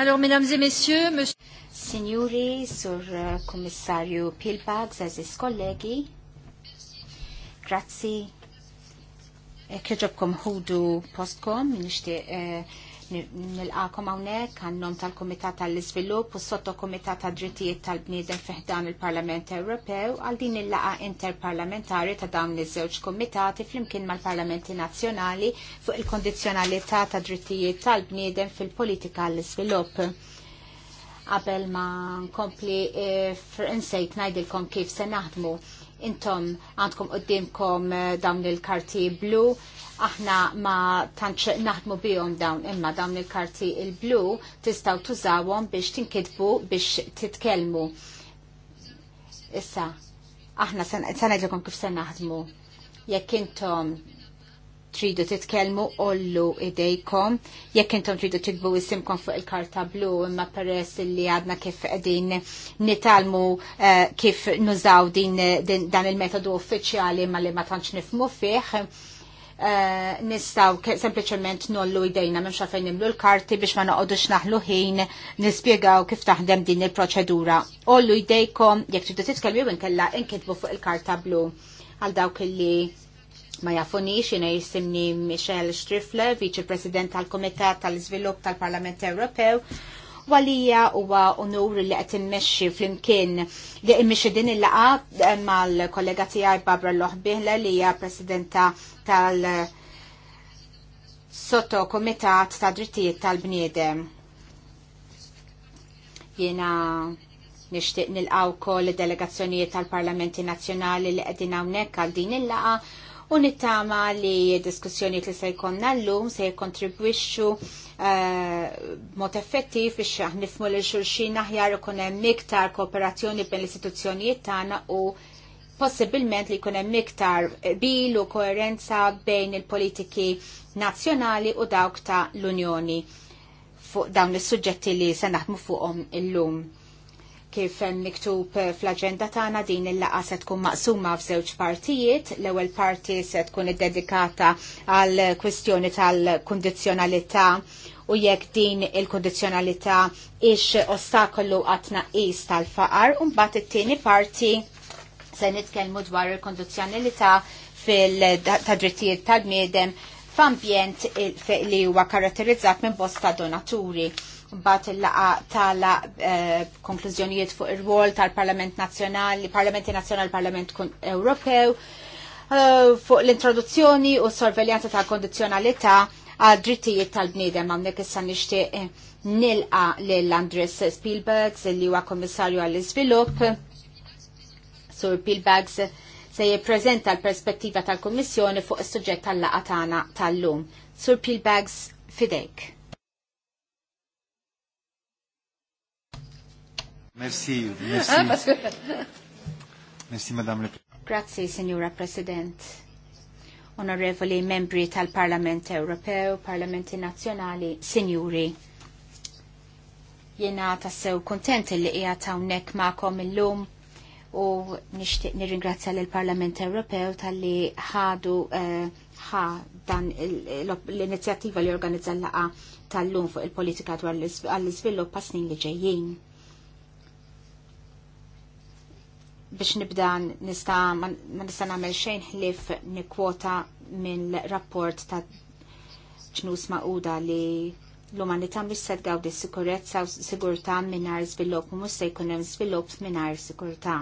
Alors, mesdames et messieurs, monsieur... Signori, sur eh, commissario Pilbag, zaziz kollegi, grazie. Eh, Kħeġobkom hudu postkom, nishti eh, nilqakom hawnhekk għannom tal-Kumitat tal-Iżvilupp u sottokumitat tad drittijiet tal-bniedem fiħdan il-Parlament Ewropew għal din il-laqa interparlamentari ta' dawn iż-żewġ kumitati flimkien mal-Parlamenti Nazzjonali fuq il-kondizzjonalità ta' drittijiet tal-bniedem fil-politika l-iżvilupp. Qabel ma nkompli eh, insejt ngħidilkom kif se naħdmu intom għandkom qoddimkom eh, dawn il-karti blu aħna ma tantx naħdmu bihom dawn imma dawn il-karti il-blu tistaw tużawhom biex tinkidbu biex titkellmu. Issa, aħna se ngħidilkom kif se naħdmu. Jekk intom tridu titkellmu ollu idejkom, jekk intom tridu tikbu isimkom fuq il-karta blu imma peress li għadna kif qegħdin nitalmu eh, kif nużaw din, dan il-metodu uffiċjali imma li ma tantx nifmu fih Eh, nistaw sempliciment nollu idejna minn għafajn nimlu l-karti biex ma naqodux naħlu ħin nispiegaw kif taħdem din il-proċedura. Ollu idejkom, jek tridu titkelmi inkella, inkitbu fuq il-karta blu għal dawk li ma jafunix jina jisimni Michel Strifle, viċi president tal-Komitat tal-Izvilup tal-Parlament Ewropew, Walija huwa għonur li qed immexxi flimkien li immexxi din il-laqa eh, mal-kollega tiegħi Barbara Loħbihla li hija presidenta tal- eh, sotto komitat ta' drittijiet tal-bniedem. Jiena nixtieq nilqaw kol delegazzjonijiet tal-Parlamenti Nazzjonali li qegħdin hawnhekk għal din il-laqa u nittama li diskussjoni li se jkollna llum se jikkontribwixxu Eh, mod effettiv biex aħna nifmu lil xulxin aħjar ikun hemm iktar kooperazzjoni bejn l-istituzzjonijiet tagħna u possibilment li jkun hemm iktar bil u koerenza bejn il-politiki nazzjonali u dawk ta' l-Unjoni fuq dawn is-suġġetti li se naħdmu fuqhom illum kif hemm miktub fl-aġenda tagħna din il-laqgħa se tkun maqsuma f'żewġ partijiet. L-ewwel parti se tkun iddedikata għal kwistjoni tal-kundizzjonalità u jekk din il-kundizzjonalità ix ostakollu għat-tnaqqis tal-faqar, u mbagħad it-tieni parti se nitkellmu dwar il-kondizzjonalità fil-drittijiet tal-miedem f'ambjent li huwa karatterizzat minn bosta donaturi mbagħad il-laqa tala eh, konklużjonijiet fuq ir-rwol tal-Parlament Nazzjonali, Parlamenti Nazzjonali, Parlament Ewropew, eh, fuq l-introduzzjoni u s-sorveljanza tal-kondizzjonalità għal drittijiet tal-bniedem għamnek issa nixtieq eh, nilqa lil Andres Spielbergs li huwa Kommissarju għall-Iżvilupp. Sur Spielbergs se jippreżenta l-perspettiva tal-Kummissjoni fuq is-suġġett tal laqatana tagħna tal-lum. Sur Spielbergs fidejk. Merci, ah, merci. merci, Madame le Grazie, Signora President. Onorevoli membri tal-Parlament Ewropew, Parlamenti Nazzjonali, Signori. Jena tassew kontent li ta hawnhekk magħkom illum u nixtieq nirringrazzja lill parlament Ewropew talli ħadu eh, ħa dan l-inizjattiva li organizza l-laqa tal-lum fuq il-politika dwar l-iżvilupp snin li ġejjin. biex nibda nista ma nista nagħmel xejn ħlif nikkwota minn rapport ta' ċnus maquda li l-umanità mhux se tgawdi sikurezza u sigurtà mingħajr żvilupp u mhux se jkun hemm żvilupp mingħajr sikurtà.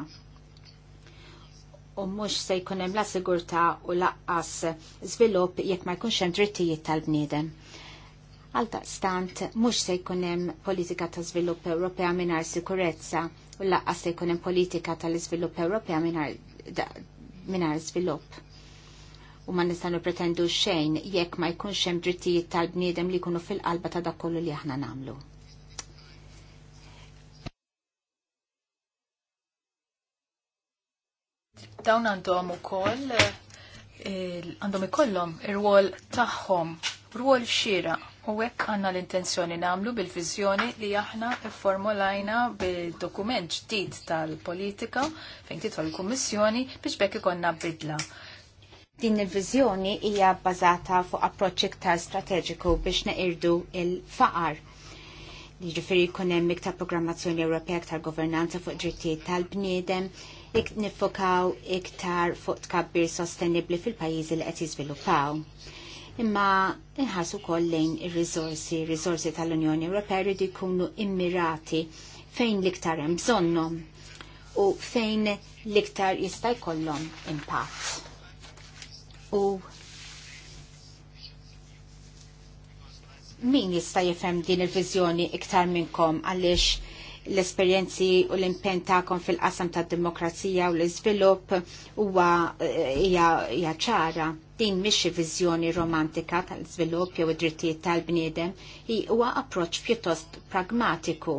U mhux se jkun hemm la sigurtà u laqqas żvilupp jekk ma jkunx hemm drittijiet tal-bniedem. Għal taqstant, mux se jkunem politika ta' svilupp Ewropea minar sikurezza u laqqa se jkunem politika tal-svilupp Ewropea minar, svilupp. U ma nistanu pretendu xejn jekk ma jkunx hemm drittijiet tal-bniedem li jkunu fil-qalba ta' dak kollu li aħna namlu. dawn għandhom ukoll eh, għandhom ikollhom ir-rwol tagħhom, rwol xira. U hekk għandna l-intenzjoni nagħmlu bil-viżjoni li aħna formolajna bil-dokument ġdid tal-politika fejn titħol il-Kummissjoni biex bekk ikonna bidla. Din il-viżjoni hija bbażata fuq approċċ iktar strateġiku biex neqirdu il-faqar. Jiġifieri jkun hemm iktar programmazzjoni Ewropea iktar governanza fuq drittijiet tal-bniedem, ik nifokaw iktar fuq tkabbir sostenibli fil-pajjiżi li qed jiżviluppaw imma inħasu koll lejn ir-riżorsi, il-rizorsi tal unjoni Ewropea rridu jkunu immirati fejn l-iktar hemm bżonnhom u fejn l-iktar jista' jkollhom impatt. U min jista' jifhem din il-viżjoni iktar minnkom għaliex l-esperjenzi u l-impen tagħkom fil-qasam tad-demokrazija u l-iżvilupp huwa eh, hija ċara. Din mhix viżjoni romantika tal-żvilupp jew id-drittijiet tal-bniedem, huwa approċċ pjuttost pragmatiku.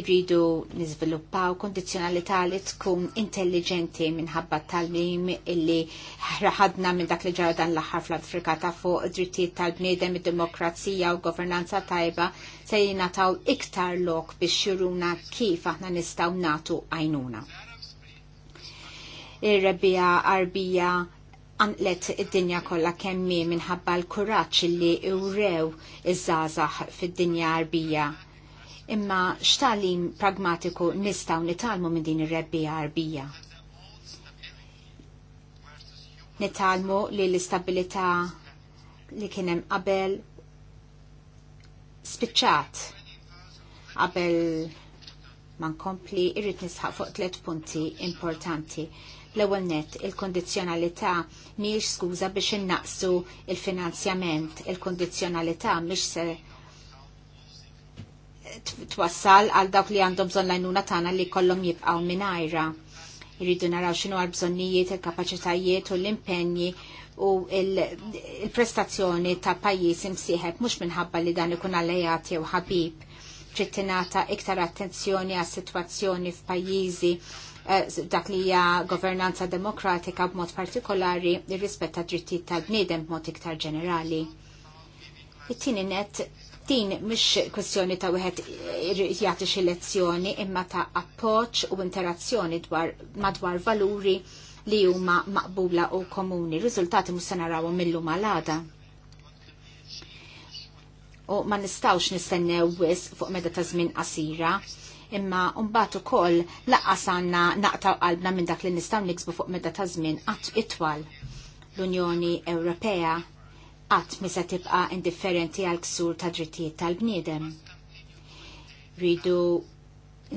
Irridu niżviluppaw kondizzjonalità li tkun intelligenti minħabba tal-lim illi ħraħadna minn dak li ġara dan l-aħħar fl-Afrika ta' fuq id-drittijiet tal-bniedem, id-demokrazija u governanza tajba se jingħataw iktar lok biex juruna kif aħna nistgħu nagħtu għajnuna ir-rebbija arbija għanqlet id-dinja kollha kemmi minħabba l-kuraċ li urew iż żgħażagħ fid-dinja arbija. Imma x'talim pragmatiku nistgħu nitalmu minn din ir-rebbija arbija. Nitalmu li l-istabilità li kien hemm qabel spiċċat qabel ma nkompli irrid nisħaq fuq tliet punti importanti L-ewwel net il kundizzjonalità mhijiex skuża biex innaqsu il-finanzjament. il kundizzjonalità mhix se twassal għal dawk li għandhom bżonn lajnuna tagħna li jkollhom jibqgħu mingħajra. Irridu naraw x'inhu għal bżonnijiet il-kapaċitajiet u l-impenji u il-prestazzjoni ta' pajjiż imsieħeb mhux minħabba li dan ikun allejati jew ħabib trid tingħata iktar attenzjoni għas sitwazzjoni f'pajjiżi Eh, dak li hija governanza demokratika b'mod partikolari rispetta rispett ta' drittijiet tal-bniedem b'mod iktar ġenerali. It-tieni net din mhix kwestjoni ta' wieħed jagħti xi lezzjoni imma ta' appoġġ u interazzjoni dwar madwar valuri li huma maqbula u komuni. Riżultati mhux se narawhom illum għal u ma nistawx nistennew wisq fuq meta ta' żmien qasira imma mbagħad ukoll laqqas għandna naqtaw qalbna minn dak li nistgħu niksbu fuq medda ta' żmien qatt itwal. L-Unjoni Ewropea qatt misa tibqa' indifferenti għal ksur ta' drittijiet tal-bniedem. Ridu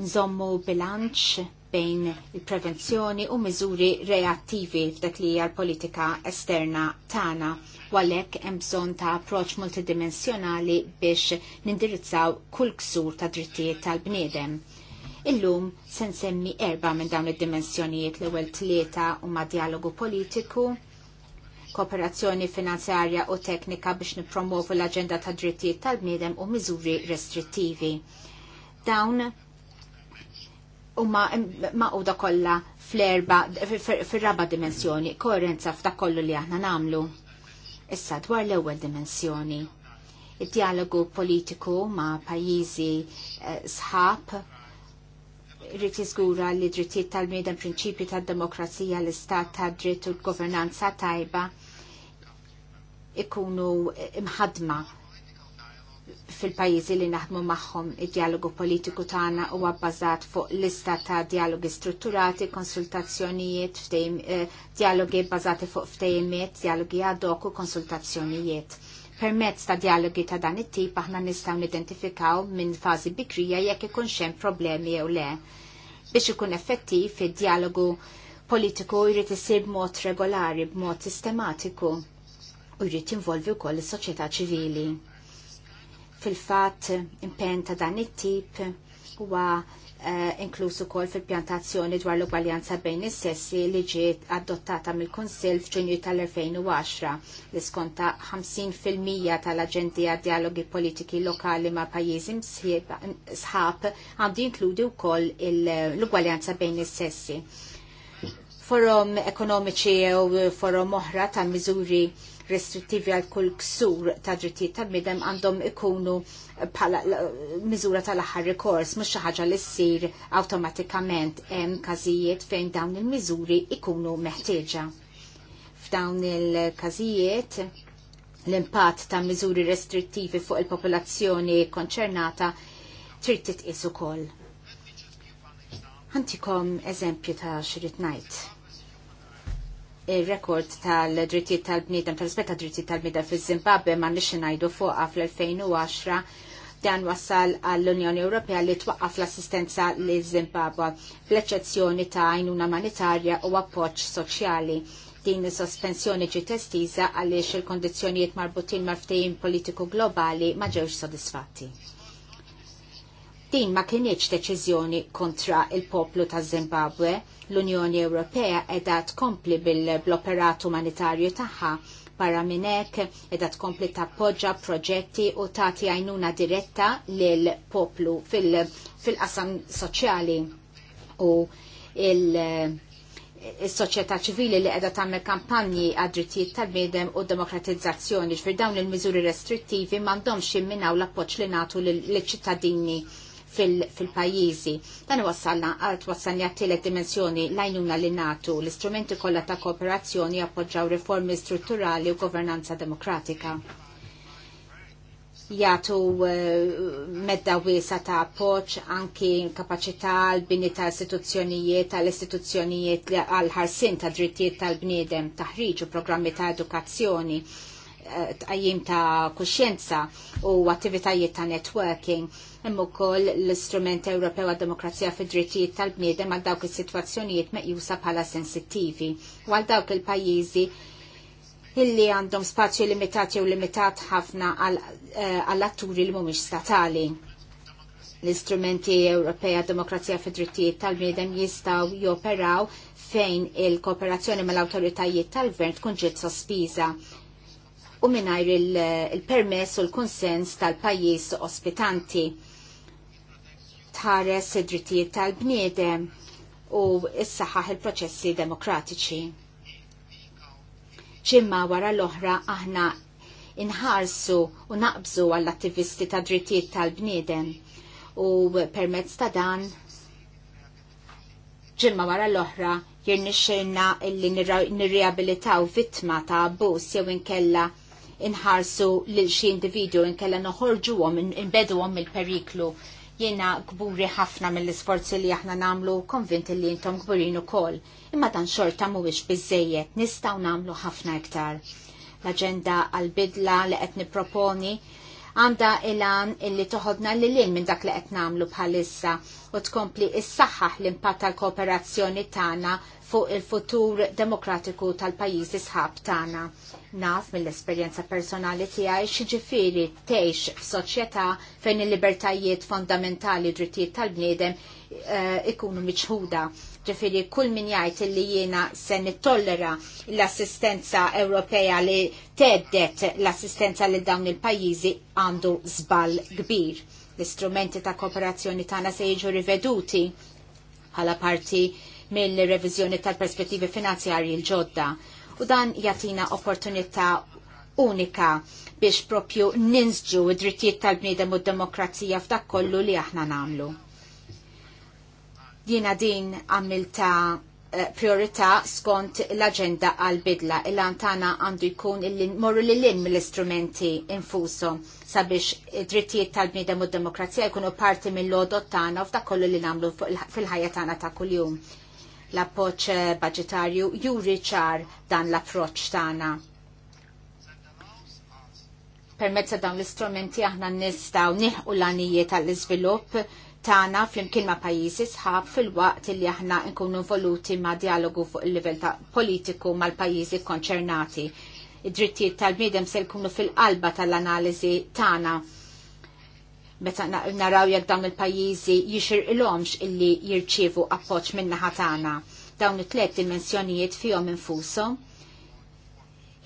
nżommu bilanċ bejn il-prevenzjoni u miżuri reattivi f'dak li hija l-politika esterna tagħna u għalek hemm bżonn ta' approċċ multidimensjonali biex nindirizzaw kull ksur ta' drittijiet tal-bniedem. Illum se nsemmi erba' minn dawn id-dimensjonijiet l-ewwel tlieta huma dialogu politiku, kooperazzjoni finanzjarja u teknika biex nipromovu l-agenda ta' drittijiet tal-bniedem u miżuri restrittivi. Dawn huma maquda kollha fl-erba fir-raba dimensjoni koerenza f'da kollu li aħna nagħmlu. Issa dwar l-ewwel dimensjoni. Id-dialogu politiku ma' pajjiżi eh, sħab rrit jiżgura li drittijiet tal-bniedem prinċipji tad-demokrazija l-istat tad dritt u l-governanza tajba ikunu imħadma fil-pajjiżi li naħdmu magħhom id-dialogu politiku tagħna huwa bbażat fuq lista ta' dialogi strutturati, konsultazzjonijiet, eh, dialogi bbażati fuq ftejmiet, dialogi ad hoc u konsultazzjonijiet. Permezz ta' dialogi ta' dan it-tip aħna nistgħu nidentifikaw minn fażi bikrija jekk ikun xem problemi jew le. Biex ikun effettiv id-dialogu politiku jrid isir b'mod regolari, b'mod sistematiku u jrid jinvolvi wkoll is-soċjetà ċivili Fil-fat, impen ta' dan it-tip huwa eh, inklusu inkluż ukoll fil-pjantazzjoni dwar l-ugwaljanza bejn is-sessi li ġiet adottata mill-Kunsill f'Ġunju tal-2010 li skonta 50% tal aġenti għad dialogi politiki lokali ma' pajjiżi sħab għandu jinkludi wkoll l-ugwaljanza bejn is-sessi. Forum ekonomiċi u forum oħra ta' miżuri restrittivi għal kull ksur ta' drittijiet tal-bidem għandhom ikunu bħala miżura tal-aħħar rikors, mhux xi ħaġa li ssir awtomatikament hemm każijiet fejn dawn il-miżuri ikunu meħtieġa. F'dawn il-każijiet l-impatt ta' miżuri restrittivi fuq il-popolazzjoni konċernata trid titqis ukoll. Ħantikom eżempju ta' xirrit ngħid il-rekord tal-drittijiet tal-bnidem, tal-rispetta drittijiet tal-bnidem fil zimbabwe ma nix ngħidu fuqa fl-2010 dan wassal għall-Unjoni Ewropea li twaqqaf l-assistenza li Zimbabwe fl eċezzjoni ta' għajnuna manitarja u appoġġ soċjali. Din is-sospensjoni ġi testiza għaliex il-kondizzjonijiet marbutin mal politiku globali ma ġewx sodisfatti. Din ma kienieċ deċiżjoni kontra il-poplu ta' Zimbabwe. L-Unjoni Ewropea edha tkompli bil-operat umanitarju tagħha barra minnek edha tkompli tappoġġa proġetti u tagħti għajnuna diretta lil poplu fil-qasam fil soċjali u il- il soċjetà ċivili li qiegħda tagħmel kampanji għad drittijiet tal medem u demokratizzazzjoni ġfir dawn il-miżuri restrittivi m'għandhomx u l-appoġġ li nagħtu l ċittadini fil-pajjiżi. Dan wassalna għalt wassalni għat-tielet dimensjoni lajnuna li natu l-istrumenti kollha ta' kooperazzjoni appoġġaw riformi strutturali u governanza demokratika Jatu eh, medda wiesa ta' appoġġ anki kapacità l-bini ta' istituzzjonijiet, tal-istituzzjonijiet għal-ħarsin ta' drittijiet tal-bniedem, taħriġ u programmi ta' edukazzjoni tqajjim ta' kuxjenza u attivitajiet ta' networking hemm ukoll l-istrument Ewropew għad-Demokrazija fid-drittijiet tal-bniedem għal dawk is-sitwazzjonijiet meqjusa bħala sensittivi u għal dawk il-pajjiżi illi għandhom spazju limitati u limitat ħafna għall-atturi eh, li mhumiex statali. L-istrumenti Ewropea Demokrazija fid-drittijiet tal-bniedem jistgħu joperaw fejn il-kooperazzjoni mal-awtoritajiet tal-gvern tkun ġiet sospiża u mingħajr il-permess u l-konsens tal-pajjiż ospitanti tħares id-drittijiet tal-bniedem u s-saħħaħ il-proċessi demokratiċi. Ġimma wara l-oħra aħna inħarsu u naqbżu għall-attivisti ta' drittijiet tal-bniedem u permezz ta' dan ġimma wara l-oħra jirnixxirna illi nirriabilitaw vittma ta' abbuż jew inkella inħarsu lil xi individu inkella noħorġuhom inbeduhom mill-periklu. Jiena kburi ħafna mill-isforzi li aħna nagħmlu konvinti li intom kburin ukoll. Imma dan xorta mhuwiex biżejjed nistgħu nagħmlu ħafna iktar. L-aġenda għal-bidla li qed nipproponi għanda il-għan illi toħodna li l-in minn dak li qed namlu bħalissa u tkompli s-saħħaħ l-impatt tal-kooperazzjoni tagħna fuq il-futur demokratiku tal-pajjiżi sħab tagħna naf mill-esperjenza personali tiegħi x'ġifieri tgħix f'soċjetà fejn il-libertajiet fondamentali drittijiet tal-bniedem eh, ikunu miċħuda. Ġifieri kull min jgħid li jiena se nittollera l-assistenza Ewropea li teddet l-assistenza lil dawn il-pajjiżi għandu żball kbir. L-istrumenti ta' kooperazzjoni tagħna se jiġu riveduti bħala parti mill-reviżjoni tal-perspettivi finanzjarji l-ġodda u dan jatina opportunità unika biex propju ninsġu id-drittijiet tal-bniedem u d-demokrazija f'dak kollu li aħna namlu. Jiena din għamilta eh, priorità skont l-agenda għal-bidla il-antana għandu jkun il-morru li l-in mill-istrumenti infuso sabiex drittijiet tal-bnidem u demokrazija jkunu parti mill-lodot tana u kollu li namlu fil-ħajja tana ta' kuljum. L-appoċ budgetarju juri ċar dan l-approċ tagħna. Permezza dawn l-istrumenti aħna nistaw nieħqu l-għanijiet tal-iżvilupp tana flimkien ma' pajjiżi sħab fil-waqt li aħna nkunu involuti ma' dialogu fuq il-livell ta' politiku mal pajjiżi konċernati. Id-drittijiet tal-bniedem se jkunu fil-qalba tal-analiżi tana meta naraw jekk dawn il-pajjiżi jixirqilhomx illi jirċievu appoġġ min-naħa tagħna. Dawn it-tliet dimensjonijiet fihom infushom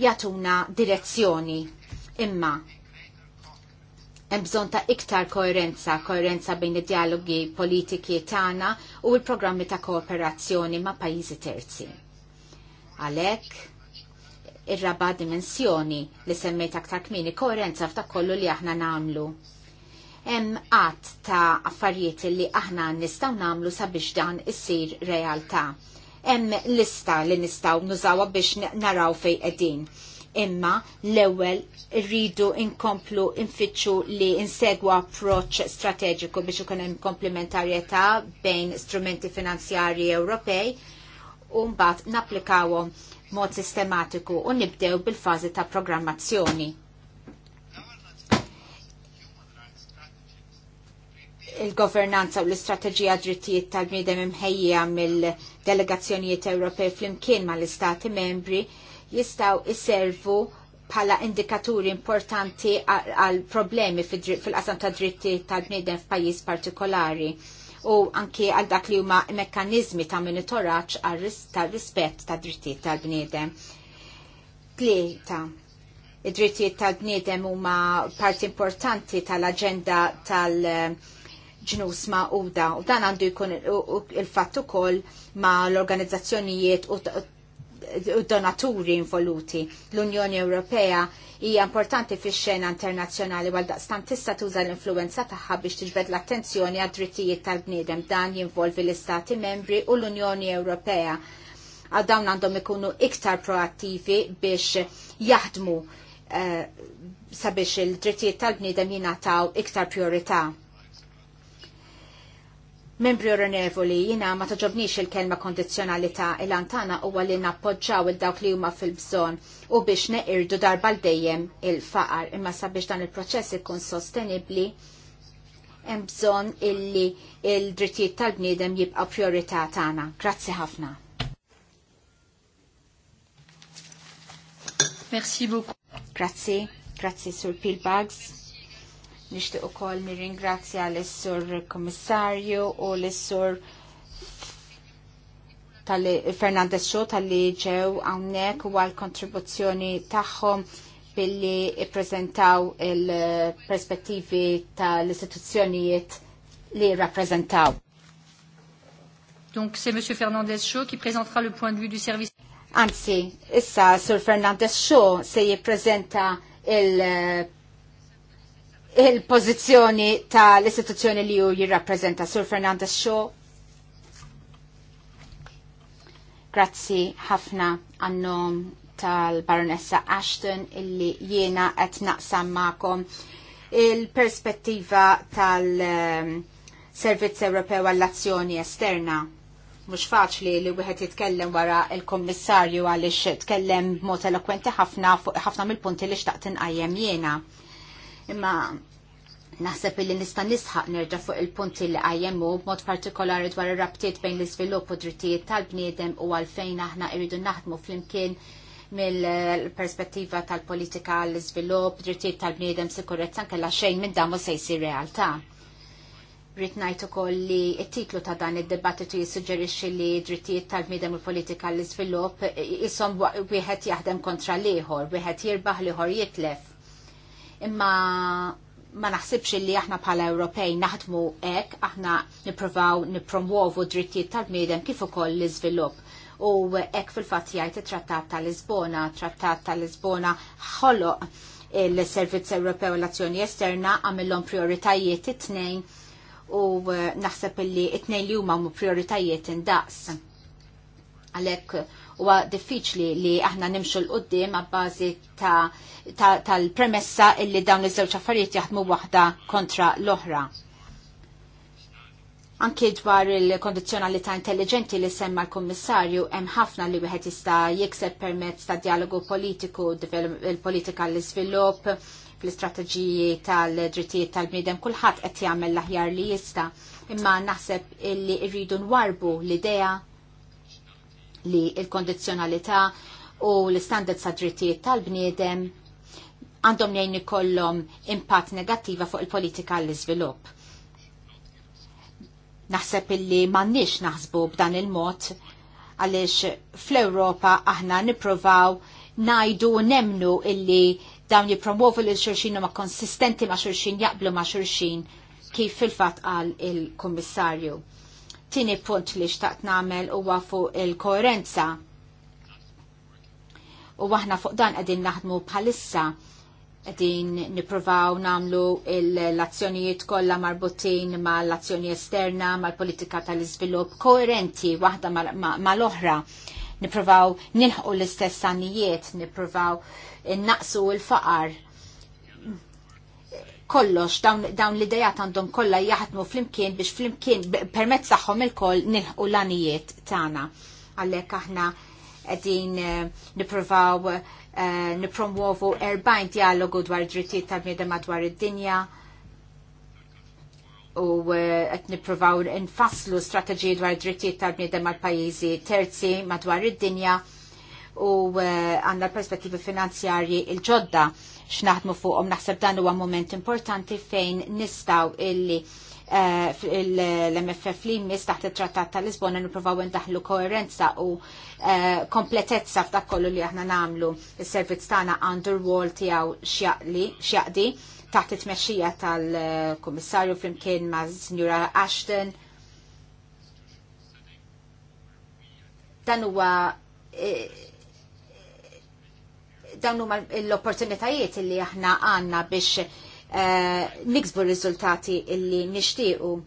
jagħtuna direzzjoni imma hemm bżonn ta' iktar koerenza, koerenza bejn id-dialogi politiki tagħna u l-programmi ta' kooperazzjoni ma' pajjiżi terzi. Għalhekk ir-raba' dimensjoni li semmejt aktar kmini koerenza f'dak kollu li aħna nagħmlu hemm qatt ta' affarijiet li aħna nistgħu nagħmlu sabiex dan issir realtà. Hemm lista li nistgħu nużawha biex naraw fejn qegħdin. Imma l-ewwel rridu inkomplu infittxu li insegwa approċċ strateġiku biex ikun hemm komplementarjetà bejn strumenti finanzjarji Ewropej u mbagħad napplikawhom mod sistematiku u nibdew bil-fażi ta' programmazzjoni il-governanza u l-istrateġija drittijiet tal-bniedem imħejja mill-delegazzjonijiet Ewropej flimkien mal istati membri jistaw iservu bħala indikaturi importanti għal problemi fil-qasam ta' dritti tal-bniedem f'pajjiż partikolari u anke għal dak li huma mekkanizmi ta' monitoraġġ għal rispett ta' drittijiet tal-bniedem. Tlieta id-drittijiet tal-bniedem huma parti importanti tal-aġenda tal-, -agenda tal ġnus ma' uda u dan għandu jkun il-fatt ukoll ma' l-organizzazzjonijiet u donaturi involuti. L-Unjoni Ewropea hija importanti fix xena internazzjonali għal daqstan tista' tuża l-influenza tagħha biex tiġbed l-attenzjoni għad drittijiet tal-bniedem dan jinvolvi l-Istati membri u l-Unjoni Ewropea. Għal dawn għandhom ikunu iktar proattivi biex jaħdmu eh, sabiex il-drittijiet tal-bniedem jingħataw iktar priorita'. Membri onorevoli, jina ma taġobnix il-kelma kondizjonalità il-antana u li nappoġġaw il-dawk li huma fil-bżon u biex neqirdu darba l-dejjem il-faqar imma sabiex dan il-proċess ikun sostenibli hemm bżonn illi il-drittijiet tal-bniedem jibqa' priorità tagħna. Grazzi ħafna. Merci beaucoup. Grazie, grazie Sur Pilbags Nixtieq ukoll nirringrazzja l-Sur Kommissarju u l-Sur Fernandez Xo tal-li ġew hawnhekk u għal kontribuzzjoni tagħhom billi i-prezentaw il-perspettivi tal-istituzzjonijiet li rappresentaw. Donc c'est M. Fernandez Xo qui présentera le point de vue du service. Anzi, issa Sur Fernandez Xo se jippreżenta il il-pozizjoni tal-istituzzjoni li ju jirrapprezenta Sur Fernanda Shaw. Grazzi ħafna għannom tal-Baronessa Ashton illi jiena qed naqsam ma'kom il-perspettiva tal-Servizz Ewropew għall-Azzjoni Esterna. Mhux faċli li wieħed jitkellem wara il-Kommissarju għaliex tkellem b'mod elokwenti ħafna fuq ħafna mill-punti li xtaqt inqajjem jiena. Imma Naħseb illi nista' nisħaq nerġa' fuq il-punti li qajjemu b'mod partikolari dwar ir-rabtiet bejn l-iżvilupp u drittijiet tal-bniedem u għalfejn aħna rridu naħdmu flimkien mill-perspettiva tal-politika l-iżvilupp, drittijiet tal-bniedem, sikurezza nkella xejn minn damu se jsir realtà. Rrid ngħid ukoll li t-titlu ta' dan id-dibattitu jissuġġerixxi li drittijiet tal-bniedem u politika l-iżvilupp ishom wieħed jaħdem kontra l-ieħor, wieħed jirbaħ l-ieħor jitlef imma ma naħsibx li aħna bħala Ewropej naħdmu hekk, aħna nippruvaw nippromuovu drittijiet tal-bniedem kif ukoll l-iżvilupp. U hekk fil-fatt jgħid it-Trattat tal-Lisbona, Trattat tal-Lisbona ħoloq il-Servizz Ewropew l-Azzjoni Esterna għamilhom prioritajiet it-tnejn u eh, naħseb li it-tnejn li huma mu prioritajiet indaqs. Għalhekk huwa diffiċli li aħna nimxu l-qoddim għabbażi tal-premessa ta, ta illi dawn iż-żewġ affarijiet jaħdmu waħda kontra l-oħra. Anki dwar il-kondizjonalità intelligenti li semma l-Kommissarju, hemm ħafna li wieħed jista' jikseb permezz ta' dialogu politiku, il-politika l-iżvilupp, fl-istrateġiji tal-drittijiet tal-bniedem kulħadd qed jagħmel l-aħjar li jista' imma naħseb illi rridu nwarbu l-idea li il-kondizjonalità u l-standard sa' drittijiet tal-bniedem għandhom jgħin ikollhom impatt negattiva fuq il-politika l iżvilupp Naħseb illi m'għandniex naħsbu b'dan il-mod għaliex fl-Ewropa aħna nipprovaw najdu nemnu illi dawn jipromovu l xurxin ma konsistenti ma xurxin jaqblu ma xurxin kif fil-fat għal il-Kommissarju. Tini punt li xtaqt namel huwa fuq il-koerenza. U aħna fuq dan għedin naħdmu bħalissa għedin niprovaw namlu l-azzjonijiet kollha marbutin ma l-azzjoni esterna, mal-politika tal-iżvilupp koerenti waħda mal-oħra. Ma niprovaw nilħu l-istess sanijiet, niprovaw naqsu l-faqar kollox dawn, dawn l-idejat għandhom kollha jaħdmu flimkien biex flimkien permezz tagħhom il-koll nilħu l-anijiet tagħna. Għalhekk aħna qegħdin eh, nippruvaw eh, nipromuovu erbajn dialogu dwar id-drittijiet tal-bniedem madwar id-dinja u eh, qed nippruvaw nfasslu strateġiji dwar id-drittijiet tal-bniedem mal-pajjiżi terzi madwar id-dinja u eh, għanna l-perspettivi finanzjarji il-ġodda x'naħdmu fuqhom naħseb dan huwa moment importanti fejn nistgħu illi eh, l-MFF li jmiss taħt it-Trattat ta' Lisbona nipprovaw indaħlu koerenza u eh, kompletezza f'dak kollu li aħna nagħmlu il servizz tagħna għandu r-wol tiegħu x'jaqdi taħt it-tmexxija tal-Kummissarju flimkien ma' Sinjura Ashton. Dan huwa dawn huma l-opportunitajiet li aħna għandna biex eh, niksbu r-riżultati illi nixtiequ.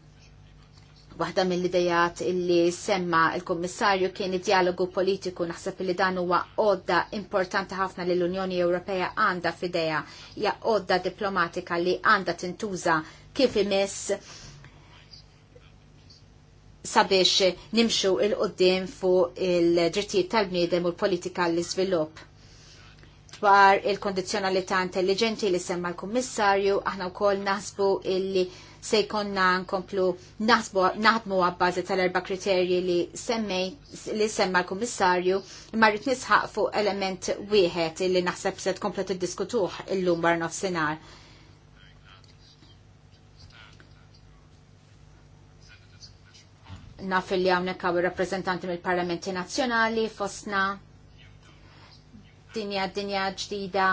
Waħda mill-idejat illi semma l-Kummissarju kien id-dialogu politiku naħseb li dan huwa għodda importanti ħafna li l-Unjoni Ewropea għandha f'idea hija għodda diplomatika li għandha tintuża kif imiss sabiex nimxu il-qoddim fuq il-drittijiet tal-bniedem u l-politika l-iżvilupp dwar il-kondizjonalità intelligenti li semma l-Kummissarju, aħna wkoll naħsbu illi se jkonna nkomplu naħdmu għabbażi tal-erba kriterji li semmej li semma l-Kummissarju, imma rrid nisħaq fuq element wieħed illi naħseb se tkomplu tiddiskutuh illum bar nofsinhar. Naf li hawnhekk hawn rappreżentanti mill-Parlamenti Nazzjonali fostna dinja dinja ġdida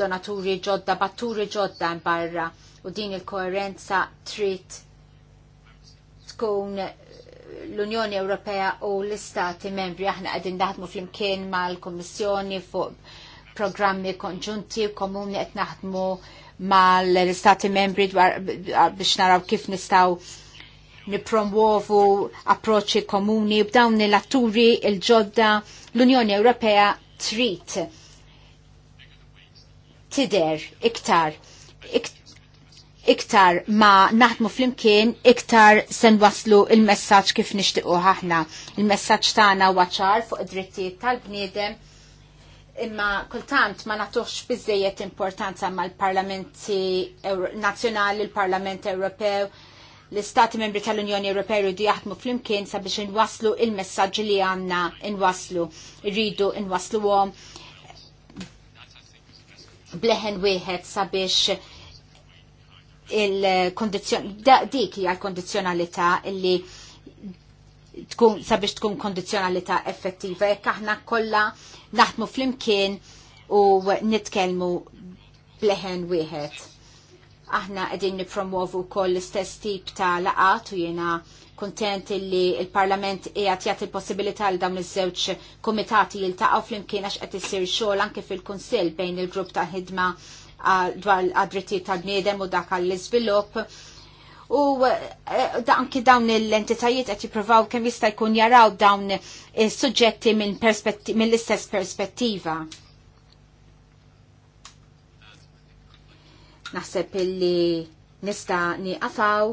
donaturi ġodda, batturi ġodda barra u din il-koerenza trid tkun l-Unjoni Ewropea u l-Istati membri aħna qegħdin naħdmu flimkien mal-Kummissjoni fuq programmi konġunti u komuni qed naħdmu mal-Istati membri dwar biex naraw kif nistgħu nipromuovu approċċi komuni b'dawn l-atturi il-ġodda l-Unjoni Ewropea trid tider iktar iktar ma naħdmu flimkien iktar sen waslu il-messaġġ kif nixtiequ aħna. Il-messaġġ tagħna waċar ċar fuq id-drittijiet tal-bniedem imma kultant ma natuħx bizzejiet importanza mal-parlamenti nazzjonali, il-Parlament Ewropew, l-Istati membri tal-Unjoni Ewropea rridu jaħdmu flimkien sabiex inwaslu il-messaġġi li għandna inwaslu, rridu inwasluhom bleħen wieħed sabiex il-kondizjon, dik hija l-kondizjonalità li tkun sabiex tkun kondizjonalità effettiva jekk aħna kollha naħdmu flimkien u nitkellmu bleħen wieħed. Aħna qegħdin nippromovu wkoll l-istess tip ta' laqat u jiena kontent li il-Parlament qiegħed jagħti il possibilità li dawn iż-żewġ komitati jiltaqgħu flimkien għax qed isir xogħol anke fil-Kunsill bejn il-grupp ta' ħidma dwar għadriti ta' bniedem u dak għall-iżvilupp. U eh, da anki dawn l-entitajiet qed jippruvaw kemm jista' jkun jaraw dawn il suġġetti minn mill-istess perspettiva. Naħseb illi nista niqafaw,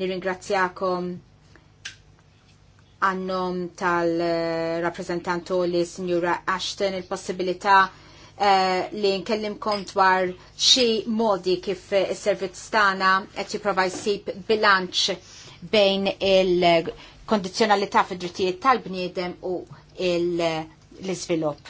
nirringrazzjakom għannom tal-rappresentantu li Signora Ashton il-possibilità eh, li nkellimkom dwar xi modi kif is-servizz tagħna qed jipprova sib bilanċ bejn il-kondizzjonalità fid-drittijiet tal-bniedem u l-iżvilupp.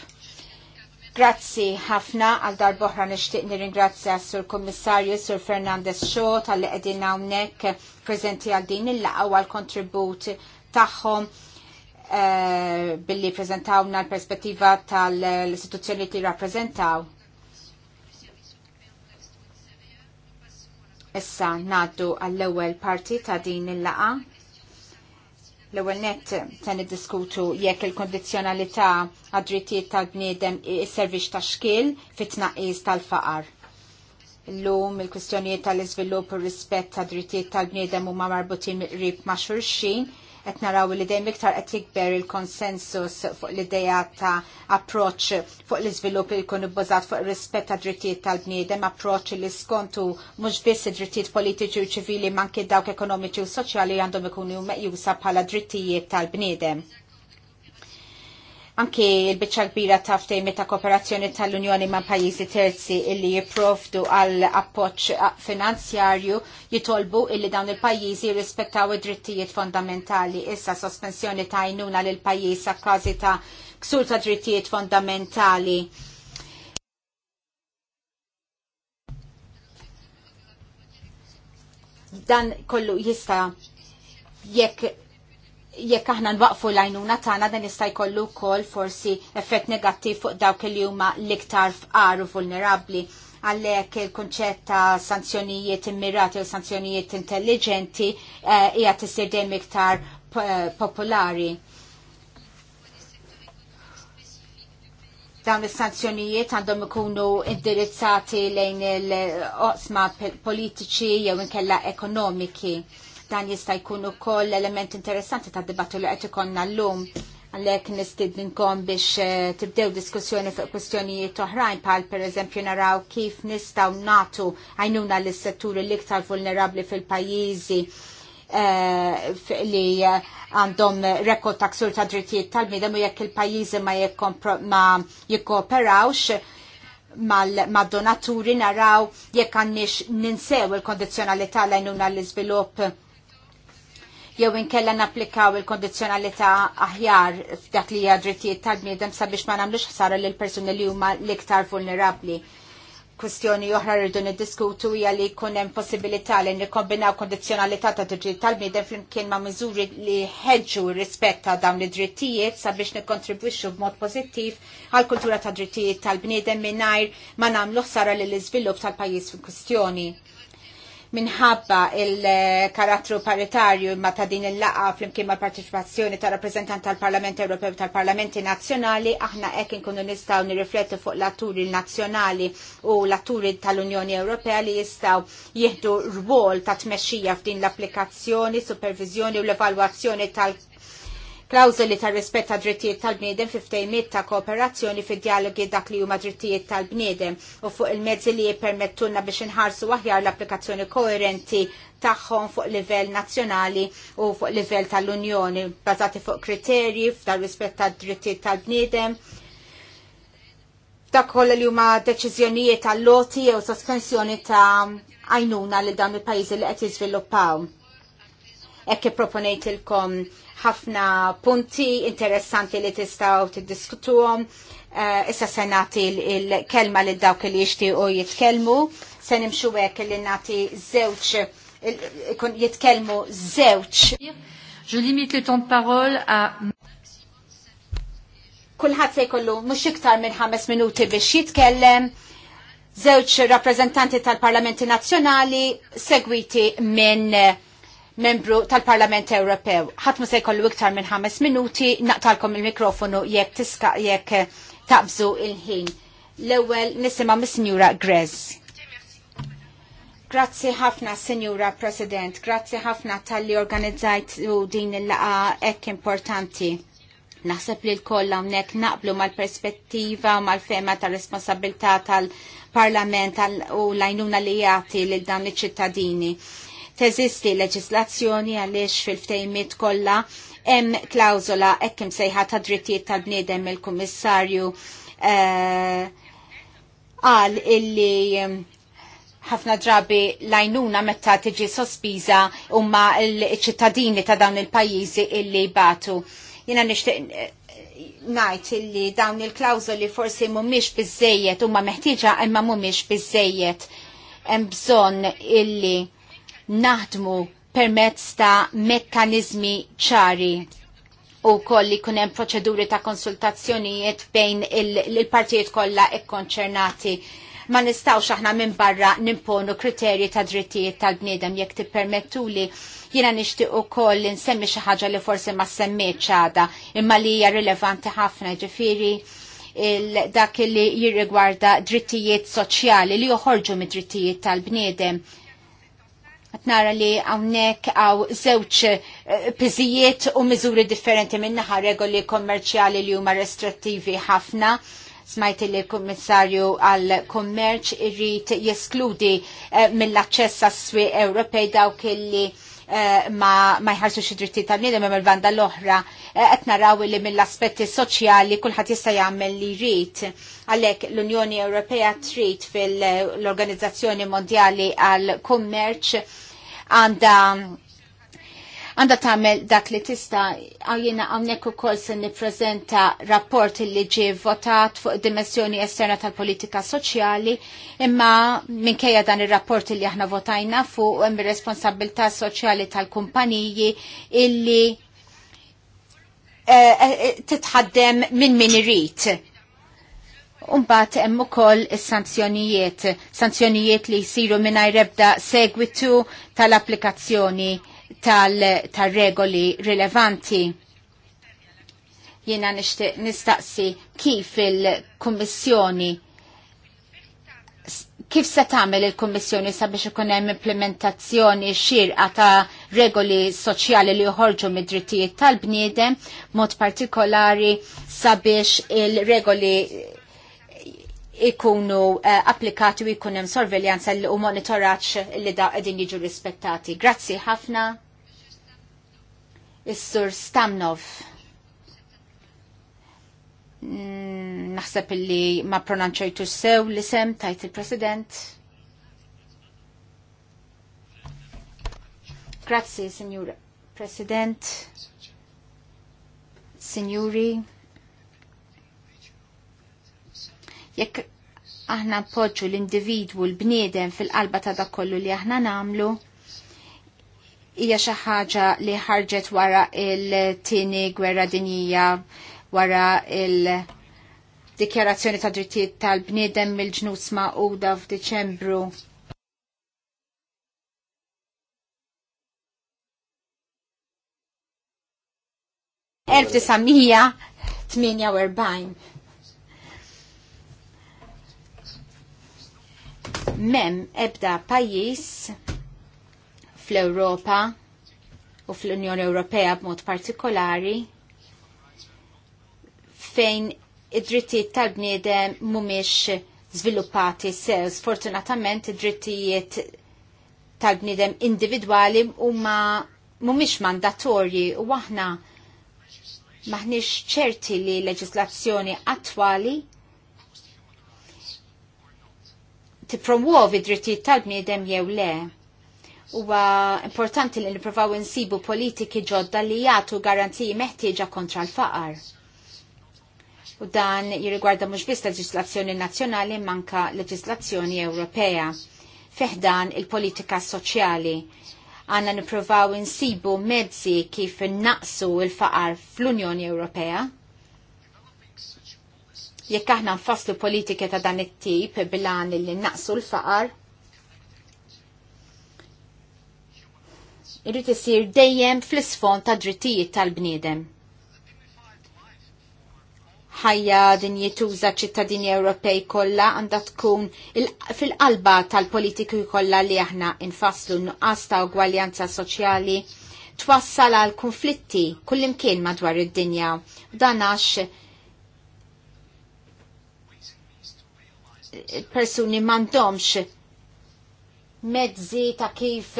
Grazzi ħafna għal darboħra nishtiq nirringrazzja sur Kommissarju sur Fernandez Xot għal qegħdin hawnhekk prezenti għal din il-laqgħa għal kontribut tagħhom eh, billi prezentawna l-perspettiva tal-istituzzjoni li rappreżentaw. Issa naddu għall-ewwel parti ta' din il laqqa L-ewwel nett se niddiskutu jekk il kundizzjonalità għad-drittijiet tal-bniedem is-servizz ta' xkil fit-tnaqqis tal-faqar. Illum il-kwistjonijiet tal-iżvilupp u rispett tad drittijiet tal-bniedem huma marbutin qrib ma' xulxin qed naraw li dejjem iktar qed jikber il-konsensus fuq l-idea ta' approċċ fuq l-iżvilupp li jkun ibbażat fuq ir-rispett ta' drittijiet tal-bniedem, approach li skontu mhux biss id-drittijiet politiċi u ċivili manki dawk ekonomiċi u soċjali għandhom ikunu meqjusa bħala drittijiet tal-bniedem Anke il-bicċa kbira ta' ftejmi ta' kooperazzjoni tal-Unjoni ma' pajjiżi terzi illi jipprovdu għal appoċ finanzjarju jitolbu illi dawn il-pajjiżi jirrispettaw id-drittijiet fondamentali. Issa sospensjoni ta' jnuna l pajjiż sa' kważi ta' ksur ta' drittijiet fondamentali. Dan kollu jista' jekk jekk aħna nwaqfu l-għajnuna tagħna dan jista' jkollu wkoll forsi effett negattiv fuq dawk li huma l-iktar fqar u vulnerabbli għalhekk il-kunċett ta' sanzjonijiet immirati u sanzjonijiet intelligenti eh, hija uh, tisir dejjem iktar popolari. Dawn is-sanzjonijiet għandhom ikunu indirizzati lejn il-oqsma politiċi jew inkella ekonomiki Dan jista' jkun ukoll element interessanti ta' dibattu li qed ikonna llum għalhekk nistidninkom biex eh, tibdew diskussjoni fuq kwestjonijiet oħrajn pal per eżempju naraw kif nistgħu natu għajnuna l setturi l-iktar vulnerabli fil-pajizi eh, li eh, għandhom rekord taksur ta' drittijiet tal-midem u jekk il-pajizi ma jikkooperawx mad donaturi naraw jekk għannix ninsew il-kondizjonalità l-għajnuna l-izvilup jew inkella napplikaw il-kondizjonalità aħjar f'dak li hija drittijiet tal-bniedem sabiex ma nagħmlux ħsara lil persuni li huma l-iktar vulnerabbli. Kwestjoni oħra rridu niddiskutu hija li jkun hemm possibilità li nikkombinaw kondizjonalità ta' drittijiet tal-bniedem flimkien ma' miżuri li ħeġġu rispett ta' dawn id-drittijiet sabiex nikkontribwixxu b'mod pożittiv għall kultura ta' drittijiet tal-bniedem mingħajr ma nagħmlu ħsara lill iżvilupp tal-pajjiż fil-kwistjoni minħabba il-karattru paritarju ma ta' din il-laqa flimkien mal parteċipazzjoni ta' rappresentant tal-Parlament Ewropew tal-Parlamenti Nazzjonali, aħna hekk inkunu nistgħu nirrifletti fuq l-atturi nazzjonali u l-atturi tal-Unjoni Ewropea li jistgħu jieħdu rwol ta' tmexxija f'din l-applikazzjoni, supervizjoni u l-evalwazzjoni tal- klawżoli ta' rispett ta' drittijiet tal-bniedem fi ftejmiet ta' kooperazzjoni fi dialogi dak li huma drittijiet tal-bniedem u fuq il-mezzi li jippermettuna biex inħarsu aħjar l-applikazzjoni koerenti tagħhom fuq livell nazzjonali u fuq livell tal-Unjoni bażati fuq kriterji tal rispett ta' drittijiet tal-bniedem dak kollha li huma deċiżjonijiet tal-loti jew sospensjoni ta' għajnuna li dawn il-pajjiżi li qed jiżviluppaw ekke proponejt ilkom ħafna punti interessanti li tistaw tiddiskutuhom. Eh, issa se nagħti l kelma li dawk li jixtiequ jitkellmu. Se nimxu hekk li nagħti żewġ ikun jitkellmu żewġ. Je limite le temps de parole à Kulħadd se jkollu mhux iktar minn ħames minuti biex jitkellem żewġ rappreżentanti tal-Parlamenti Nazzjonali segwiti minn membru tal-Parlament Ewropew. Ħadd ma se jkollu iktar minn ħames minuti, naqtalkom il-mikrofonu jekk tiska jekk eh, taqbżu il-ħin. L-ewwel nisimgħu mis-Sinjura Grez. Grazzi ħafna, Sinjura President, grazzi ħafna tal-li organizzajt din il-laqa ek importanti. Naħseb li l kollha hawnhekk naqblu mal-perspettiva u mal-fema tal-responsabilità tal-Parlament u l-għajnuna li jagħti lil dawn iċ-ċittadini teżisti leġislazzjoni għaliex fil-ftejmiet kollha hemm klawzola hekk imsejħa ta' drittijiet tal-bniedem il-Kummissarju qal eh, illi mm, ħafna drabi lajnuna metta tiġi sospiża umma l-ċittadini ta' dawn il-pajjiżi illi batu. Jena nishtiq eh, najt illi dawn il klawzoli forsi mumiex bizzejiet umma meħtieġa imma mumiex bizzejiet hemm bżonn illi naħdmu permezz ta' mekkanizmi ċari u koll li kunem proċeduri ta' konsultazzjonijiet bejn il-partijiet il kollha konċernati. Ma nistawx aħna minn barra nimponu kriterji ta' drittijiet tal-bniedem jekk tippermettu li jiena nixtieq ukoll li nsemmi xi ħaġa li forsi ma semmietx ċada imma li hija rilevanti ħafna ġifieri dak li jirrigwarda drittijiet soċjali li joħorġu mid-drittijiet tal-bniedem nara li għawnek għaw zewċ eh, pizijiet u miżuri differenti minnaħa regoli kommerċjali li huma restrittivi ħafna. Smajt li l-Kummissarju għal-Kommerċ irrit jeskludi eh, mill-aċċess għas-swi Ewropej dawk li eh, ma, ma jħarsu xi dritti tal-bniedem hemm il-banda l-oħra qed naraw li mill-aspetti soċjali kulħadd jista' jagħmel li jrid. Għalhekk l-Unjoni Ewropea trid fil-Organizzazzjoni Mondjali għall-Kummerċ għanda għanda tamel dak li tista għajjina għamnek u kol se niprezenta rapport li ġi votat fuq dimensjoni esterna tal-politika soċjali imma minkejja dan il-rapport li aħna votajna fuq im responsabilità soċjali tal-kumpaniji illi eh, eh, titħaddem minn min irrit Umbat hemm ukoll is-sanzjonijiet, sanzjonijiet li jsiru mingħajr ebda segwitu tal-applikazzjoni tal-regoli tal rilevanti. Jiena nixtieq nistaqsi kif il-Kummissjoni kif se tagħmel il-Kummissjoni sabiex ikun hemm implementazzjoni xirqa ta' regoli soċjali li joħorġu mid-drittijiet tal-bniedem, mod partikolari sabiex il-regoli ikunu uh, applikati u ikunem sorveljanza li u monitoraċ li da għedin jiġu rispettati. Grazzi ħafna. Is-sur Stamnov. Mm, naħseb li ma pronanċajtu sew li sem tajt il-President. Grazzi, Signor President. Signori. Jekk aħna poġġu l-individwu l-bniedem fil-qalba ta' dak kollu li aħna namlu, hija xi ħaġa li ħarġet wara il-tieni gwerra dinjija wara il- dikjarazzjoni ta' drittijiet tal-bniedem mill-ġnus ma'quda f'Diċembru Elf 1948 mem ebda pajjiż fl-Ewropa u fl-Unjoni Ewropea b'mod partikolari fejn id-drittijiet tal-bniedem mhumiex żviluppati sew. Sfortunatament id-drittijiet tal-bniedem individwali huma mhumiex mandatorji u aħna maħniex ċerti li leġislazzjoni attwali tipromuovi drittijiet tal-bniedem jew le. Huwa importanti li nippruvaw insibu politiki ġodda li jagħtu garanziji meħtieġa kontra l-faqar. U dan jirrigwarda mhux biss leġislazzjoni nazzjonali manka leġislazzjoni Ewropea. Fiħdan il-politika soċjali għanna niprovaw insibu mezzi kif naqsu il-faqar fl-Unjoni Ewropea jekk aħna nfasslu politika ta' dan it-tip bilan li naqsu l-faqar, irrid isir dejjem fl-isfond ta' drittijiet tal-bniedem. Ħajja din jituża ċittadini Ewropej kollha għandha tkun fil-qalba tal-politiku kollha li aħna infasslu nuqqas ta' ugwaljanza soċjali twassal għal konflitti kullimkien madwar id-dinja. Dan għax persuni mandomx mezzi ta' kif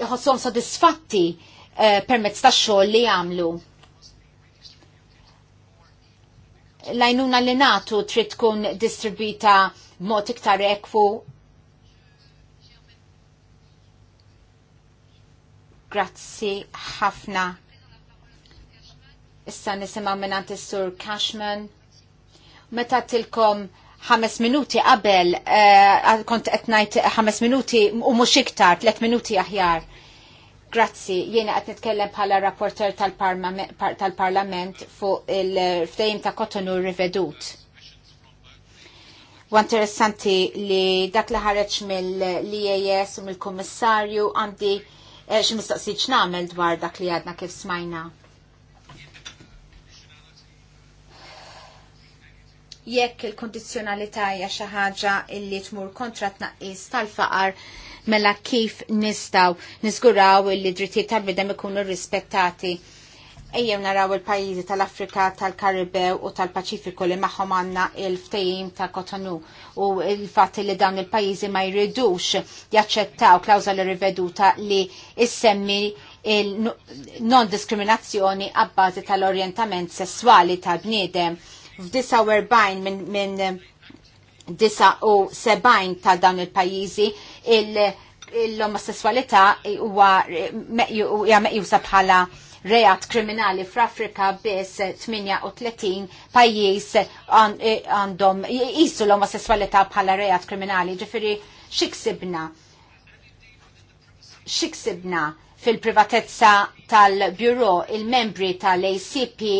jħossom sodisfatti eh, permezz ta' xogħol li jagħmlu. Lajnuna li natu trid tkun distribita mod iktar ekfu. Grazzi ħafna. Issa nisimgħu minn is-sur Cashman. Meta tilkom ħames minuti qabel eh, kont qed ngħid ħames minuti u mhux iktar tliet minuti aħjar. Grazzi, jiena qed nitkellem bħala rapporter tal-Parlament fuq il-ftehim ta' Kotonu rivedut. U interessanti li dak li ħareġ mill-IAS u mill-Kummissarju għandi eh, xi mistoqsijiet nagħmel dwar dak li għadna kif smajna jekk il-kondizjonalità hija xi ħaġa illi tmur kontra tnaqqis tal-faqar mela kif nistaw niżguraw li drittijiet tal-bidem ikunu rispettati. Ejjew naraw il-pajjiżi tal-Afrika, tal-Karibew u tal-Paċifiku li magħhom għandna il-ftehim ta' Kotonu u l fatt li dawn il-pajjiżi ma jridux jaċċettaw klawżola riveduta li issemmi il-non-diskriminazzjoni għabbażi tal-orientament sessuali tal-bniedem f'49 minn min, 79 eh, ta' dawn il-pajjiżi l-omosessualità huwa meqjusa bħala reat kriminali fl-Afrika biss 38 pajjiż eh, għandhom jisu l-omosessualità bħala reat kriminali. Ġifiri, xiksibna? Xiksibna fil-privatezza tal-Bureau il-membri tal-ACP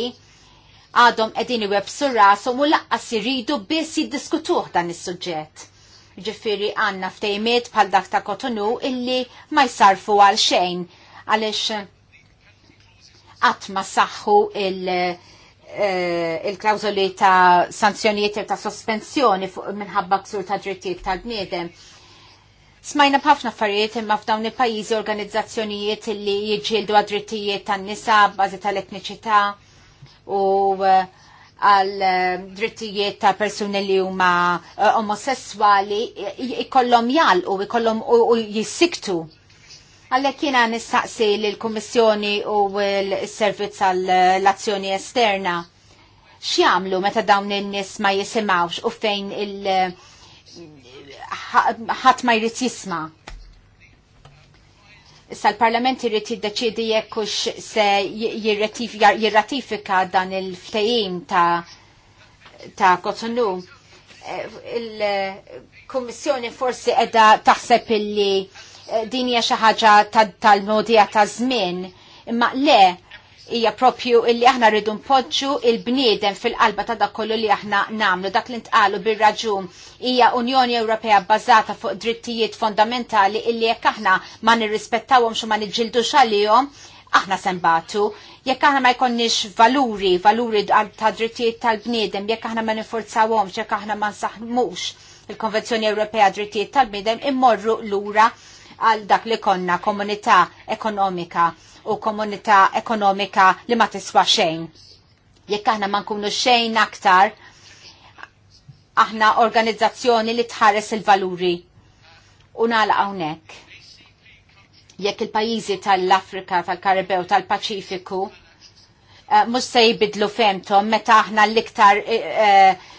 għadhom edini web surrasom u laqqas iridu biss jiddiskutuh dan is-suġġett. Ġifiri għanna ftejmiet bħal dak ta' Kotonu illi ma jsarfu għal xejn għaliex għatma eh, saħħu il- eh, il ta' sanzjonijiet ta' sospensjoni minħabba ksur ta' drittijiet tal-bniedem. Smajna b'ħafna affarijiet imma f'dawn il-pajjiżi organizzazzjonijiet li jiġġieldu għad-drittijiet tan-nisa b'bażi tal-etniċità u eh, għal eh, drittijiet ta' persuni li huma eh, omosessuali ikollhom jalqu ikollhom u jissiktu. Għallek jiena nistaqsi l-Kummissjoni u l-Servizz għall-Azzjoni Esterna x'jagħmlu meta dawn in-nies ma jisimgħux u fejn il- ħadd ma jrid jisma' Issa l-Parlament jirrit jiddeċiedi jekk hux se jirratifika dan il-ftehim ta' ta' eh, Il-Kummissjoni forsi qiegħda taħseb illi eh, din hija xi ħaġa tal-modija ta' żmien, imma le hija propju illi aħna rridu npoġġu il-bniedem fil-qalba ta' dak kollu li aħna namlu dak li ntqalu bir-raġun hija Unjoni Ewropea bbażata fuq drittijiet fondamentali illi jekk aħna ma nirrispettawhomx u ma niġġildux għalihom aħna sembatu, jekk aħna ma jkollniex valuri, valuri ta' drittijiet tal-bniedem, jekk aħna ma niforzawhomx, jekk aħna ma nsaħmux il-Konvenzjoni Ewropea drittijiet tal-bniedem immorru lura għal dak li konna komunità ekonomika u komunità ekonomika li ma tiswa xejn. Jekk aħna ma nkunu xejn aktar, aħna organizzazzjoni li tħares il-valuri. U nagħlaq hawnhekk. Jekk il-pajjiżi tal-Afrika, tal-Karibew, tal-Paċifiku eh, mhux se jbidlu femtom meta aħna l-iktar uh,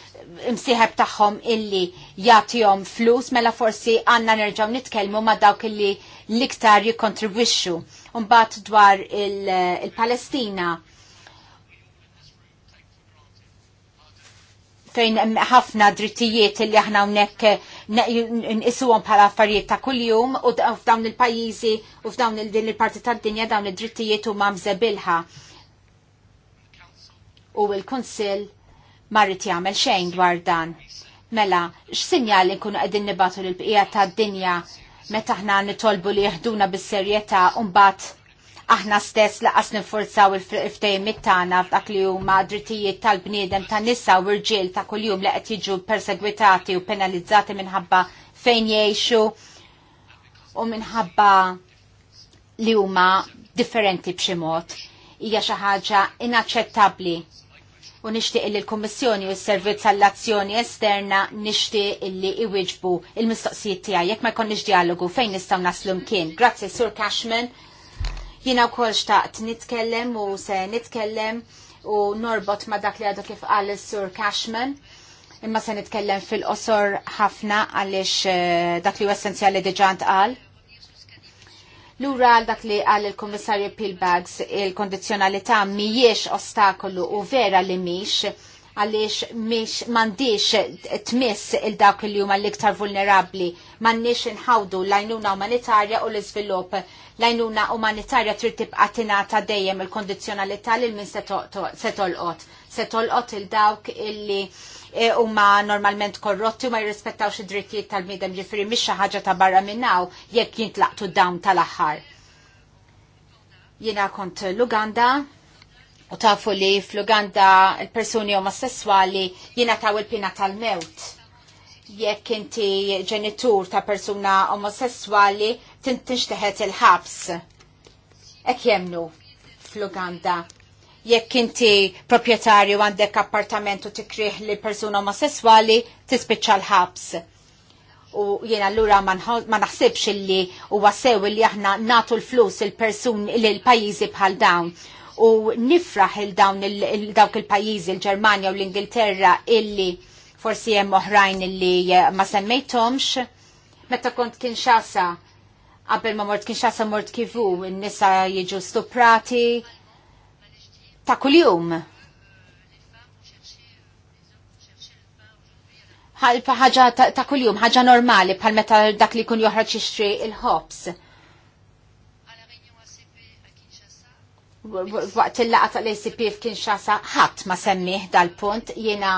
imsieħeb tagħhom illi jagħtihom flus mela forsi għandna nerġgħu nitkellmu ma' dawk illi l-iktar jikkontribwixxu Umbat dwar il-Palestina fejn ħafna drittijiet li aħna hawnhekk nqisuhom bħala affarijiet ta' kuljum u f'dawn il-pajjiżi u f'dawn il-din il-parti tad-dinja dawn id-drittijiet huma mżebilha. U l-Kunsill marrit jagħmel xejn dwar dan. Mela, x'sinjal nkunu qegħdin nibatu l-bqija tad-dinja meta aħna nitolbu li jihduna bis-serjetà mbagħad aħna stess laqas ninforzaw il-ftejmit tagħna f'dak li huma drittijiet tal-bniedem tan nisa u rġiel ta' kuljum li qed jiġu persegwitati u penalizzati minħabba fejn jgħixu u minħabba li huma differenti b'xi mod hija xi ħaġa inaċċettabbli u nixtieq li l-Kummissjoni u s-Servizz tal-Azzjoni Esterna nixtieq li iwiġbu il-mistoqsijiet tiegħi jekk ma jkollniex dialogu fejn nistgħu naslu mkien. Grazzi Sur Cashman. Jiena wkoll xtaqt nitkellem u se nitkellem u norbot ma dak li għadu kif qal is-Sur Cashman. Imma se nitkellem fil-qosor ħafna għaliex eh, dak li hu essenzjali diġà ntqal. Lura għal dak li għal il komissarju Pilbags il-kondizjonalità miex ostakolu u vera li miex għaliex miex mandiċ tmiss il-dawk li huma l-iktar vulnerabli, mannix nħawdu l-għajnuna umanitarja u l-izvilup. L-għajnuna umanitarja trid tibqa' tingħata dejjem il-kondizzjonalità li l-min se setolqot Se tolqot il-dawk illi E, huma normalment korrotti u ma jirrispettawx id-drittijiet tal-bniedem ġifri mhix xi ħaġa ta' barra minnaw jekk jintlaqtu dawn tal-aħħar. Jiena kont l-Uganda, U tafu li fl-Uganda il omosesswali omosessuali jinataw il-pina tal-mewt. Jekk inti ġenitur ta' persuna omosessuali tintinx teħet il-ħabs. Ek jemnu fl-Uganda jekk inti proprjetarju għandek appartamentu tikrih li persuna omosessuali tispiċċa l-ħabs. U jiena allura ma naħsibx illi huwa għasew li aħna natu l-flus il-persun il-pajjiżi bħal dawn u nifraħ il-dawn il-dawk il pajizi l-Ġermanja u l-Ingilterra illi forsi hemm oħrajn illi eh, ma semmejthomx. Meta kont kien xasa, qabel ma mort kien xasa mort kivu, in-nisa jiġu stuprati, ta' kuljum. ħalpa ħaġa ta' kuljum, ħaġa normali bħal meta dak li kun joħraġ ixtri il-ħobs. Waqt il-laqa ta' l-ACP f'kien xasa ħadd ma semmiħ dal-punt jiena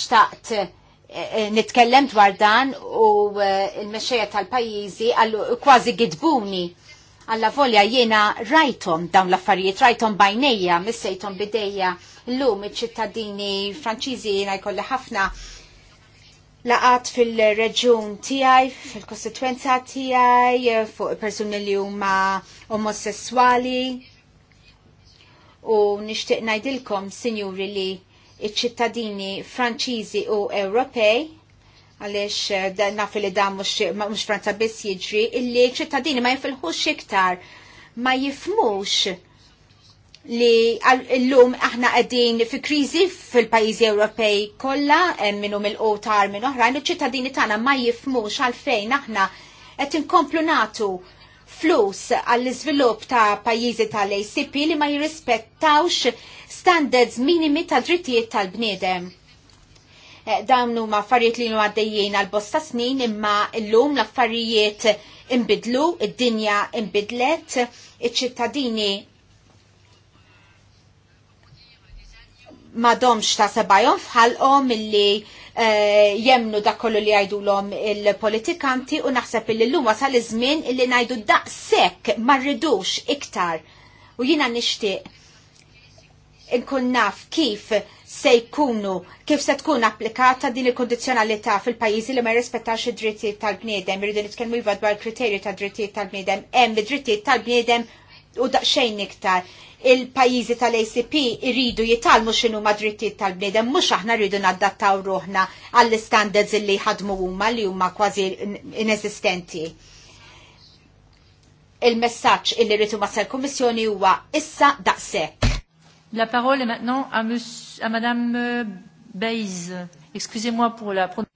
xtaqt eh, eh, nitkellem dwar dan u eh, il-mexxejja tal-pajjiżi għallu kważi gidbuni Alla volja jiena rajtom dawn l-affarijiet, rajtom bajnejja, missejtom bidejja l-lum iċ-ċittadini franċiżi jiena jkolli ħafna laqat fil-reġun tijaj, fil-kostituenza tijaj, fuq persuni li huma omosessuali. U nishtiq najdilkom, sinjuri, li iċ-ċittadini franċiżi u Ewropej għaliex eh, naf li dan mhux Franza biss jiġri illi ċittadini ma jifilħux iktar ma jifmux li l-lum aħna għedin fi krizi fil-pajizi Ewropej kolla minnu mill-qotar minn oħra, il-ċittadini tagħna ma jifmux għalfejn aħna qed inkomplu natu flus għall-iżvilupp ta' pajjiżi tal-ACP li ma jirrispettawx standards minimi ta' drittijiet tal-bniedem. Eh, dawn huma affarijiet li għaddejjien għal bosta snin imma llum l-affarijiet imbidlu, id-dinja imbidlet, iċ-ċittadini madomx ta' sebajon fħalqom illi eh, jemnu da' kollu li għajdu l-om il-politikanti u naħseb illi l-lum wasal iż-żmien illi najdu da' sekk marridux iktar. U jina nishtiq nkun naf kif se jkunu kif se tkun applikata din il-kondizjonalità fil-pajjiżi li ma jirrispettax id-drittijiet tal-bniedem, irridu nitkellmu jvad dwar kriterji tad-drittijiet tal-bniedem, hemm id-drittijiet tal-bniedem u daqsxejn iktar il pajjiżi tal-ACP iridu jitalmu ma' drittijiet tal bniedem mhux aħna rridu naddattaw ruħna għall istandards li ħadmu huma li huma kważi inesistenti. Il-messaċ illi rritu ma sal kummissjoni huwa issa daqshekk. La parole est maintenant à, monsieur, à Madame euh, Beiz. Excusez-moi pour la prononciation.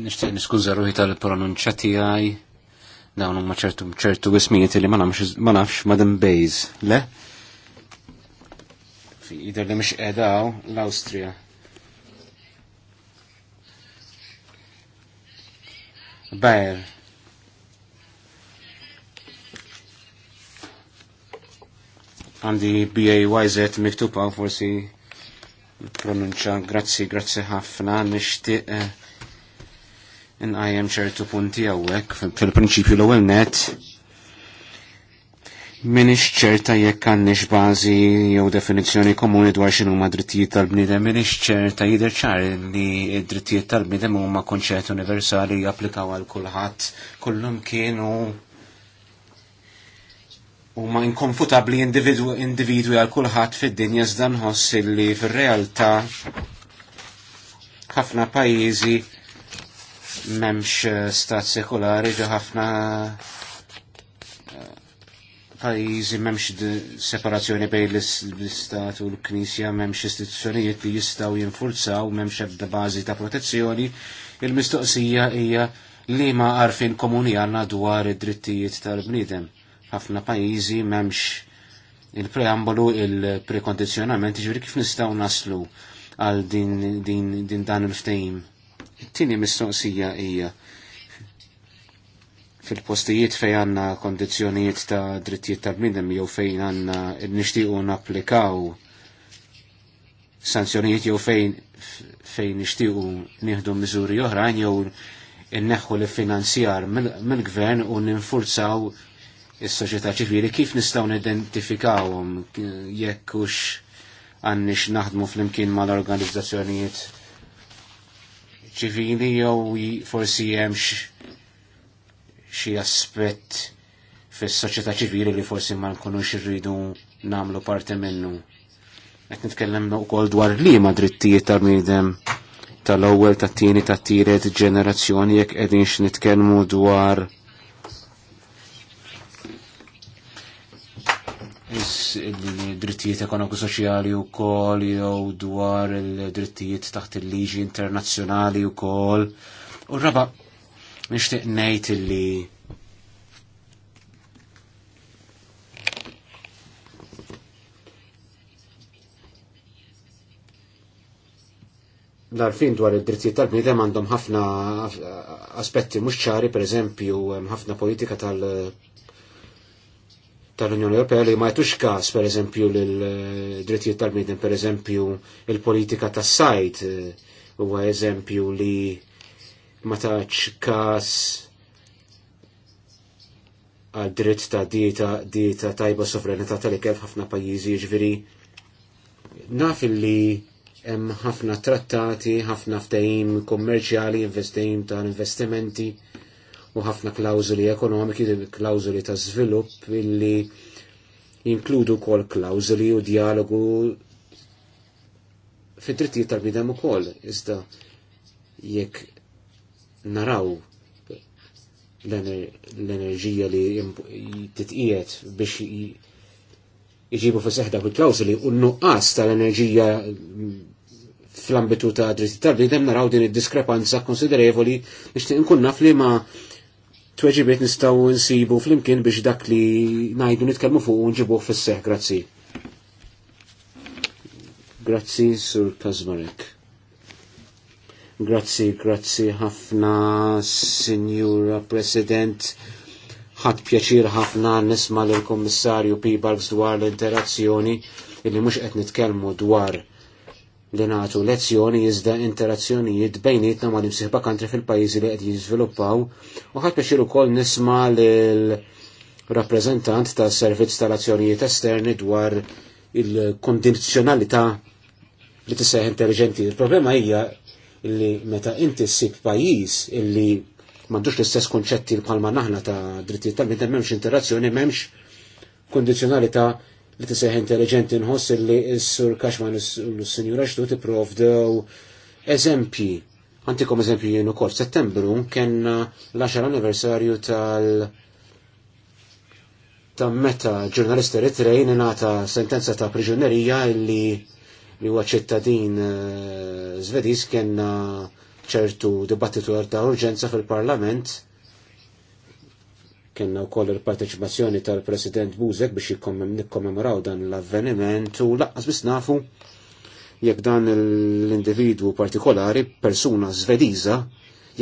Nishtiq niskuża tal-pronunċja tiegħi dawn huma ċertu ċertu ismijiet li ma nafx Madam Bays, le? Jidher li mhix qedaw l-Awstrija. Bayer. għandi BAYZ miktuba forsi pronunċa grazzi, grazzi ħafna, nishtiq eh, nqajjem ċertu punti għawek fil-prinċipju l ewwel net minix ċerta jekk għandix bażi jew definizzjoni komuni dwar xinu ma drittijiet tal bnidem minix ċerta jidher ċar li d-drittijiet tal-bniedem huma konċett universali japplikaw għal kulħadd, kullum kienu huma inkomfutabbli individwi għal kulħadd fid-dinja iżda nħoss illi fir-realtà ħafna pajjiżi m'hemmx eh, stat sekulari ġo ħafna eh, pajjiżi m'hemmx separazzjoni bejn l-istat u l-knisja m'hemmx istituzzjonijiet li jistgħu jinfurzaw m'hemmx ebda bażi ta' protezzjoni il-mistoqsija hija li ma għarfin komuni għanna dwar id-drittijiet tal-bniedem ħafna pajjiżi m'hemmx il-preambolu il-prekondizjonament ġifieri kif nistgħu naslu għal din, din, din dan il-ftehim. It-tieni mistoqsija hija fil-postijiet fejn għandna kondizzjonijiet ta' drittijiet ta' bnidem jew fejn għandna nixtiequ napplikaw sanzjonijiet jew fejn fejn nixtiequ nieħdu miżuri oħrajn jew inneħħu l finanzjar mill-gvern u ninfurzaw is-soċjetà ċivili kif nistgħu nidentifikawhom jekk hux għandniex naħdmu flimkien mal-organizzazzjonijiet ċivili jew forsi hemmx xi aspett fis-soċjetà ċivili li forsi ma nkunux irridu nagħmlu parti minnu. Qed nitkellem wkoll dwar liema drittijiet tal-bniedem tal-ewwel tat-tieni tat-tielet ġenerazzjoni jekk qegħdin nitkellmu dwar il-drittijiet ekonomiku soċjali u kol, jew dwar il-drittijiet taħt il-liġi internazzjonali u kol. U raba, nishtiq nejt li l dwar id-drittijiet tal-bniedem għandhom ħafna aspetti mhux ċari, per eżempju, ħafna politika tal- tal-Unjoni Ewropea li ma jtux kas, per eżempju, l-drittijiet tal-bniedem, per eżempju, il-politika tas sajt eh, huwa eżempju li ma taċ kas għal dritt ta' dieta, dieta tajba sovranità tal-ikel ħafna pajjiżi ġviri. Jiġifieri naf li hemm ħafna trattati, ħafna ftehim kummerċjali, investejim tal-investimenti. investimenti u ħafna klawzuli ekonomiki, klawzuli ta' svilupp illi jinkludu kol klawzuli u dialogu fid drittijiet tal-bidem u kol, iżda jekk naraw l-enerġija li titqiet biex jġibu fi seħda bil klawzuli u nuqqas tal-enerġija fl-ambitu ta' dritti tal-bidem naraw din id-diskrepanza konsiderevoli biex nkun naf li ma' tweġibiet nistaw nsibu fl-imkien biex dak li najdu nitkellmu fuq nġibuh fis-seħ. Grazzi. Grazzi, Sur Kazmarek. Grazzi, grazzi ħafna, Signora President. Ħadd pjaċir ħafna nisma' lill-Kummissarju Pibarks dwar l-interazzjoni illi mhux qed nitkellmu dwar li nagħtu lezzjoni iżda interazzjonijiet bejnietna ma' nimsieħba kantri fil-pajjiżi li qed jizviluppaw u ħadd biex ukoll nisma' l rappreżentant tas servizz tal-azzjonijiet esterni dwar il-kondizjonalità li tisseħ intelligenti. Il-problema hija li meta inti ssib pajjiż illi m'għandux l-istess konċetti l palma naħna ta' drittijiet tal-bnedem m'hemmx interazzjoni, m'hemmx kondizjonalita' li t-seħ intelligenti nħoss li s-sur Kaxman l-sinjur s t ġdu daw eżempji. Antikom eżempju jenu kol. Settembru kena uh, l-10 anniversarju tal- ta' meta ġurnalist Ritrejn nata sentenza ta' priġunerija li li huwa ċittadin Zvediż uh, kena uh, ċertu dibattitu ta' urġenza fil-parlament u wkoll il-parteċipazzjoni tal-President Buzek biex nikkommemoraw dan l-avveniment u laqqas biss nafu jekk dan l-individwu partikolari, persuna zvediza,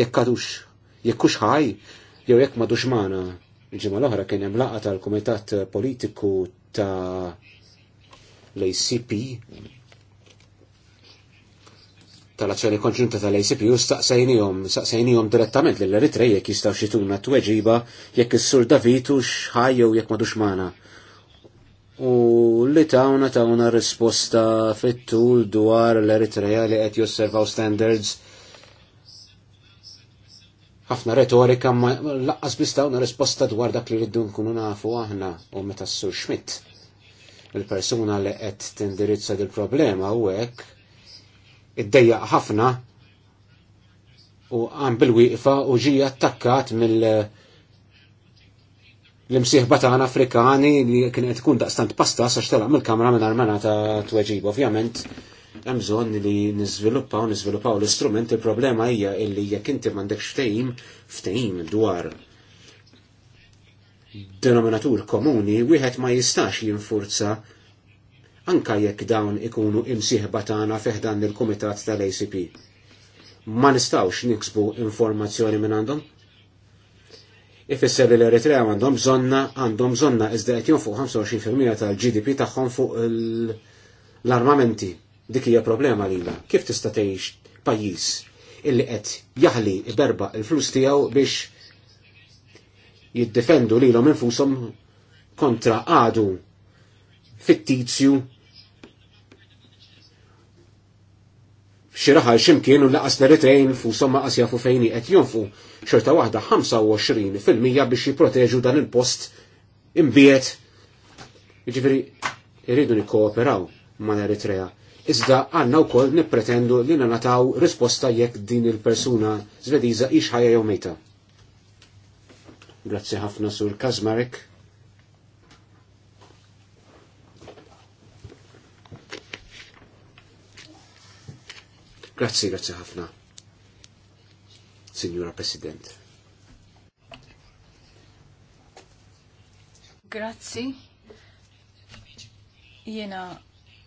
jekk kadux jekk hux ħaj, jew jekk madux mana Ġimgħa l-oħra kien hemm laqgħa tal-Kumitat Politiku ta' l-ACP tal-azzjoni konġunta tal-ACPU staqsejnijom, staqsejnijom direttament l eritrej jekk jistaw xituna t-weġiba jekk is-sur Davitu u jekk madux mana. U li tawna tawna risposta fit-tul dwar l-Eritreja li qed josservaw standards ħafna retorika ma laqqas bistawna risposta dwar dak li rridu nkunu nafu aħna u meta s-sur Schmidt. Il-persuna li qed tindirizza dil-problema u hekk iddeja ħafna u għan bil-wiqfa u ġi attakkat mill l-imsieħba tagħna Afrikani li kien qed tkun daqstant pasta sa xtelaq mill-kamra minn armana ta' tweġib. Ovvjament hemm bżonn li niżviluppaw niżviluppaw l-istrument il-problema hija illi jekk inti m'għandekx ftehim ftehim dwar denominatur komuni wieħed ma jistax jinfurza anka jekk dawn ikunu imsieħba tagħna feħdan il-Kumitat tal-ACP. Ma nistgħux niksbu informazzjoni minn għandhom. Ifisser li l-Eritrea għandhom bżonna għandhom żonna iżda qed jonfuq 25% tal-GDP tagħhom fuq l-armamenti. Dik hija problema lilha. Kif tista' tgħix pajjiż illi qed jaħli berba il-flus tiegħu biex jiddefendu lilhom infushom kontra għadu fittizju xi ximkien u laqas l-Eritrejn fu somma qasja fu fejni qed jonfu xorta waħda 25 fil-mija biex jipproteġu dan il-post imbiet. Jiġifieri irridu nikkooperaw l eritrea Iżda għandna wkoll nippretendu li nataw risposta jekk din il-persuna Zvediża ix ħajja jew mejta. Grazzi ħafna sur Kazmarek. Grazzi, grazzi ħafna, Signora President. Grazzi. Jena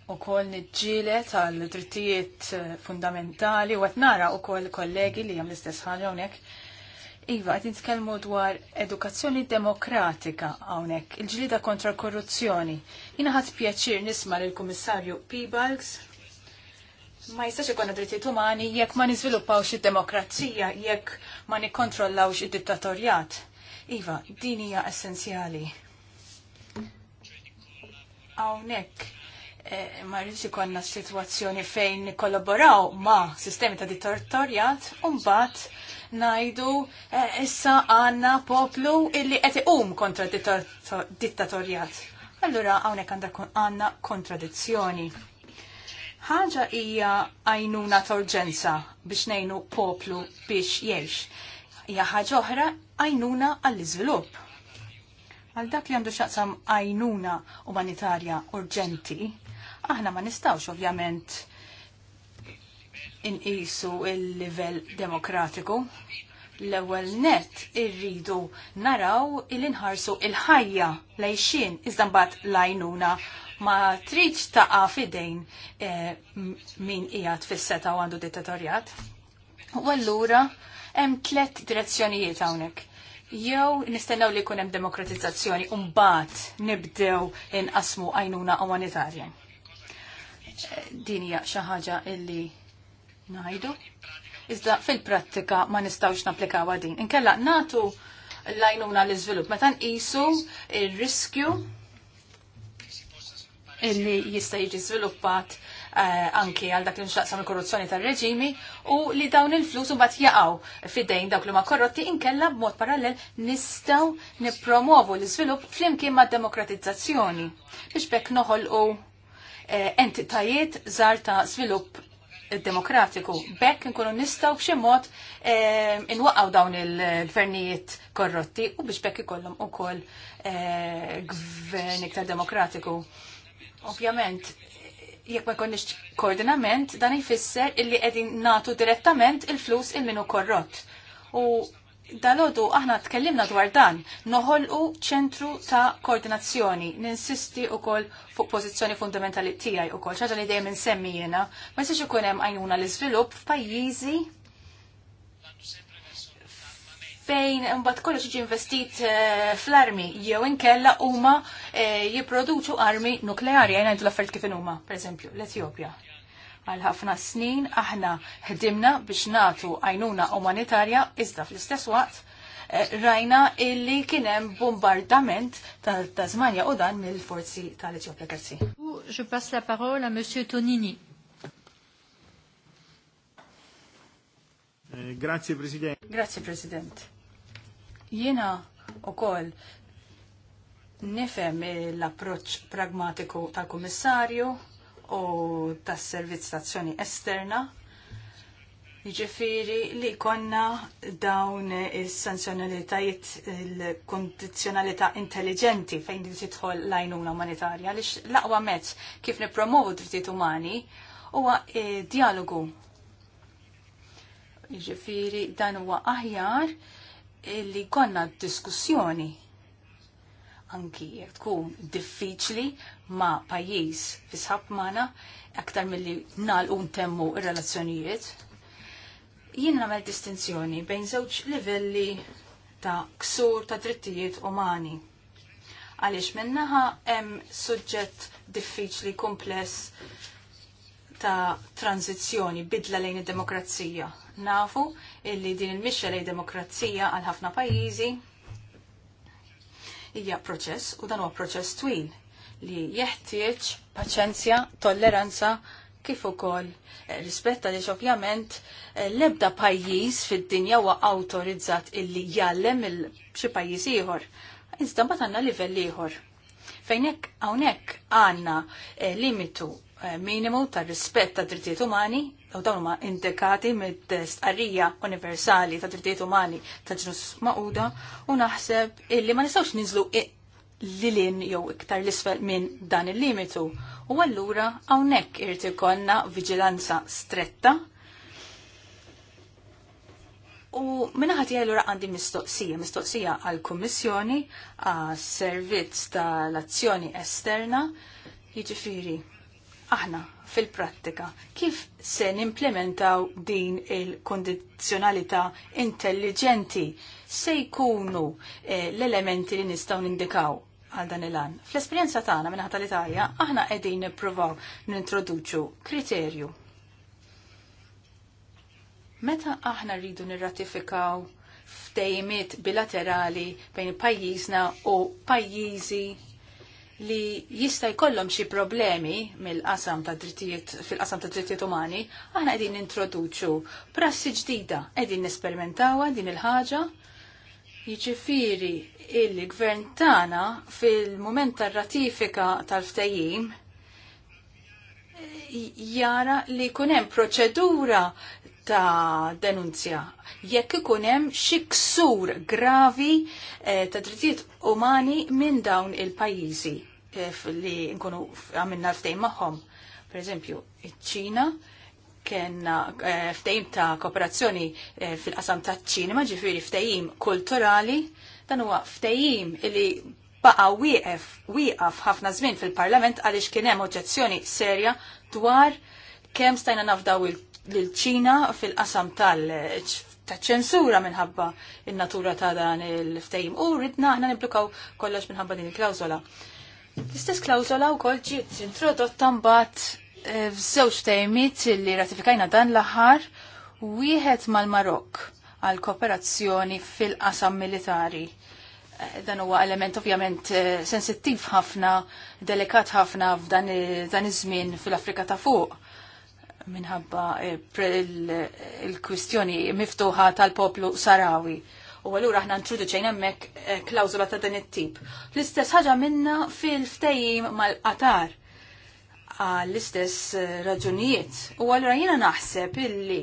u koll nidġile għal drittijiet eh, fundamentali u għatnara u koll kollegi li jam l-istess ħagġa Iva, għed nitkellmu dwar edukazzjoni demokratika għonek, il-ġlida kontra korruzzjoni. Jena ħat pjaċir nisma l-Komissarju Pibalgs, ma jistax ikonna drittijiet umani jekk ma niżviluppawx id-demokrazija, jekk ma nikkontrollawx id-dittatorjat. Iva, din hija essenzjali. Hawnhekk eh, ma rridx ikonna situazzjoni fejn nikkollaboraw ma' sistemi ta' dittatorjat u mbagħad ngħidu eh, issa għandna poplu illi qed iqum kontra dittatorjat. Allura hawnhekk għandha għandna kontradizzjoni ħaġa hija għajnuna ta' urġenza biex nejnu poplu biex jiex. Hija ħaġa oħra għajnuna għall-iżvilupp. Għal dak li għandu xaqsam għajnuna umanitarja urġenti, aħna ma nistawx ovvjament inqisu il-livell demokratiku. L-ewwel net irridu naraw il-inħarsu il-ħajja lejxin iżda mbagħad l-għajnuna ma triċ ta' fidejn eh, min qiegħed fis-seta' u għandu dittatorjat. U allura hemm tliet direzzjonijiet hawnhekk. Jew nistennew li jkun hemm demokratizzazzjoni u mbagħad nibdew inqasmu għajnuna umanitarja. Din hija xi ħaġa illi ngħidu. Iżda fil-prattika ma nistgħux napplikawha din. Inkella natu l-għajnuna l-iżvilupp meta nqisu ir-riskju illi jista' jiġi żviluppat eh, anki għal dak li nxaqsam il-korruzzjoni tar-reġimi u li dawn il-flus mbagħad jaqgħu fidejn dawk li ma korrotti inkella b'mod parallel nistgħu nippromovu l-iżvilupp flimkien mad-demokratizzazzjoni biex bekk noħolqu eh, entitajiet żgħar ta' żvilupp demokratiku. Bekk nkunu nistaw b'xi mod eh, inwaqgħu dawn il-gvernijiet korrotti u biex bekk ikollhom ukoll e, gvern iktar demokratiku. Ovvjament, jekk ma jkollniex koordinament, dan jfisser illi qegħdin natu direttament il-flus il-minu korrott. U dalodu aħna tkellimna dwar dan, noħolqu ċentru ta' koordinazzjoni, ninsisti u fuq pozizjoni fundamentali tijaj u xi ċaġa li dejjem insemmi jena, ma jistax ikun hemm għajnuna l-iżvilupp f'pajjiżi fejn mbagħad kollox jiġi investit eh, fl-armi jew inkella huma eh, jipproduċu armi nukleari jgħin għandu l-affarijiet kif huma, pereżempju l-Etjopja. Għal ħafna snin aħna ħdimna biex natu għajnuna umanitarja iżda fl-istess waqt eh, rajna illi kienem bombardament ta' Zmanja u dan mill-forzi tal-Etjopja Kersi. Je passe la parole à Monsieur Tonini. Grazie Presidente. Grazie Presidente. Jiena wkoll nifhem l-approċċ pragmatiku tal-Kummissarju u tas-servizz tazzjoni esterna Jiġifieri li konna dawn il-sanzjonalitajiet, il-kondizjonalità intelligenti fejn din titħol lajnuna umanitarja, li l-aqwa mezz kif nipromovu drittijiet umani huwa dialogu. Jiġifieri dan huwa aħjar li konna diskussjoni anki jek tkun diffiċli ma' pajjiż fisħab mana aktar milli nal un temmu relazzjonijiet Jien nagħmel distinzjoni bejn żewġ livelli ta' ksur ta' drittijiet umani. Għaliex minnaħa hemm suġġett diffiċli kumpless ta' tranzizzjoni bidla lejn id-demokrazija. Nafu illi din il mixja lej demokrazija għal ħafna pajjiżi hija proċess u dan huwa proċess twil li jeħtieġ paċenzja, tolleranza kif ukoll eh, rispetta li ovvjament eh, l-ebda pajjiż fid-dinja huwa awtorizzat illi jallem il xi pajjiż ieħor. Iżda mbagħad għandna livell ieħor. Fejn hekk hawnhekk għandna eh, limitu Eh, minimu ta' rispett ta' drittijiet umani u dawn huma indikati mid-test qarrija universali ta' drittijiet umani ta' ġnus maquda u naħseb illi ma nistgħux ninżlu lilin jew iktar l-isfel minn dan il-limitu. U allura hawnhekk irid ikollna viġilanza stretta U minnaħat jgħallura għandi mistoqsija, mistoqsija għal-Kommissjoni, għal-Servizz tal-Azzjoni Esterna, jġifiri, aħna fil-prattika kif se nimplementaw din il-kondizjonalità intelligenti se jkunu eh, l-elementi li nistaw nindikaw għal dan il-għan. Fl-esperienza tagħna minn ħata l-Italja, aħna qegħdin nippruvaw nintroduċu kriterju. Meta aħna rridu nirratifikaw fdejmiet bilaterali bejn pajjiżna u pajjiżi li jista' jkollhom xi problemi mill-qasam ta' drittijiet fil-qasam ta' drittijiet umani, aħna qegħdin introduċu prassi ġdida, qegħdin nesperimentawa din il-ħaġa. Jiġifieri il-gvern tagħna fil-mument tar-ratifika tal-ftehim jara li jkun hemm proċedura ta' denunzja. Jekk ikun hemm xi ksur gravi eh, ta' drittijiet umani minn dawn il-pajjiżi kif li nkunu għamilna ftejn magħhom. Per eżempju, iċ-Ċina kena eh, ftejm ta' kooperazzjoni eh, fil-qasam ta' ċinema, ġifiri ftejim kulturali, dan huwa ftejim li baqa wieqef wieqaf ħafna żmien fil-Parlament għaliex kien hemm oġġezzjoni serja dwar kemm stajna nafdaw lil-Ċina fil-qasam tal ċensura minħabba in-natura ta' dan il-ftejim u ridna aħna niblukaw kollox minħabba din il-klawżola. L-istess klawzola wkoll ġiet introdotta mbagħad eh, f'żewġ tejmiet li ratifikajna dan l-aħħar wieħed mal-Marokk għal kooperazzjoni fil-qasam militari. Eh, dan huwa element ovvjament eh, sensittiv ħafna, delikat ħafna f'dan iż-żmien fil-Afrika ta' fuq minħabba il-kwistjoni miftuħa tal-poplu Sarawi u għallura aħna introduċejn hemmhekk eh, klawzula ta' dan it-tip. L-istess ħaġa minna fil-ftejim mal-qatar għall-istess eh, raġunijiet u għallura jiena naħseb illi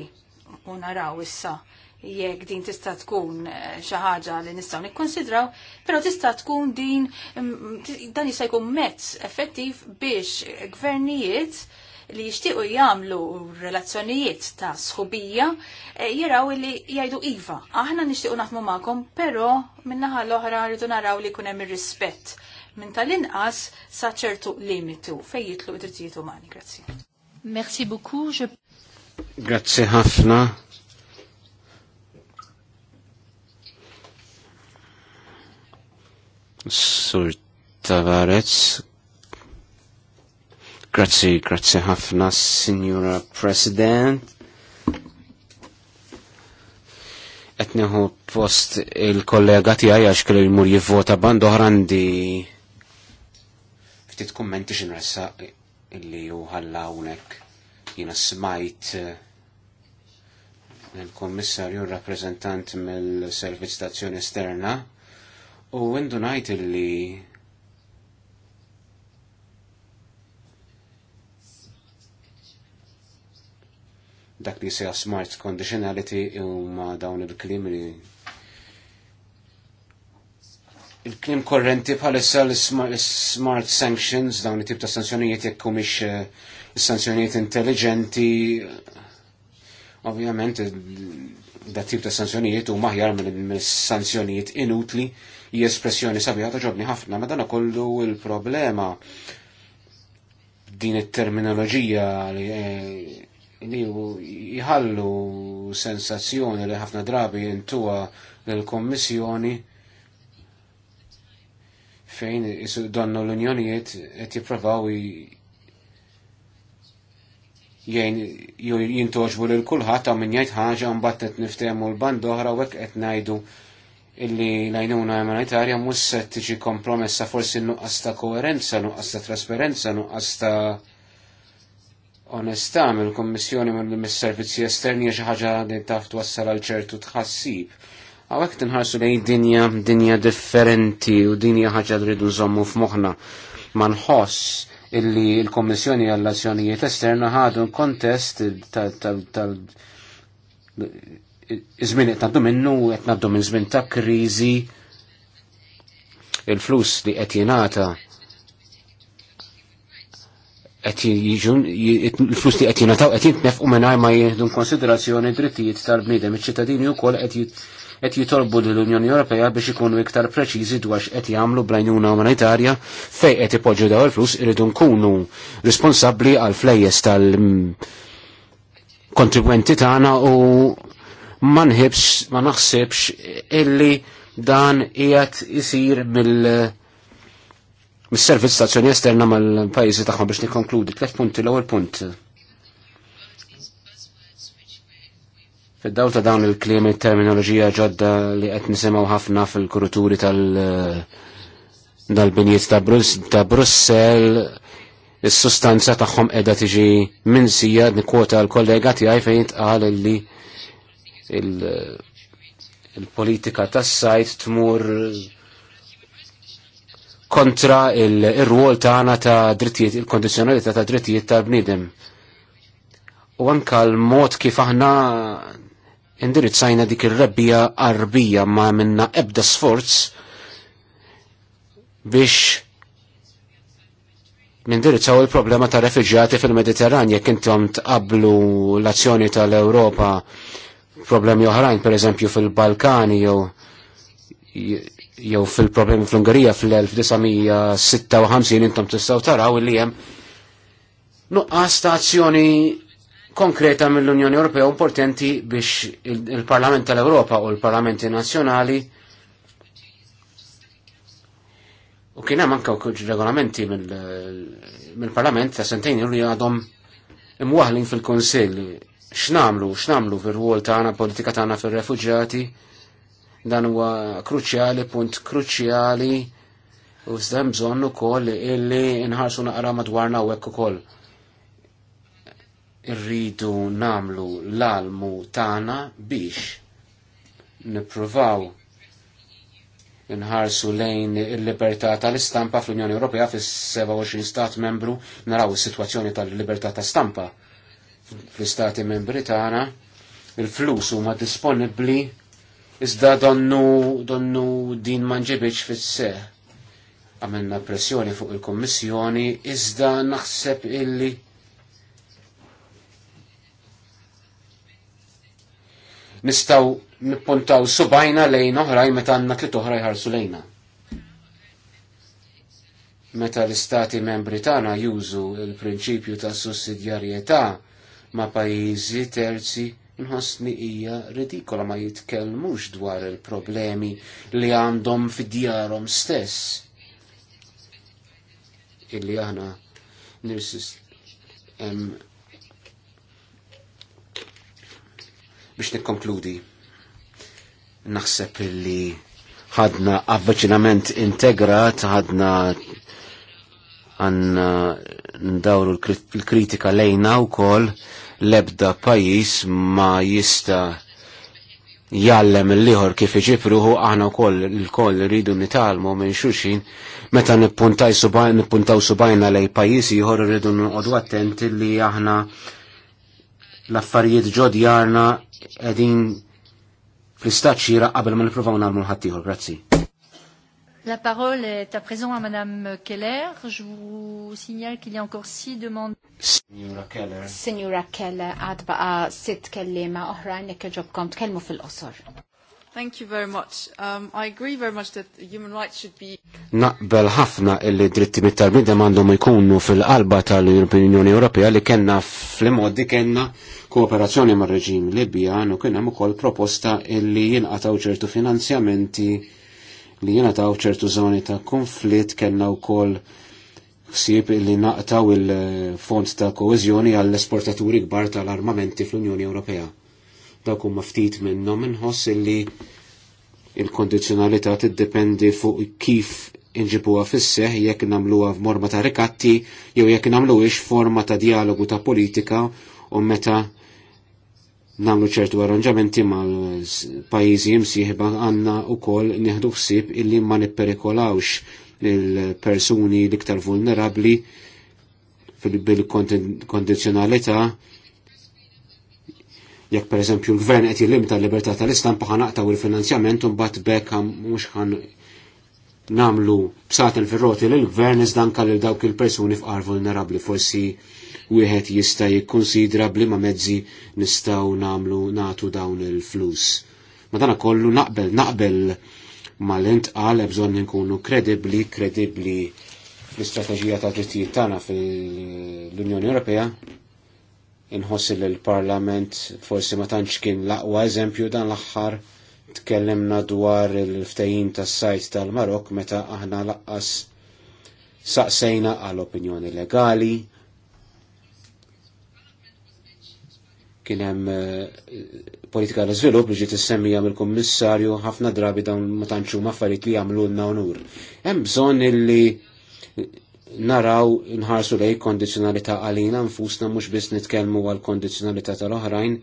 u naraw issa jekk din tista' tkun eh, xi ħaġa li nistgħu nikkonsidraw, però tista' tkun din mm, dan jista' jkun mezz effettiv biex gvernijiet li jixtiequ jagħmlu relazzjonijiet ta' sħubija eh, jiraw li jgħidu iva. Aħna nixtiequ naħdmu magħkom, però min l-oħra rridu naraw li jkun hemm ir-rispett minn tal-inqas sa' ċertu limitu fejn jitlu id-drittijiet umani. Grazzi. Merci beaucoup. Je... Grazzi ħafna. Sur Tavarez, Grazzi, grazie ħafna, Signora President. Etniħu post il-kollega tijaj għax kellu jmur jivvota bandu oħrandi. Ftit kummenti xinressa illi ju ħalla unek. Jina smajt eh, il-kommissarju rappresentant mill-servizz esterna u għendu najt illi dak li seja smart conditionality huma dawn il-klim li il-klim korrenti bħalissa l-smart sanctions, dawn it-tip ta' sanzjonijiet jekk mhix eh, sanzjonijiet intelligenti, ovvjament da' tip ta' sanzjonijiet u maħjar minn sanzjonijiet inutli, hija espressjoni sabiħa ta' ġobni ħafna, ma dan kollu il-problema din it-terminoloġija li eh, li jħallu sensazzjoni li ħafna drabi jintuwa l-Kommissjoni fejn isu donnu l-Unjonijiet qed jipprovaw jgħin jintoġbu lil kulħadd għaw minn jgħid ħaġa mbagħad qed niftemu l-band oħra u hekk qed ngħidu illi l-għajnuna umanitarja mhux se tiġi kompromessa forsi nuqqas ta' koerenza, nuqqas ta' trasparenza, nuqqas ta' onestà mill-Kommissjoni mill-Servizzi Esterni xi ħaġa li taf twassal għal ċertu tħassib. Għawek tinħarsu li dinja, dinja differenti u dinja ħaġa dridu nżommu f'moħħna. Ma nħoss illi l-Kommissjoni għall azzjonijiet Esterna ħadu kontest tal iżmin qed ngħaddu minnu qed ngħaddu minn żmien ta' kriżi il-flus li qed jingħata il-flus li qed jingħataw qed u mingħajr ma jihdun konsiderazzjoni drittijiet tal-bniedem. Iċ-ċittadini wkoll qed jitolbu lill-Unjoni Ewropea biex ikunu iktar preċiżi dwar x'qed jagħmlu bl-għajnuna umanitarja fejn qed ipoġġu daw il-flus iridu nkunu responsabbli għal flejjes tal-kontribwenti tagħna u ma nħibx ma naħsibx illi dan qiegħed isir mill- mis-servizz stazzjoni esterna mal-pajjiżi tagħhom biex nikkonkludi. Tliet punti l-ewwel punt. Fid-daw ta' dawn il-kliem terminoloġija ġodda li qed nisimgħu ħafna fil-kuruturi tal- dal-binjiet ta', Brus ta Brussel is-sustanza tagħhom qiegħda tiġi minsija nikkwota l-kollega tiegħi fejn jitqal li il-politika tas-sajt tmur kontra il-rwol tagħna ta' drittijiet il-kondizzjonalità ta' drittijiet tal-bniedem. U anka l-mod kif aħna indirizzajna dik ir-rebbija arbija ma minna ebda sforz biex nindirizzaw il-problema ta' refugjati fil-Mediterran jekk intom tqablu l-azzjoni tal-Ewropa problemi oħrajn, per eżempju fil-Balkani jew jew fil-problemi fl-Ungarija fl-1956 intom tistgħu taraw li hemm nuqqas ta' azzjoni konkreta mill-Unjoni Ewropea importanti biex il-Parlament tal-Ewropa u l-Parlamenti Nazzjonali u kien hemm anke regolamenti mill-Parlament ta' sentejn li għadhom imwaħlin fil-Kunsill x'namlu x'namlu fir-rwol tagħna politika tagħna fir-refuġjati Dan huwa kruċjali, punt kruċjali u zdem bżonn ukoll illi nħarsu naqra madwarna u hekk ukoll. Irridu namlu l-almu tagħna biex nippruvaw nħarsu lejn il-libertà tal-istampa fl-Unjoni Ewropea fis-27 stat membru naraw is-sitwazzjoni tal-libertà ta' stampa fl-istati membri tagħna il-flus huma disponibbli Iżda donnu, donnu din manġibiċ fis-se. Għamilna pressjoni fuq il-Kommissjoni, iżda naħseb illi nistaw nippuntaw subajna lejn oħraj meta għandna tlit oħra jħarsu lejna. Meta l-istati membri tagħna jużu il-prinċipju ta' sussidjarjetà ma' pajjiżi terzi nħasni hija ridikola ma jitkellmux dwar il-problemi li għandhom fid-djarhom stess. Illi aħna nirsis em, biex nikkonkludi. Naħseb illi ħadna avveċinament integrat, ħadna għanna ndawru l-kritika lejna u kol l-ebda pajis ma jista jallem l-liħor kif iġipruħu aħna wkoll l koll rridu nitalmu minn xuxin meta nippuntaw subajna lej pajis ieħor rridu n-għodu attenti li aħna l-affarijiet ġodjarna qegħdin fl-istaċċira qabel ma nippruvaw nagħmlu ħaddieħor. Grazzi. La parole est à présent à Madame Keller. Je vous signale qu'il y a encore six demandes. Signora Keller. Signora Keller, għad baqa sitt kellima oħrajn jekk ġobkom tkellmu fil-qosor. Thank you very much. Um, I agree very much that human rights should be... Naqbel ħafna illi dritti mit-tarbidem għandhom ikunu fil-qalba tal-Unjoni Ewropea li kena fl-modi kena kooperazzjoni mar reġim Libjan u kena ukoll proposta illi jinqataw ċertu finanzjamenti li jinqataw ċertu zoni ta' konflitt kena u kol ħsieb li naqtaw il-fond ta' koezjoni għall-esportaturi kbar tal-armamenti fl-Unjoni Ewropea. Dawk huma ftit minnhom inħoss illi il-kondizzjonalità tiddependi fuq kif inġibuha fis-seħ jekk nagħmluha f'morma ta' rikatti jew jekk nagħmluhiex forma ta' dialogu ta' politika u meta nagħmlu ċertu arranġamenti mal-pajjiżi msieħba għandna wkoll nieħdu ħsieb illi ma nipperikolawx il-persuni l-iktar vulnerabli fil kondizjonalità jekk per eżempju l-gvern qed jillim l-libertà tal istan ħan naqtaw il-finanzjament u mbagħad bekk mhux ħan namlu bsaten fir-roti l gvern iżda kalli l dawk il-persuni f'qar vulnerabbli forsi wieħed jista' jikkunsidra bli ma' mezzi nistgħu namlu natu dawn il-flus. Ma dana kollu naqbel naqbel ma l-int għal bżonn nkunu kredibli, kredibli l istrateġija ta' drittijiet tagħna fil-Unjoni Ewropea. Inħossi l-Parlament forsi ma tantx kien l-aqwa eżempju dan l-aħħar tkellimna dwar il-ftehim tas-sajt tal-Marok meta aħna laqqas saqsejna għal opinjoni legali, Kien hemm eh, politika l żvilupp li ġiet issemmija mill-Kummissarju ħafna drabi dawn ma tantx huma affarijiet li lna unur. Hemm bżonn illi naraw nħarsu lej kondizzjonalità għalina nfusna mhux biss nitkellmu għal kondizzjonalità tal-oħrajn,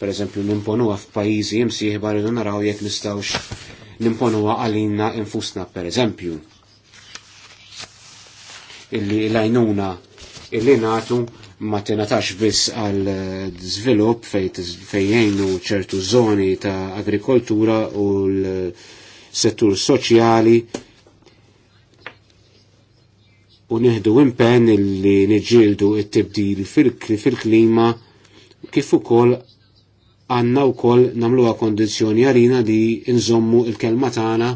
pereżempju nimponuha f'pajjiżi imsieħba rridu naraw jekk nistgħux nimponuha għalina infusna pereżempju. Illi l-għajnuna illi natu ma tenatax biss għal eh, żvilupp fejjejnu ċertu zoni ta' agrikoltura u l-settur soċjali u neħdu impenn li niġġieldu it-tibdil fil-klima kif ukoll għandna wkoll nagħmluha kondizzjoni għalina li nżommu il-kelma tagħna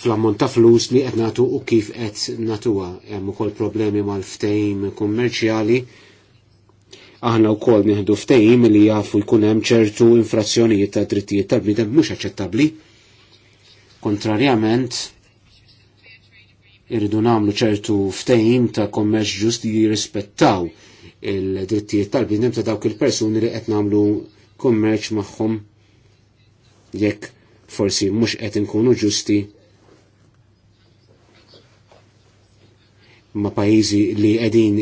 fl-ammont ta' flus li qed nagħtu u kif qed natuha. Hemm ukoll problemi mal-ftehim kummerċjali. Aħna wkoll nieħdu ftehim li jafu jkun hemm ċertu infrazzjonijiet ta' drittijiet tal-bniedem mhux aċċettabbli. Kontrarjament, irridu nagħmlu ċertu ftehim ta' kommerċ ġust li jirrispettaw il-drittijiet tal-bniedem ta' dawk il-persuni li qed nagħmlu kummerċ magħhom jekk forsi mhux qed inkunu ġusti ma' pajjiżi li qegħdin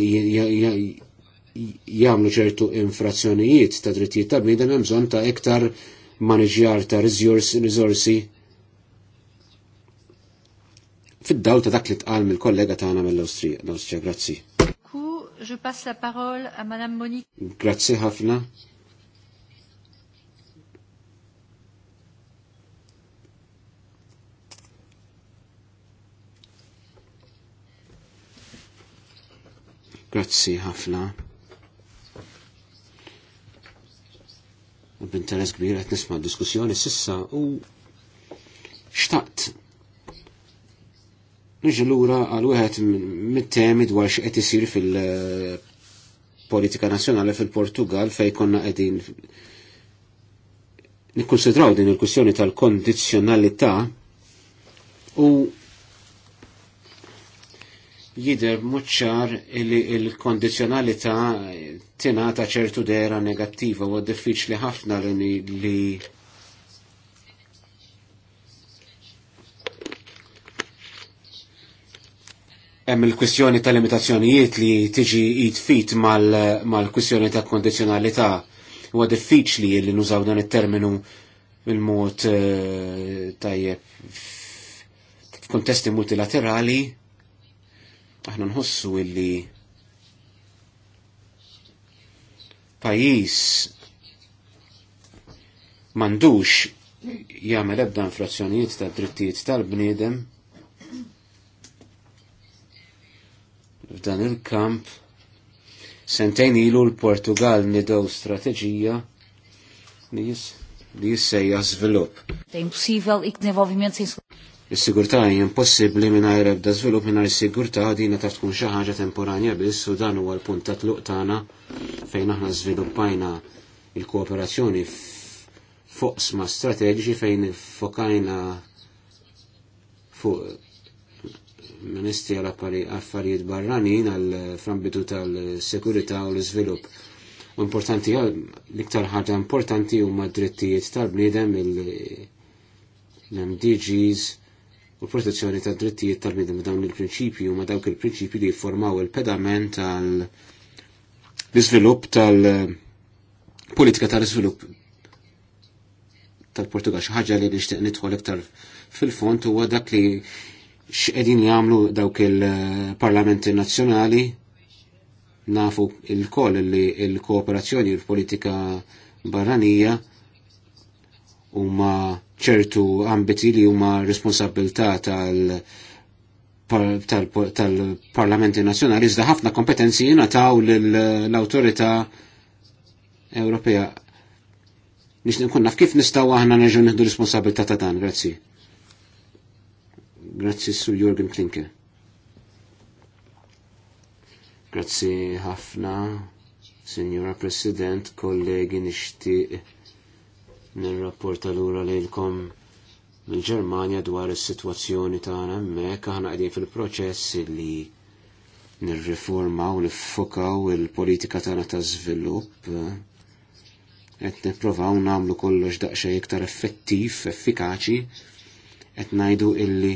jagħmlu ċertu infrazzjonijiet ta' drittijiet ta' bnidem hemm bżonn ta' iktar maniġjar ta' riżorsi fid-dawl ta' dak li tqal mill-kollega tagħna mill-Awstrija. Grazzi. Je passe la parole à Madame Monique. Grazzi ħafna. Grazzi ħafna. U b'interess kbir qed nisma' diskussjoni sissa u xtaqt Niġi lura għal wieħed mit-temi dwar x'qed isir fil-politika nazzjonali fil-Portugal fejn konna qegħdin nikkonsidraw din il-kwistjoni tal-kondizzjonalità u jider muċċar li il-kondizjonalità tinata ċertu dera negattiva u diffiċli ħafna li hemm il-kwistjoni ta' limitazzjonijiet li tiġi jitfit mal-kwistjoni ta' kondizjonalità huwa diffiċli li nużaw dan it-terminu il-mod tajjeb f'kuntesti multilaterali Aħna nħossu illi pajis mandux jagħmel ebda infrazzjonijiet ta' drittijiet tal-bniedem f'dan il-kamp sentejn ilu l-Portugal nidew strateġija li jissejja żvilupp. ik e nevolviment Is-sigurtà hija impossibbli mingħajr ebda żvilupp mingħajr sigurtà dina taf tkun xi ħaġa temporanja biss u dan huwa l-punt ta' tluq tagħna fejn aħna żviluppajna il-kooperazzjoni fuq sma strateġiċi fejn fokajna fuq ministri għal affarijiet barranin għal frambitu tal-sekurità u l-iżvilupp. U importanti l-iktar ħaġa importanti huma d-drittijiet tal-bniedem il-MDGs u protezzjoni ta' drittijiet tal-bidem dawn il-prinċipji u ma dawk il-prinċipji li jiformaw il-pedament tal iżvilupp izvilupp tal-politika tal-izvilupp tal-Portugal. ħaġa li nixtieq nidħol iktar fil-font huwa dak li x'qegħdin jagħmlu dawk il-parlamenti nazzjonali nafu il-koll li il-kooperazzjoni l politika barranija huma ċertu ambiti li huma responsabilità tal- tal-parlamenti nazjonali, iżda ħafna kompetenzi jingħataw l-autorità Ewropea. Nix nkun naf kif nistgħu aħna nerġgħu nieħdu responsabilità ta' dan, grazzi. Grazzi su Jorgen Klinke. Grazzi ħafna, Signora President, kollegi nixtieq nirrapporta lura lejlkom mill-Ġermanja dwar is-sitwazzjoni tagħna hemmhekk aħna qegħdin fil-proċess li nirriformaw li il-politika tagħna ta' żvilupp qed nippruvaw nagħmlu kollox daqsxejn iktar effettiv, effikaċi, qed ngħidu illi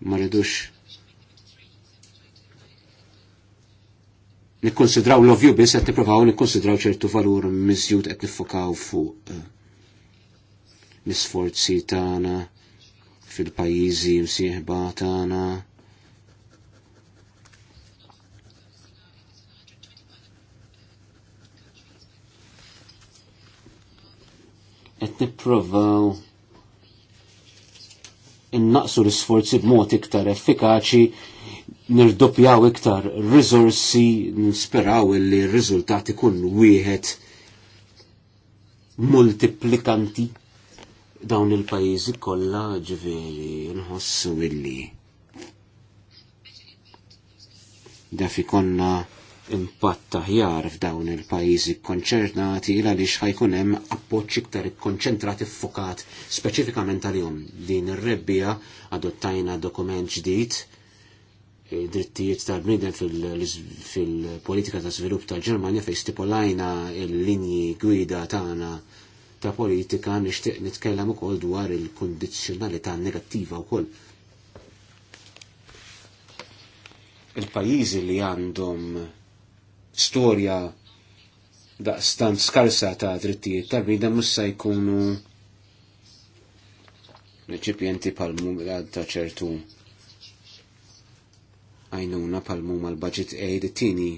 ma rridux nikkonsidraw l-ovju biss qed nippruvaw nikkonsidraw ċertu valur miżjud qed nifokaw fuq l-isforzi tagħna fil-pajjiżi msieħba tagħna. Qed nipprovaw innaqsu l-isforzi b'mod iktar effikaċi nirdoppjaw iktar rizorsi, nisperaw li r-riżultat ikun wieħed multiplikanti dawn il-pajizi kollha ġifieri nħossu illi daf konna impatt ħjar f'dawn il-pajjiżi konċernati il għaliex ħajkun hemm appoġġ iktar ikkonċentrat iffokat speċifikament għalihom. Din ir-rebbija adottajna dokument ġdid eh, drittijiet tal-bniedem fil-politika ta' svilupp tal-Ġermanja fejn stipolajna l-linji gwida tagħna ta ta' politika nixtieq nitkellem ukoll dwar il-kondizzjonalità negattiva wkoll. Il-pajjiżi li għandhom storja daqstant skarsa ta' drittijiet tal-bida mussa jkunu reċipjenti pal-mum ta' ċertu għajnuna pal-mum għal-budget aid tini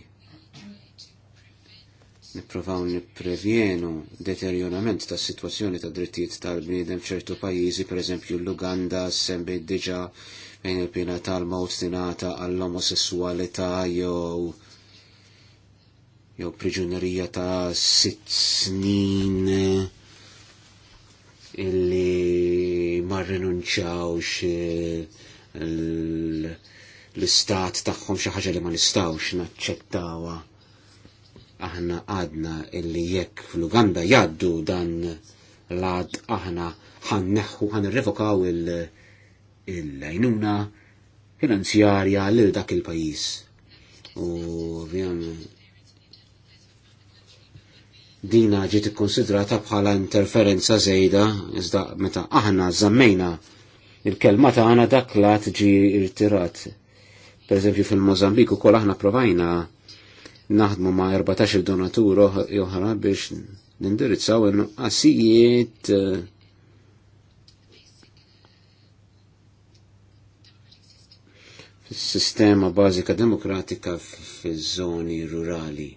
nippruvaw nipprevjenu deterjorament tas sitwazzjoni ta' drittijiet tal-bniedem f'ċertu pajjiżi, pereżempju l-Uganda, sembi diġà fejn il-pina tal-mawt tingħata għall-omosessualità jew jew priġunerija ta' sitt snin illi ma rrinunċawx l-istat tagħhom xi ħaġa li ma nistgħux naċċettawha aħna għadna illi jekk fl-Uganda jaddu dan l-għad aħna ħan neħu ħan revokaw il-lajnuna finanzjarja lil dak il-pajis. U vjam dina ġiet ikkonsidrata bħala interferenza żejda iżda meta aħna żammejna il-kelma għana dak lat ġi irtirat. Per eżempju fil mozambiku kol aħna provajna naħdmu ma' 14 donatur oħra biex nindirizzaw il-nuqqasijiet eh, sistema bażika demokratika fiż-żoni rurali.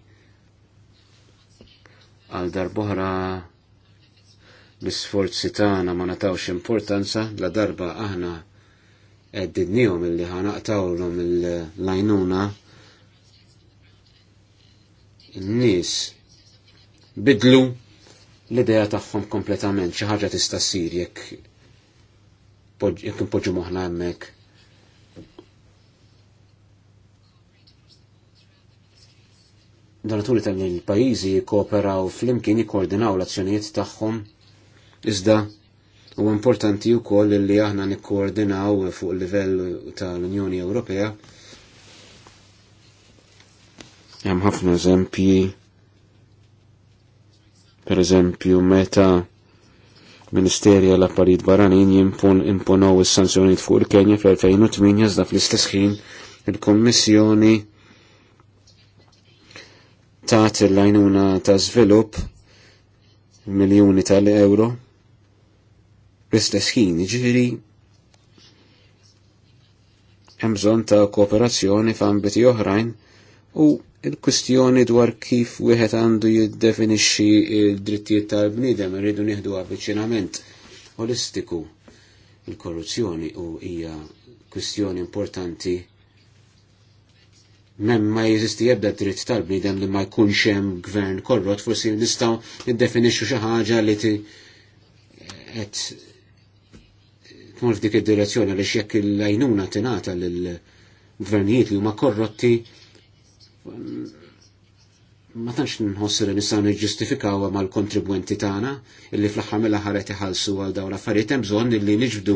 Għal darbohra l-sforzi tagħna ma natawx importanza la darba aħna għeddidnijom illi ħanaqtawhom il-lajnuna n-nies bidlu l-idea tagħhom kompletament xi ħaġa tista' ssir jekk jekk impoġġu moħħna hemmhekk. Donaturi tal-pajjiżi jikkooperaw flimkien jikkoordinaw l-azzjonijiet tagħhom iżda U importanti u koll li aħna nikkoordinaw fuq il-livell tal-Unjoni Ewropea Hemm ħafna eżempji per eżempju meta Ministerja l-Affarijiet Barranin jimpon imponaw is-sanzjonijiet fuq il-Kenja fl-2008 iżda fl-istess ħin il-Kommissjoni tat il-lajnuna ta' żvilupp miljuni tal-euro l-istess ħin ġiri jiġifieri, hemm bżonn ta' kooperazzjoni f'ambiti oħrajn u il-kustjoni dwar kif wieħed għandu jiddefinixxi il-drittijiet tal-bniedem irridu nieħdu avviċinament holistiku. Il-korruzzjoni u hija kwistjoni importanti Mem ma jeżisti jebda dritt tal-bniedem li ma jkunx hemm gvern korrot, forsi nistgħu niddefinixxu xi ħaġa li ti qed tmur f'dik id-direzzjoni għaliex jekk il-lajnuna tingħata lill gvernijiet li huma korrotti ma tantx nħossir li nistgħu niġġustifikawha mal-kontribwenti tagħna illi fl-aħħar ħaret iħallsu għal dawn l-affarijiet hemm bżonn illi niġbdu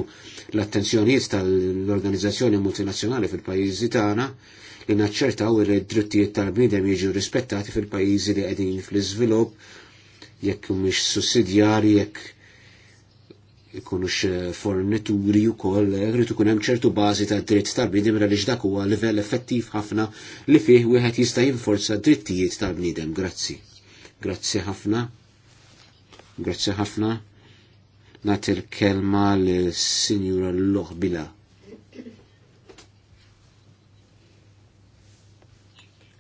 l-attenzjonijiet tal-organizzazzjoni multinazzjonali fil-pajjiżi tagħna li naċċertaw li d-drittijiet tal-bniedem jiġu rispettati fil-pajjiżi li qegħdin fl-iżvilupp jekk mhix sussidjarji jekk ikunux fornituri u koll, rritu kunem ċertu bazi ta' dritt tal-bnidem għaliex dak huwa livell effettiv ħafna li fih wieħed jista' jinforza drittijiet tal-bnidem. Grazzi. Grazzi ħafna. Grazzi ħafna. Nat il-kelma l-Sinjura Loħbila.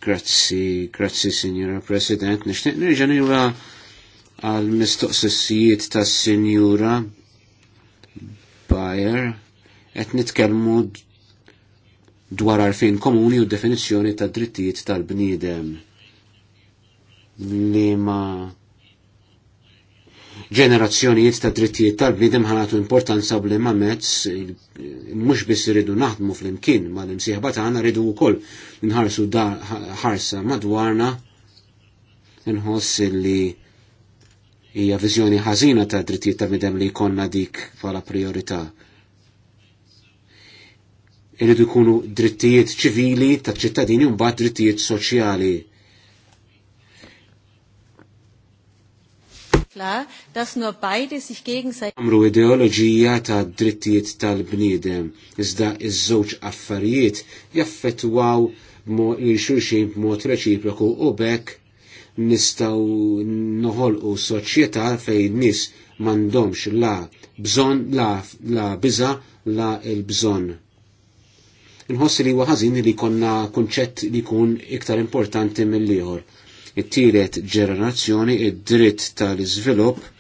Grazzi, grazzi Sinjura President. Nixtieq nerġa' għal mistoqsissijiet tas-Sinjura buyer qed nitkellmu dwar arfin komuni u definizjoni ta' drittijiet tal-bniedem li ma ġenerazzjonijiet ta' drittijiet tal-bniedem ħanatu importanza bli ma' mezz mhux biss iridu naħdmu fl-imkien ma' l-imsieħba tagħna ridu wkoll nħarsu ħarsa madwarna nħoss li hija viżjoni ħażina ta' drittijiet ta' midem li jkollna dik bħala priorità. Iridu jkunu drittijiet ċivili ta' ċittadini u mbagħad drittijiet soċjali. klar, dass nur beide sich gegenseitig. Amru ideologija ta' drittijiet tal-bniedem, iżda iż-żewġ affarijiet jaffettwaw xulxin b'mod reċiproku u bekk nistaw noħolqu soċjetà fejn nis mandomx la bżon, la, la biza, la il-bżon. Nħossi li waħazin li konna kunċett li kun iktar importanti mill-liħor. It-tielet ġenerazzjoni id-dritt tal-iżvilupp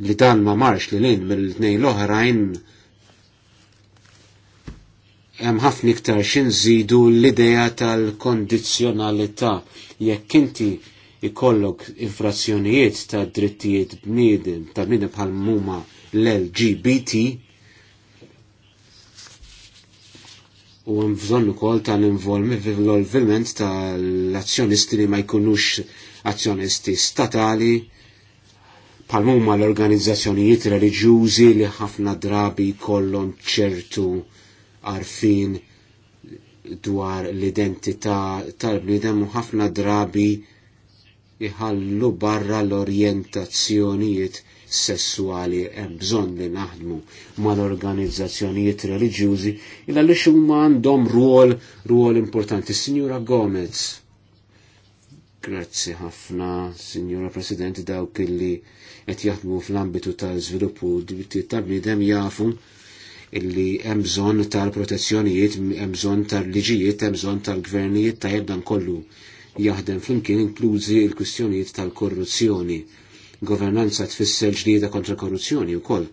li dan ma marx li lin mill-tnejn l-oħrajn hemm ħafna iktar nżidu l-idea tal-kondizzjonalità jekk inti ikollok infrazzjonijiet ta' drittijiet bniedem ta' min bħal muma l-LGBT u hemm bżonn ukoll ta' l-involviment tal-azzjonisti li ma jkunux azzjonisti statali bħal muma l-organizzazzjonijiet reliġjużi li ħafna drabi kollhom ċertu għarfin dwar l-identità tal-bniedem u ħafna drabi iħallu barra l-orjentazzjonijiet sessuali hemm bżonn li naħdmu mal-organizzazzjonijiet reliġjużi il għaliex huma għandhom rwol rwol importanti. Sinjura Gomez. Grazzi ħafna, Sinjura President, dawk illi qed jaħdmu fl-ambitu tal-żviluppu d-drittijiet tal-bniedem jafu illi hemm bżonn tal-protezzjonijiet, hemm bżonn tal-liġijiet, hemm bżonn tal-gvernijiet ta' jeddan kollu jaħdem flimkien inklużi l-kwistjonijiet tal-korruzzjoni. Governanza tfisser ġlieda kontra korruzzjoni wkoll.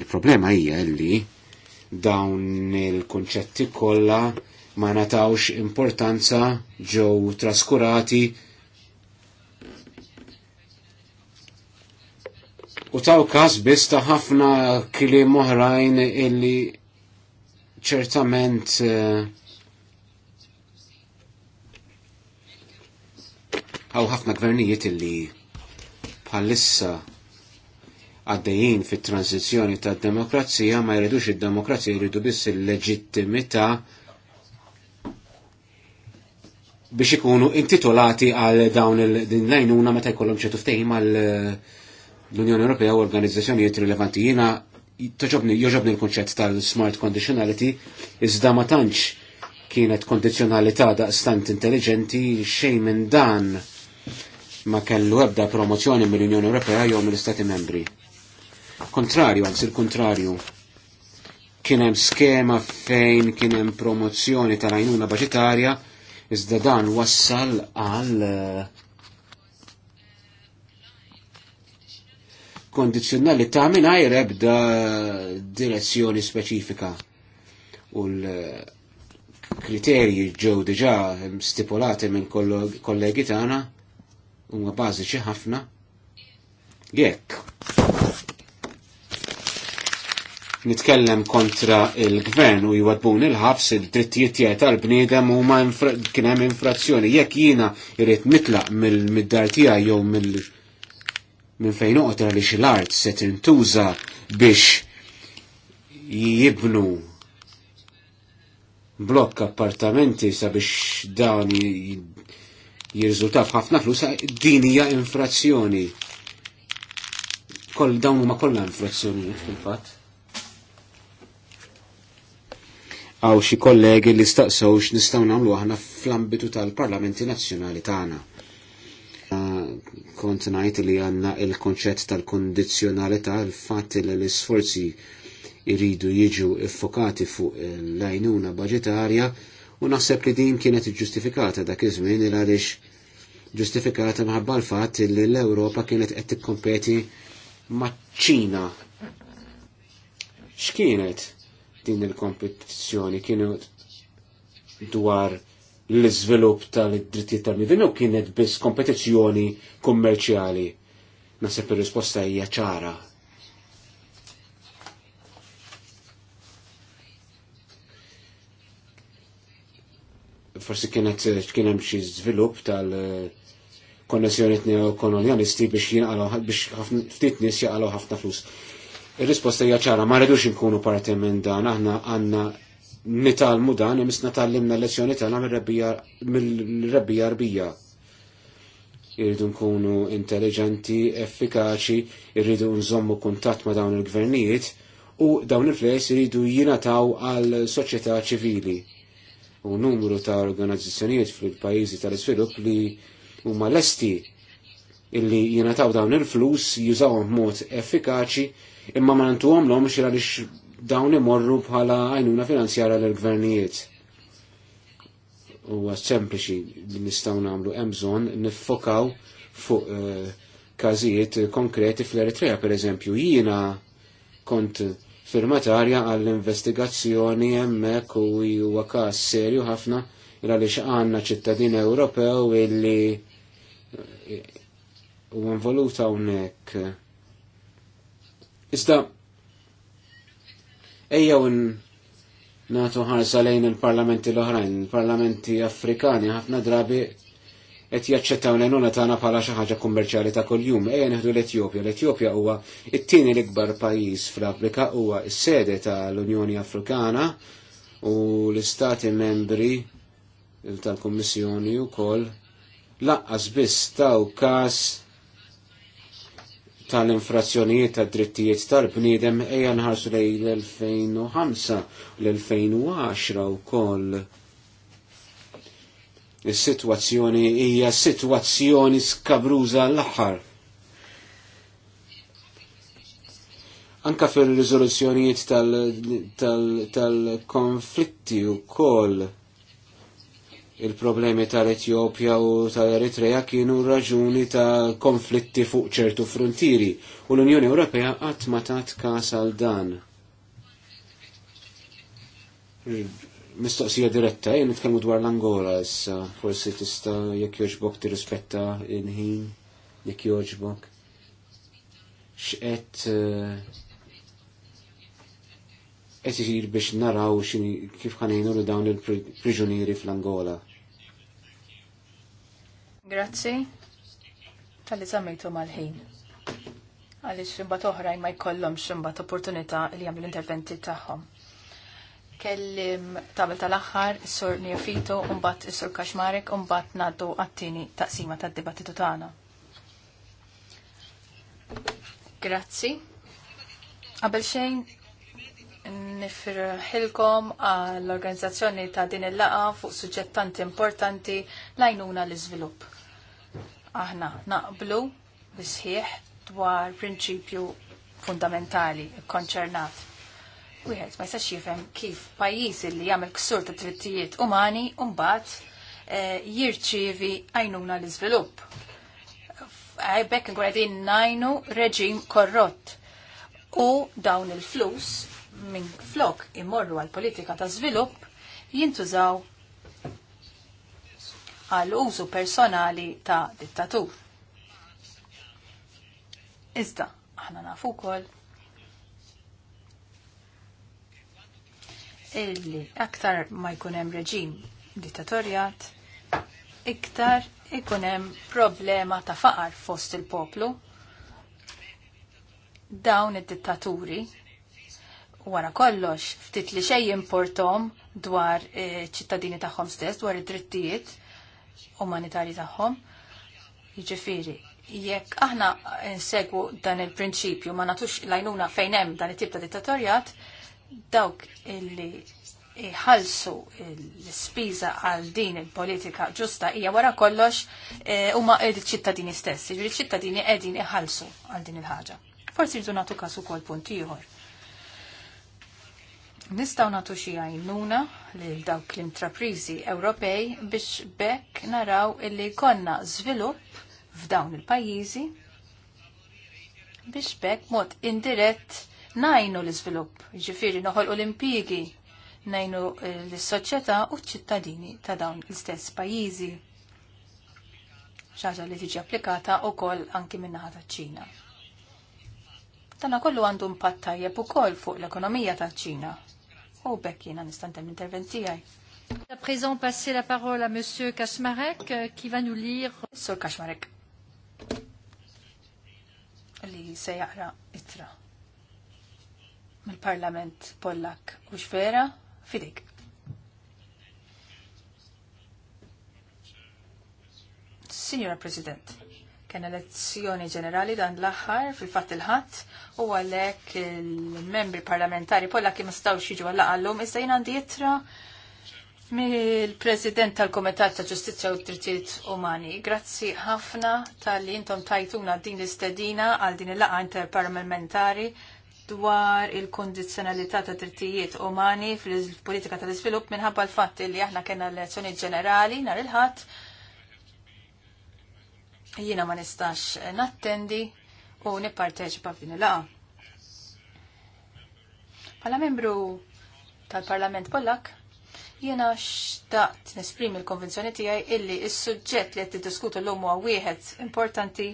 Il-problema hija illi dawn il-konċetti kollha ma natawx importanza ġew traskurati u taw kas biss ta' ħafna kliem oħrajn illi ċertament għaw eh, ħafna gvernijiet illi bħalissa għaddejjien fit transizjoni ta' demokrazija ma jridux id-demokrazija jridu biss il-leġittimità biex ikunu intitolati għal dawn il-din ma meta jkollhom ċetuftejim għal uh, l-Unjoni Ewropea u organizzazzjonijiet rilevanti jiena toġobni joġobni l kunċett tal-smart conditionality iżda ma tantx kienet kondizjonalità daqstant intelligenti xejn minn dan ma kellu ebda promozzjoni mill-Unjoni Ewropea jew mill-Istati Membri. Kontrarju, għanzi il-kontrarju, kien hemm skema fejn kien hemm promozzjoni tal-għajnuna baġitarja iżda dan wassal għal eh, ta' mingħajr ebda direzzjoni speċifika. U l-kriterji ġew diġà stipulati minn kollegi tagħna huma bażiċi ħafna. Jekk nitkellem kontra il-gvern u jwadbun il-ħabs il-drittijiet tiegħi tal-bniedem huma kien hemm infrazzjoni. Jekk jiena jrid nitlaq mill-dar tiegħi jew mill-, -mill minn fejn uqtra li l-art se tintuża biex jibnu blokk appartamenti sabiex dan jirriżulta f'ħafna flus din hija infrazzjoni. Koll dawn huma kollha infrazzjonijiet fil-fatt. Għaw xi kollegi li staqsew x'nistgħu nagħmlu aħna fl-ambitu tal-Parlamenti Nazzjonali tagħna. Kont ngħid li għandna il-konċett tal-kondizzjonalità il-fatt li l-isforzi jridu jiġu iffokati fuq l-għajnuna budgetarja u naħseb li din kienet ġustifikata dak iż-żmien il għaliex ġustifikata maħabba l-fatt li l-Ewropa kienet qed tikkompeti maċ-Ċina. X'kienet din il-kompetizzjoni kienu dwar l-iżvilupp tal-drittijiet tal-midina u kienet biss kompetizzjoni kummerċjali. Nasib il risposta hija ċara. Forsi kienet kien hemm xi żvilupp tal- konnessjonijiet neokolonjalisti biex jinqalaw biex ftit nies jaqalgħu ħafna flus. Ir-risposta hija ċara, ma rridux inkunu parti minn dan, aħna għandna nitalmu dan, imisna tallimna lezzjoni tagħna mill-rebbija rbija. Irridu nkunu intelligenti, effikaċi, irridu nżommu kuntatt ma' dawn il-gvernijiet u dawn il-flejs irridu jinataw għal soċjetà ċivili. U numru ta' organizzazzjonijiet fil-pajjiżi tal-iżvilupp li huma lesti illi jinataw dawn il-flus jużawhom b'mod effikaċi imma ma nantuhom l-hom lix dawn imorru bħala għajnuna finanzjara l-gvernijiet. U sempliċi li nistaw namlu emżon nifokaw fuq eh, kazijiet konkreti fl-Eritrea, per eżempju, jina kont firmatarja għall-investigazzjoni emmek u huwa kas serju ħafna għaliex għanna ċittadin Ewropew illi eh, u involuta unnek. Iżda, ejjew nagħtu ħarsa lejn il-parlamenti l-oħrajn, il-parlamenti Afrikani ħafna drabi qed jaċċettaw lejn għenuna tagħna bħala xi ħaġa kummerċjali ta' kuljum. Ejja neħdu l-Etjopja. L-Etjopja huwa t-tieni l-ikbar pajjiż fl-Afrika huwa s-sede tal-Unjoni Afrikana u l-istati membri tal-Kummissjoni wkoll laqqas biss taw każ tal-infrazzjonijiet tad drittijiet tal-bniedem ejja nħarsu lej l-2005 l-2010 u koll. Is-sitwazzjoni hija sitwazzjoni skabruża l-aħħar. Anka fil-riżoluzzjonijiet tal-konflitti tal, tal, tal u koll il-problemi tal-Etjopja u tal-Eritrea kienu raġuni ta' konflitti fuq ċertu frontieri u l-Unjoni Ewropea qatt ma tat kas għal dan. Mistoqsija diretta, jien nitkellmu dwar l-Angola issa, forsi tista' jekk jogħġbok tirrispetta in ħin jekk jogħġbok. X'qed eh, qed isir biex naraw kif ħanejnu dawn il-priġunieri fl-Angola. Grazzi tal-li zammejtu mal-ħin. Għalix ximbat oħrajn ma jkollhom ximbat opportunità li jagħmlu l-interventi tagħhom. Kellim tabel tal-aħħar is-sur Neofito u mbagħad is-sur Kaxmarek u mbagħad ngħaddu għat taqsima tad-dibattitu tagħna. Grazzi. Qabel xejn nifirħilkom għall-organizzazzjoni ta' din il-laqa fuq suġġettanti importanti lajnuna l-iżvilupp aħna naqblu bisħieħ dwar prinċipju fundamentali konċernat. Wieħed ma jistax jifhem kif pajjiżi li jagħmel ksur ta' drittijiet umani u mbagħad eh, jirċievi għajnuna l-iżvilupp. Għajbek eh, ngħidin najnu reġim korrott. U dawn il-flus minn flok imorru għal politika ta' żvilupp jintużaw għall użu personali ta' dittatur. Iżda, aħna nafu wkoll illi aktar ma jkun hemm reġim dittatorjat, iktar ikun hemm problema ta' faqar fost il-poplu. Dawn id-dittaturi wara kollox ftit li xej importom dwar eh, ċittadini tagħhom stess, dwar id-drittijiet, umanitarji tagħhom. Jiġifieri, jekk aħna nsegwu dan il-prinċipju ma nagħtux lajnuna fejn hemm dan it-tip ta' dittatorjat, dawk illi iħalsu l-spiża għal din il-politika ġusta hija wara kollox eh, huma l-ċittadini stessi, il-ċittadini qegħdin iħalsu għal din il-ħaġa. Forsi rridu nagħtu każ ukoll punt ieħor nistaw natu xi għajnuna lil dawk l-intraprizi Ewropej biex bekk naraw illi konna żvilupp f'dawn il-pajjiżi biex bekk mod indirett najnu l-iżvilupp, ġifiri noħol olimpijgi, najnu eh, l-soċjetà u ċ-ċittadini ta' dawn l-istess pajjiżi. ċaġa li tiġi applikata wkoll anki minnaħa taċ ċina tana kollu għandu impatt tajjeb ukoll fuq l-ekonomija taċ ċina u bekk jiena nistantem intervent tiegħi. À présent, passer la parole à Monsieur Kaczmarek, euh, qui va nous lire. Sur Kaczmarek. Li se jaqra itra. Mill-Parlament Pollak. U xfera, Fidik. Signora Presidente, Kien elezzjoni ġenerali dan l-aħħar fil-fatt il-ħadd u għalhekk il-membri parlamentari polla kien mistgħux jiġu għallaqallhom iżda jien għandi jitra mill-President tal-Komitat ta' Ġustizzja u trittijiet Umani. Grazzi ħafna tal-li intom tajtuna din l-istedina għal din il-laqa interparlamentari dwar il-kondizjonalità ta' drittijiet umani fil-politika tal-iżvilupp minħabba l-fatt li aħna kena l-elezzjoni ġenerali nar il-ħadd Jiena ma nistax nattendi u nipparteċipa f'din il-laqa. Bħala membru tal-Parlament Pollak, jiena xtaqt nesprim l-konvenzjoni tiegħi illi s-suġġett li qed diskutu l-lum huwa wieħed importanti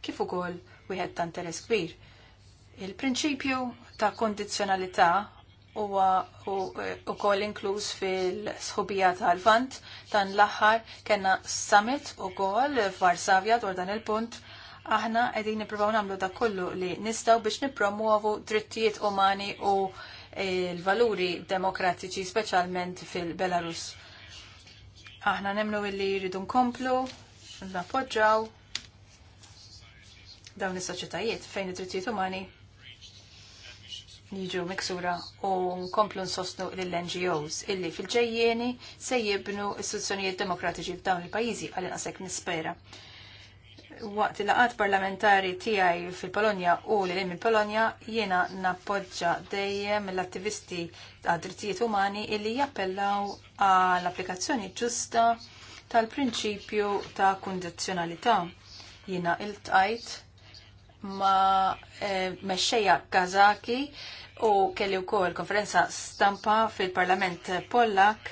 kif ukoll wieħed ta' interess kbir. Il-prinċipju ta' kondizzjonalità huwa koll inkluż fil-sħubija tal-Vant dan l-aħħar kellna summit ukoll f'Varsavja dwar dan il-punt. Aħna qegħdin nippruvaw nagħmlu dak kollu li nistgħu biex nippromuovu drittijiet umani u l-valuri demokratiċi speċjalment fil-Belarus. Aħna nemnu illi jridu nkomplu, nappoġġaw dawn is-soċjetajiet fejn id-drittijiet umani jiġu miksura u nkomplu nsostnu lill-NGOs illi fil-ġejjeni se jibnu istituzzjonijiet demokratiċi f'dawn il-pajjiżi għal inqasek nispera. Waqt il-laqat parlamentari tiegħi fil-Polonja u l min polonja jiena nappoġġa dejjem l-attivisti ta' drittijiet umani illi jappellaw għall applikazzjoni ġusta tal-prinċipju ta' kundizzjonalità. Jiena il-tajt ma eh, Kazaki u kelli wkoll konferenza stampa fil-Parlament Pollak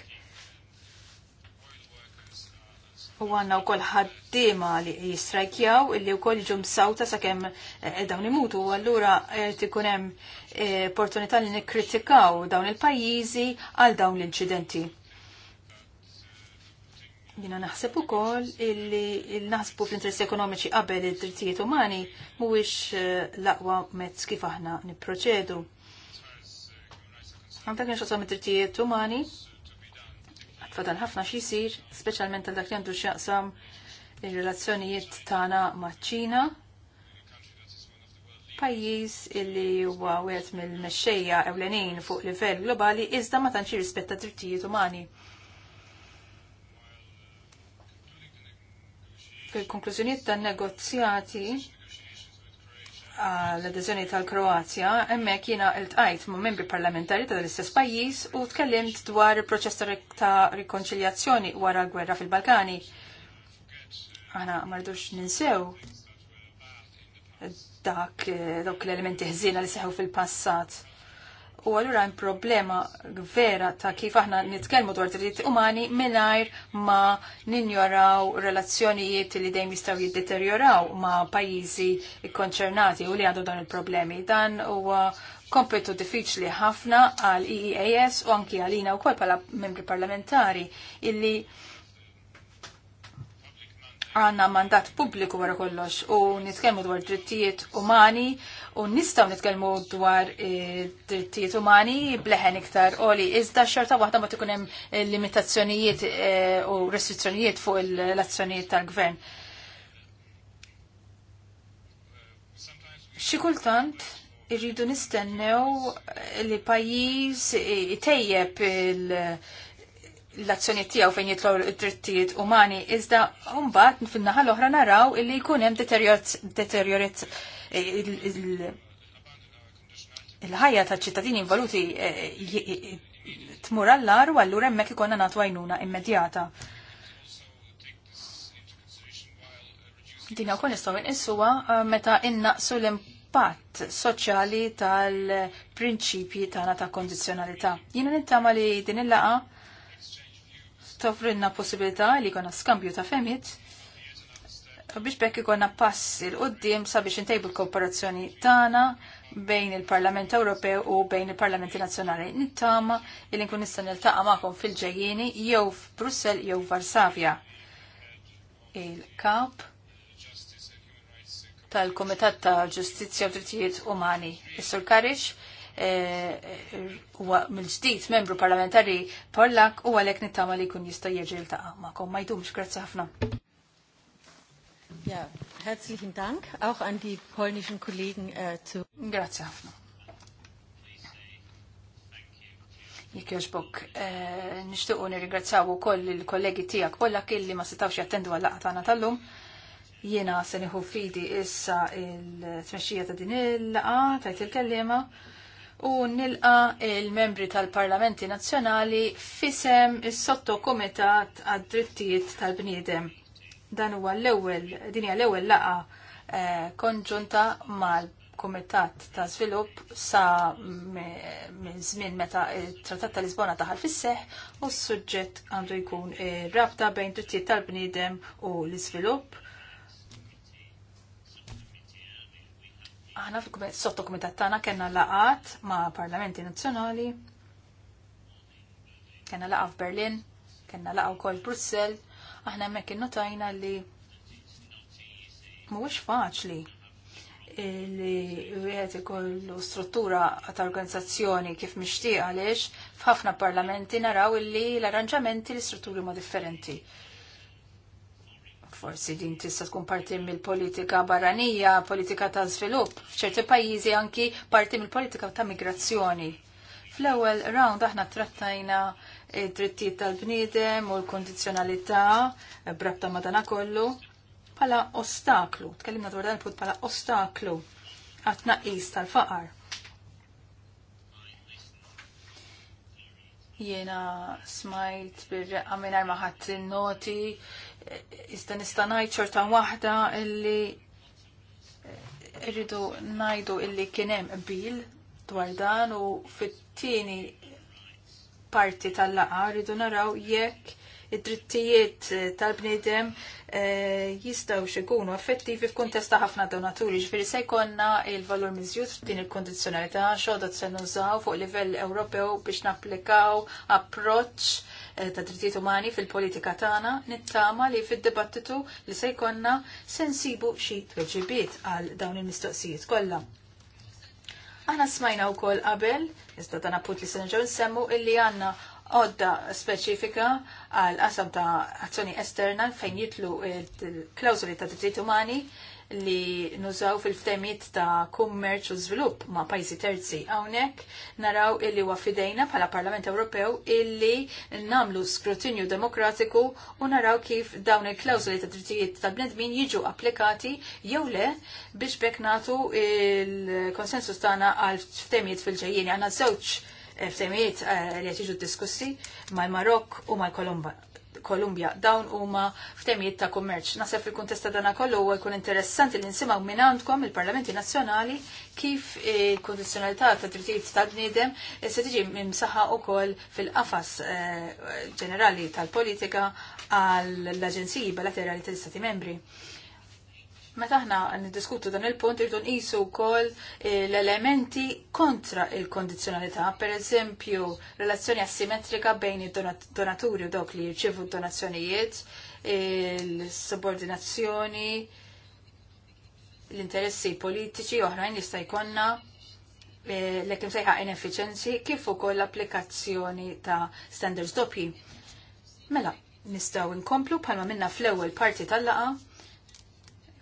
u għanna u kol ħaddima li jistrajkjaw illi u kol ġum sawta sa' kem eh, dawn imutu u għallura eh, tikunem eh, opportunità li nikkritikaw dawn il-pajjiżi għal dawn l-inċidenti. Jina naħseb ukoll illi naħsbu fl-interessi ekonomiċi qabel id-drittijiet umani mhuwiex eh, l-aqwa mezz kif aħna nipproċedu. Għandak nxaqsam id-drittijiet umani, tfadal ħafna xi jsir, speċjalment għal dak li għandu x'jaqsam ir relazzjonijiet tagħna maċ-Ċina, pajjiż illi huwa wieħed mill-mexxejja ewlenin fuq livell globali iżda ma tantx jirrispetta drittijiet umani. fil-konklużjoniet tan negozjati l adeżjoni tal-Kroazja, emmek jina il-tqajt ma' membri parlamentari ta' l-istess pajjiż u tkellimt dwar il-proċess ta' rikonċiljazzjoni wara l-gwerra fil-Balkani. Aħna mardux ninsew dak eh, dawk l-elementi ħżina li seħu fil-passat U għallura hemm problema vera ta' kif aħna nitkellmu dwar dritti umani mingħajr ma ninjoraw relazzjonijiet li dejjem jistgħu jiddeterjoraw ma' pajjiżi konċernati u li għandu dan il-problemi. Dan huwa kompetu diffiċli ħafna għal EEAS u anki għalina wkoll bħala membri parlamentari illi għanna mandat pubbliku wara kollox u nitkellmu dwar drittijiet umani u nistaw nitkellmu dwar eh, drittijiet umani bleħen iktar li iżda xorta waħda ma tikun hemm eh, limitazzjonijiet eh, u restrizzjonijiet fuq l-azzjonijiet tal-gvern. Xi kultant irridu nistennew li pajjiż tejjeb il- l azzjonijiet tiegħu fejn jitlu id-drittijiet umani, iżda mbagħad fin-naħa l-oħra naraw illi jkun hemm deteriorit il-ħajja taċ ċittadini involuti eh, tmur għall u allura hemmhekk ikonna nagħtu għajnuna immedjata. Din ukoll nistgħu inqisuha eh, meta innaqsu l-impatt soċjali tal-prinċipji tagħna ta' kondizzjonalità. Jiena nittama li din il-laqa tovrinna possibilità li jkollna skambju ta' femit biex bekk ikonna pass il qoddim sabiex intejbu l-kooperazzjoni tagħna bejn il-Parlament Ewropew u bejn il-Parlamenti Nazzjonali. Nittama il nkun nista' niltaqa' magħhom fil-ġejjieni jew f'Brussell jew Varsavja. Il-kap tal-Kumitat ta' Ġustizzja u Drittijiet Umani, is-Sur Karix, huwa e, e, mill-ġdid membru parlamentari Pollak u għalhekk nittama li jkun jista' jerġa' jiltaqa' magħkom ma jdumx grazzi ħafna. Ja, herzlichen Dank auch an die polnischen Kollegen äh, zu. Grazie ħafna. Jek joġbok, e, nishtuqu nirringrazzaw u koll il-kollegi tijak pollak illi ma setawx jattendu għal-laqqa tagħna tal-lum. Jena se nieħu fidi issa il-tmexxija ta' din il-laqa tajt il-kellima u nilqa il-membri tal-Parlamenti Nazzjonali fisem is-sottokumitat għad-drittijiet tal-bniedem. Dan huwa l-ewwel din hija l-ewwel laqa eh, konġunta mal-Kumitat ta' Zvilupp sa minn żmien meta it-Trattat ta' Lisbona taħal fis-seħ u s-suġġett għandu jkun ir-rabta bejn drittijiet tal-bniedem u l-iżvilupp Aħna sottokumitat tagħna kellna laqat ma' parlamenti nazzjonali, kellna laqgħa f'Berlin, kellna laqgħa wkoll Brussell, aħna hemmhekk innutajna li mhuwiex faċli li wieħed ikollu struttura ta' organizzazzjoni kif mixtieq għaliex f'ħafna parlamenti naraw illi l-arranġamenti l-istrutturi ma' differenti forsi din tista' tkun parti mill-politika barranija, politika ta' żvilupp, f'ċerti pajjiżi anki parti mill-politika ta' migrazzjoni. Fl-ewwel round aħna trattajna id-drittijiet tal-bniedem u l-kondizzjonalità brabta madana kollu bħala ostaklu. Tkellimna dwar dan il-punt bħala ostaklu għat naqis tal-faqar. Jiena smajt bir-reqqa minn armaħat noti Iżda nista' ngħid xorta waħda illi irridu ngħidu illi kien hemm qbil dwar dan u fit-tieni parti tal-laqa rridu naraw jekk id-drittijiet tal-bnidem eh, jistaw xikunu effettivi f'kuntesta ħafna donaturi, ġifiri se jkollna il-valur miżjud f'din il kondizzjonalità xogħda se nużaw fuq livell Ewropew biex napplikaw approċċ Eh, ta' drittijiet umani fil-politika tagħna nittama li fid-dibattitu li se jkollna se nsibu xi tweġibiet għal dawn il-mistoqsijiet kollha. Aħna smajna wkoll qabel, iżda dan appunt li se nerġgħu nsemmu illi għandna għodda speċifika għal qasam ta' azzjoni esterna fejn jitlu il-klawżoli ta' drittijiet umani li nużaw fil-ftemiet ta' kummerċ u żvilupp ma' pajzi terzi. Hawnhekk naraw illi huwa fidejna bħala Parlament Ewropew illi namlu skrutinju demokratiku u naraw kif dawn il-klawżoli ta' drittijiet tal-bnedmin jiġu applikati jew le biex bekk nagħtu il-konsensus tagħna għal ftemiet fil-ġejjieni għandna żewġ eh, ftemiet eh, li qed jiġu diskussi mal-Marokk u mal-Kolomba Kolumbja. Dawn huma f'temijiet ta' kummerċ. Nasef fil-kuntesta dana kollu huwa jkun interessanti li nsimgħu minn għandkom il-Parlamenti Nazzjonali kif il-kondizzjonalità ta' drittijiet ta' bniedem se tiġi msaħħa wkoll fil-qafas eh, ġenerali tal-politika għall-Aġenziji Bilaterali tal-Istati Membri. Meta ħna niddiskutu dan il-punt irdu nqisu wkoll eh, l-elementi kontra il-kondizzjonalità, per eżempju, relazzjoni asimetrika bejn id-donaturi u dok li jirċevu donazzjonijiet, il-subordinazzjoni, l-interessi politiċi oħrajn jista' jkollna eh, l-ekim sejħa inefficienzi kif ukoll l-applikazzjoni ta' standards doppi. Mela, nistgħu nkomplu bħalma minna fl-ewwel parti tal-laqa'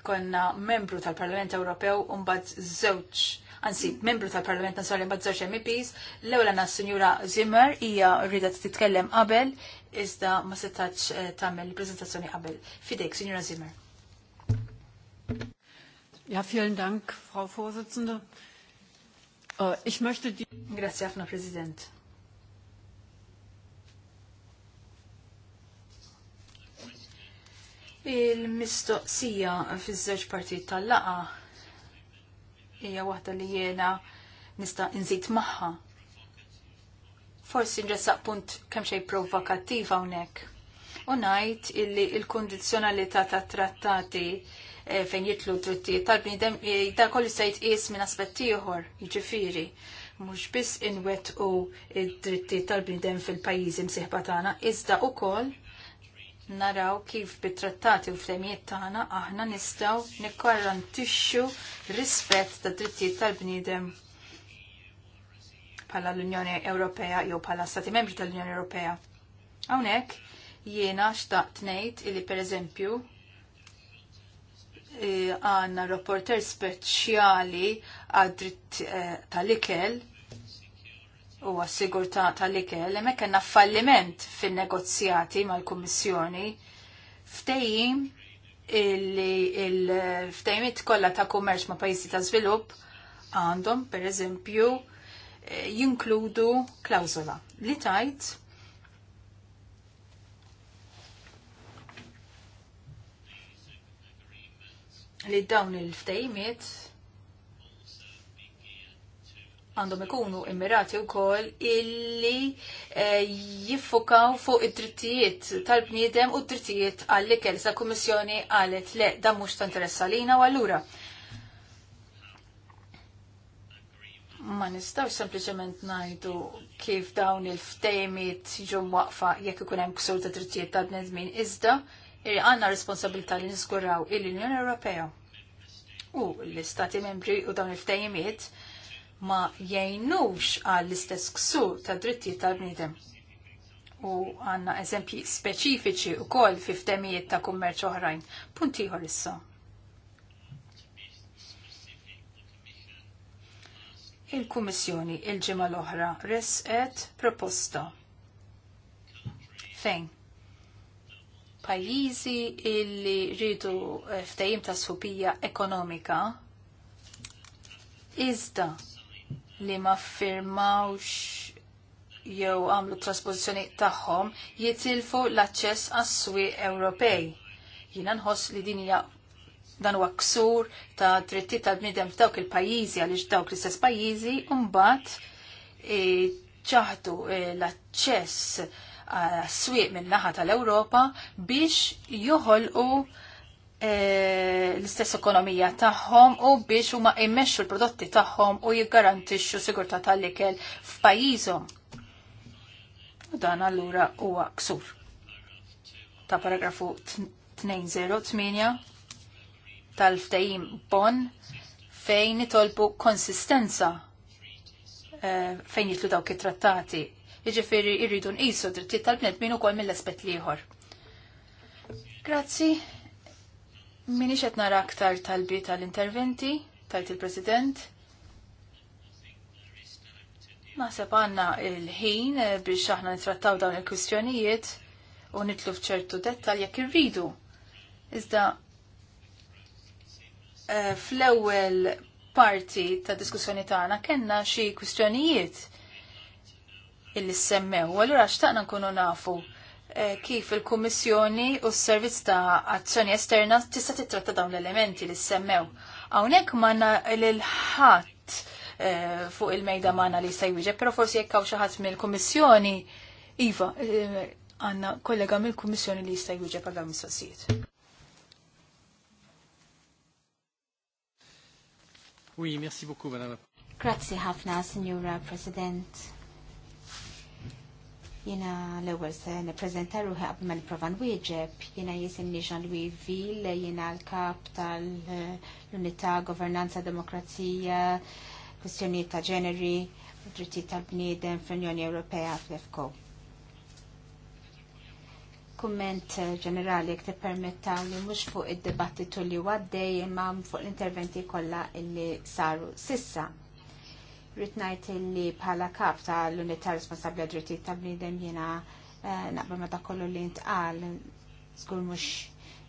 konna membru tal-Parlament Ewropew u mbagħad żewġ anzi, membru tal-Parlament Nazjonali mbagħad żewġ MEPs, l-ewwel s sinjura Zimmer hija rrida titkellem qabel iżda ma setax eh, tagħmel prezentazzjoni preżentazzjoni qabel. Fidejk, Sinjura Zimmer. Ja, vielen Dank, Frau Vorsitzende. Uh, ich möchte die... Grazie, Afna, President. Il-mistoqsija fiż-żewġ partijiet tal-laqa hija waħda li jiena nista' nżid magħha. Forsi nressaq punt kemm xejn provokattiv hawnhekk. U ngħid illi l-kundizzjonalità tat trattati eh, fejn jitlu drittijiet tal-bniedem eh, da kollu se jitqies minn aspett ieħor, jiġifieri mhux biss inwettqu id drittijiet tal-bniedem fil-pajjiżi msieħba tagħna, iżda wkoll naraw kif bit-trattati u f'temijiet tagħna aħna nistgħu r rispett ta' drittijiet tal-bniedem bħala l-Unjoni Ewropea jew bħala Stati Membri tal-Unjoni Ewropea. Hawnhekk jiena xtaqt ngħid illi pereżempju eh, għanna rapporter speċjali għad dritt eh, tal-ikel u għas-sigurtà tal-ikel, hemmhekk kellna falliment fin-negozjati mal-Kummissjoni ftejjim il-ftejmit kollha ta' kummerċ ma' pajjiżi ta' żvilupp għandhom pereżempju eh, jinkludu klawżola li tajt li dawn il-ftejmiet għandhom ikunu immirati u kol illi e, eh, jiffokaw fuq id-drittijiet tal-bniedem u d-drittijiet għall-ikel sa' kummissjoni għalet le dan mux ta' interessa lina u għallura. Ma nistaw sempliciment najdu kif dawn il-ftejmit ġum waqfa jekk ikun hemm ksur ta' drittijiet tal-bnedmin iżda għanna responsabilità li niskuraw il-Unjoni Ewropea u l-Istati membri u dawn il-ftejmiet ma jgħinux għall-istess ksur ta' drittijiet tal-bniedem. U għanna eżempji speċifiċi u kol fiftemijiet ta' kummerċ oħrajn. Punti issa. Il-Kummissjoni il-ġimgħa l-oħra et proposta. Fejn? Pajjiżi illi rridu ftajim ta' sħubija ekonomika iżda li ma firmawx jew għamlu trasposizjoni tagħhom jitilfu l-aċċess għas-swi Ewropej. Jiena nħoss li din hija dan huwa ksur ta' dritti tal-bniedem f'dawk il-pajjiżi għaliex dawk l-istess pajjiżi u mbagħad e, ċaħdu e, l-aċċess swieq min-naħa tal-Ewropa biex joħolqu Eh, l-istess ekonomija tagħhom u biex huma immexxu l-prodotti tagħhom u jiggarantixxu sigurtà tal-ikel f'pajjiżhom. U dan allura huwa ksur. Ta' paragrafu 208 tal-ftehim Bonn fejn nitolbu konsistenza eh, fejn jitlu dawk it-trattati. Jiġifieri jridu nqisu drittijiet tal-bnedmin ukoll mill-aspett ieħor. Grazzi. Minix qed nara aktar talbi tal-interventi, tajt il-President. Naħseb għanna il-ħin eh, biex aħna nitrattaw dawn il-kwistjonijiet u nitlu f'ċertu dettal jekk irridu. Iżda eh, fl-ewwel parti ta' diskussjoni tagħna kellna xi kwistjonijiet il semmew, allura xtaqna nkunu nafu Eh, kif il-Kummissjoni u s-Servizz ta' Azzjoni Esterna tista' titratta dawn l-elementi li semmew. Hawnhekk manna lil ħadd eh, fuq il-mejda magħna li se jwieġeb, però forsi jekk hawn xi ħadd mill-Kummissjoni Iva, eh, għandna kollega mill-Kummissjoni li jista' jwieġeb għal dawn is-sassijiet. Oui, merci beaucoup, madame. Grazie ħafna, signora President jina l-ewel se neprezenta ruħi għab ma niprofa nwieġeb. Jena jisimni Jean-Louis Ville, jina l-kap tal-Unità Governanza Demokrazija, kwestjonijiet ta' ġeneri, drittijiet tal-bniedem fl-Unjoni Ewropea fl-EFCO. Kumment ġenerali jek permetta li mhux fuq id-dibattitu li għaddej imma fuq l-interventi kollha illi saru sissa. Ritnajt li bħala kap ta' l-unità responsabli għadriti ta' bnidem jena eh, naqba ma ta' kollu li intqal, zgur mux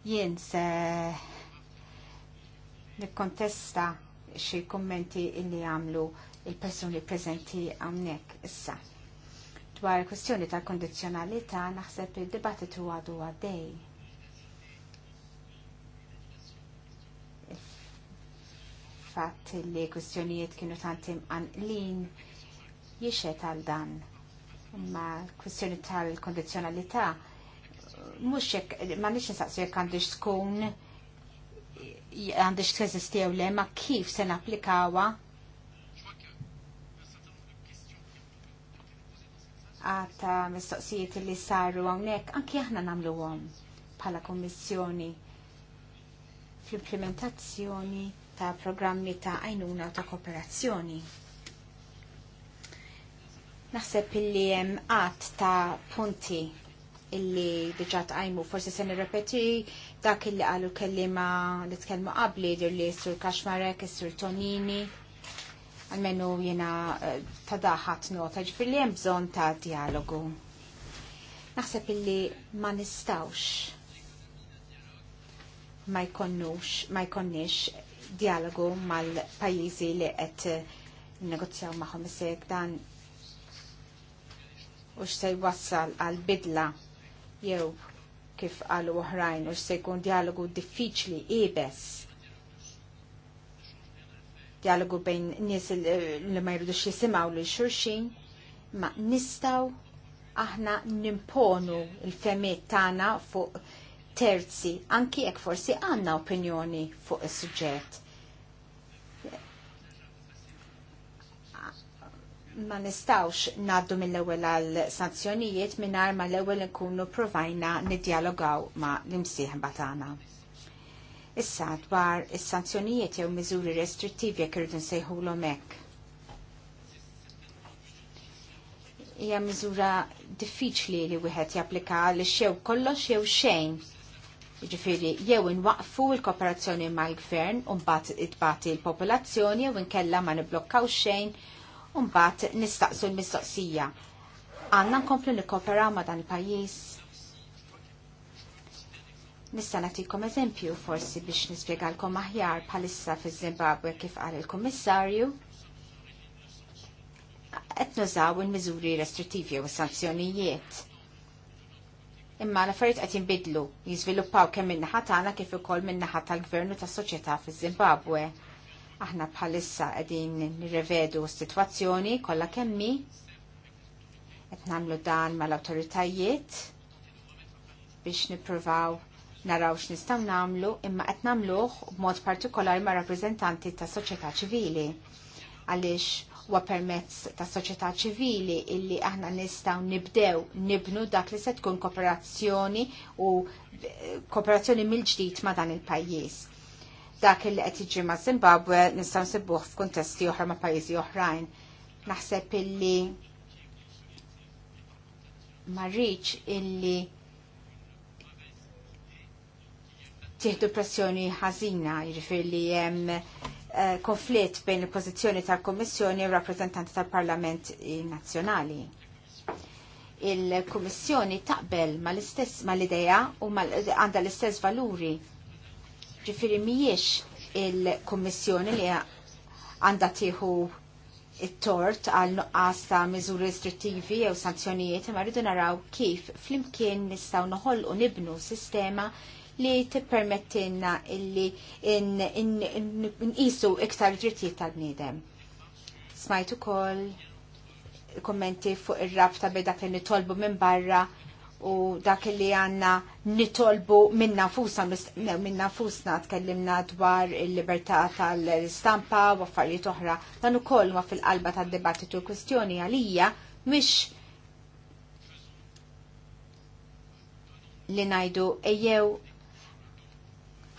jien se nikkontesta xie kommenti illi għamlu il-personi prezenti għamnek issa. Dwar kwestjoni tal kondizjonalita naħseb il-dibattitu għadu għaddej fatt li kwistjonijiet kienu għan lin jixet għal dan. Imma kwistjoni tal-kondizjonalità mhux hekk ma nix nisaqsu jekk għandix skun, għandix teżisti jew le ma kif se napplikawha għata mistoqsijiet li saru għawnek, anki aħna namlu għom bħala kommissjoni fl-implementazzjoni ta' programmi ta' għajnuna u ta' kooperazzjoni. Naħseb illi hemm qatt ta' punti illi diġà tqajmu forsi se nirrepeti dak illi qalu kellima li tkellmu qabli li sur Kaxmarek, sur Tonini, għalmenu jena eh, ta' daħat nota ġifir li hemm bżonn ta' dialogu. Naħseb illi ma nistawx ma jkonnux, ma jkonnix dialogu mal-pajizi li qed negozjaw magħhom isek dan u se jwassal għal bidla jew kif qalu oħrajn u se jkun dialogu diffiċli ibes dialogu bejn nies li ma jridux jisimaw li xurxin ma nistaw aħna nimponu il-femiet tagħna fuq terzi, anki jekk forsi għandna opinjoni fuq is-suġġett. ma nistawx naddu mill-ewwel għal sanzjonijiet mingħajr ma l-ewwel nkunu provajna nid-dialogaw ma l-imsieħba tagħna. Issa dwar is-sanzjonijiet jew miżuri restrittivi jekk irridu nsejħulhom hekk. hija miżura diffiċli li wieħed japplika li xew kollox jew xejn. Ġifiri, jew inwaqfu l-kooperazzjoni mal-gvern u mbagħad itbati l-popolazzjoni jew inkella ma niblokkaw xejn Umbat nistaqsu l-mistoqsija. Għanna nkomplu nikopera ma dan il-pajis. Nista' nagħtikom eżempju forsi biex nispjegalkom aħjar bħalissa fi zimbabwe kif qal il-Kummissarju. Qed nużaw il-miżuri restrittivi u s-sanzjonijiet. Imma l-affarijiet qed jinbidlu, jiżviluppaw kemm min-naħa tagħna kif ukoll min-naħa tal-gvernu tas-soċjetà fiż-Zimbabwe. Aħna bħalissa qegħdin nirrevedu s-sitwazzjoni kollha kemmi qed nagħmlu dan mal-awtoritajiet biex nippruvaw naraw x'nistgħu nagħmlu imma qed nagħmluh b'mod partikolari ma' rappreżentanti tas soċjetà ċivili għaliex huwa permezz tas soċjetà ċivili illi aħna nistgħu nibdew nibnu dak li se tkun kooperazzjoni u kooperazzjoni mill-ġdid ma' dan il-pajjiż dak il qed jiġi ma' Zimbabwe nistgħu nsibuh f'kuntesti oħra ma' pajjiżi oħrajn. Naħseb illi ma rridx illi tieħdu pressjoni ħażina, jiġifieri li hemm eh, konflitt bejn il-pożizzjoni tal kummissjoni u rappreżentanti tal-Parlament Nazzjonali. Il-Kummissjoni taqbel mal-idea u għandha l-istess valuri Ġifiri miex il-Kommissjoni li għanda tieħu it-tort għal nuqqas ta' miżuri restrittivi jew sanzjonijiet imma rridu naraw kif flimkien nistgħu noħolqu nibnu sistema li tippermettilna illi nqisu iktar drittijiet tal-bniedem. Smajtu kol kommenti fuq ir-rabta bejn kien li nitolbu minn barra u dak li għanna nitolbu minna fusna, minna fusna tkellimna dwar il-libertà tal-istampa u affarijiet oħra, dan ukoll ma fil-qalba tad-dibattitu kwestjoni għalija mhix li najdu ejjew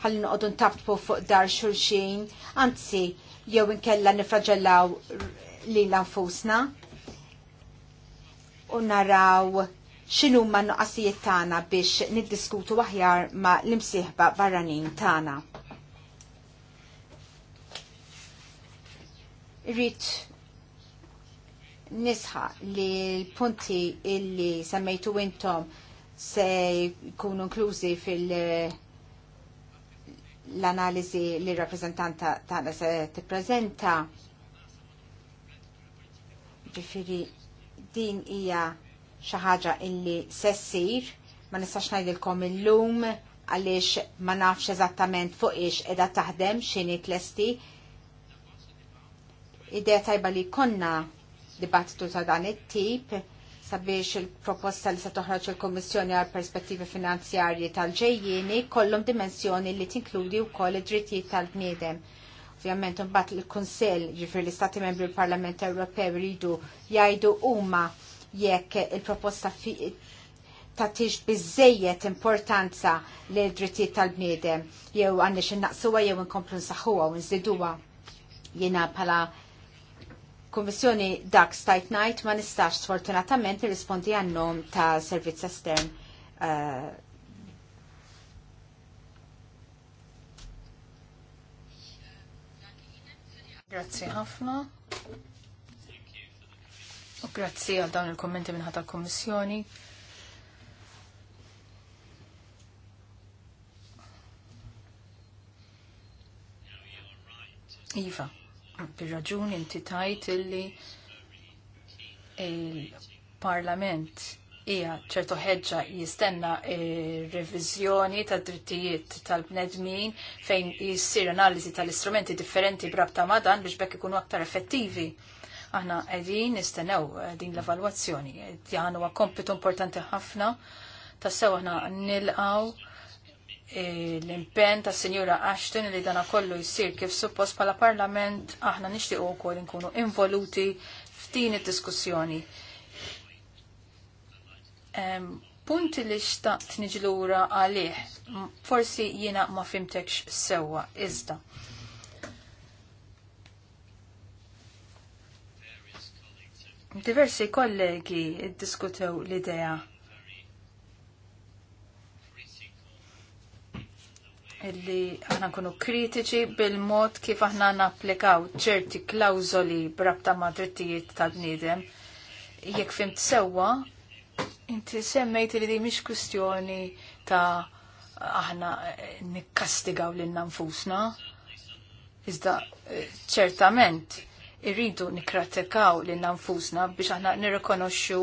ħalli noqogħdu ntabtbu fuq dar xulxin, anzi jew inkella nifraġellaw lil nfusna. anfusna u naraw xinu ma nuqqasijiet tagħna biex niddiskutu aħjar ma l-imsieħba barranin tagħna. Rit nisħa li l-punti illi semmejtu intom se jkunu inklużi fil- l-analizi li rappresentanta tagħna se tippreżenta ġifiri din hija xi ħaġa illi se ssir, ma nistax ngħidilkom illum għaliex ma nafx eżattament fuq ix qiegħda taħdem x'inhi tlesti. Idea tajba li konna dibattitu ta' dan it-tip sabiex il-proposta li se toħroġ il-Kommissjoni għal perspettivi finanzjarji tal-ġejjieni kollhom dimensjoni li tinkludi wkoll id-drittijiet tal-bniedem. Ovvjament imbagħad il-Kunsell ġifier l-Istati Membri l-Parlament Ewropew jridu jgħidu huma jekk il-proposta ta' tiġ bizzejiet importanza li drittijiet tal-bniedem jew xin naqsuwa jew nkomplu nsaħħuwa u nżiduwa jena pala Kommissjoni dak stajt najt ma nistax sfortunatament nirrispondi għannom ta' servizz estern uh, Grazie ħafna. U grazzi għal dawn il-kommenti ħata tal-Kommissjoni. Iva, bi raġun inti tajt illi il-Parlament hija ċertu ħeġġa jistenna revizjoni ta' drittijiet tal-bnedmin fejn jissir analiżi tal-istrumenti differenti brabta madan biex bekk ikunu aktar effettivi. Aħna qegħdin nistenew eh, din l-evalwazzjoni. Dan huwa kompitu importanti ħafna tassew aħna nilqaw eh, l-impen ta' Sinjura Ashton li dana kollu jisir kif suppost pala parlament aħna nixtiequ wkoll nkunu involuti f'din id-diskussjoni. Punti li xtaqt niġlura għalih, forsi jiena ma fimtekx sewwa iżda. Diversi kollegi diskutew l-idea illi aħna nkunu kritiċi bil-mod kif aħna napplikaw ċerti klawżoli brabta ma' drittijiet ta' bniedem Jekk fimt sewwa, inti semmejt li di mhix kwistjoni ta' aħna nikkastigaw lil nfusna. Iżda eh, ċertament irridu nikratekaw li nanfusna biex aħna nirrikonoxxu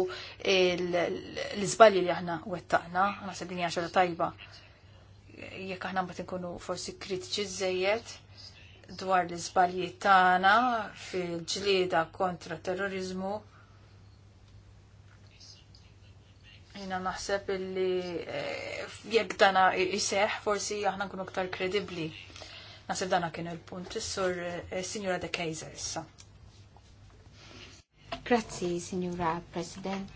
l-iżbalji li aħna wettaqna, se din hija tajba. Jekk aħna mbagħad inkunu forsi kritiċi żejjed dwar l-iżbalji tagħna fil-ġlieda kontra terrorizmu, jina naħseb illi eh, jekk dana jiseħ, forsi aħna nkunu aktar kredibbli. Naħseb dana kien il-punt, is-sur eh, Signora De Kejzer issa. Grazzi, Signora President.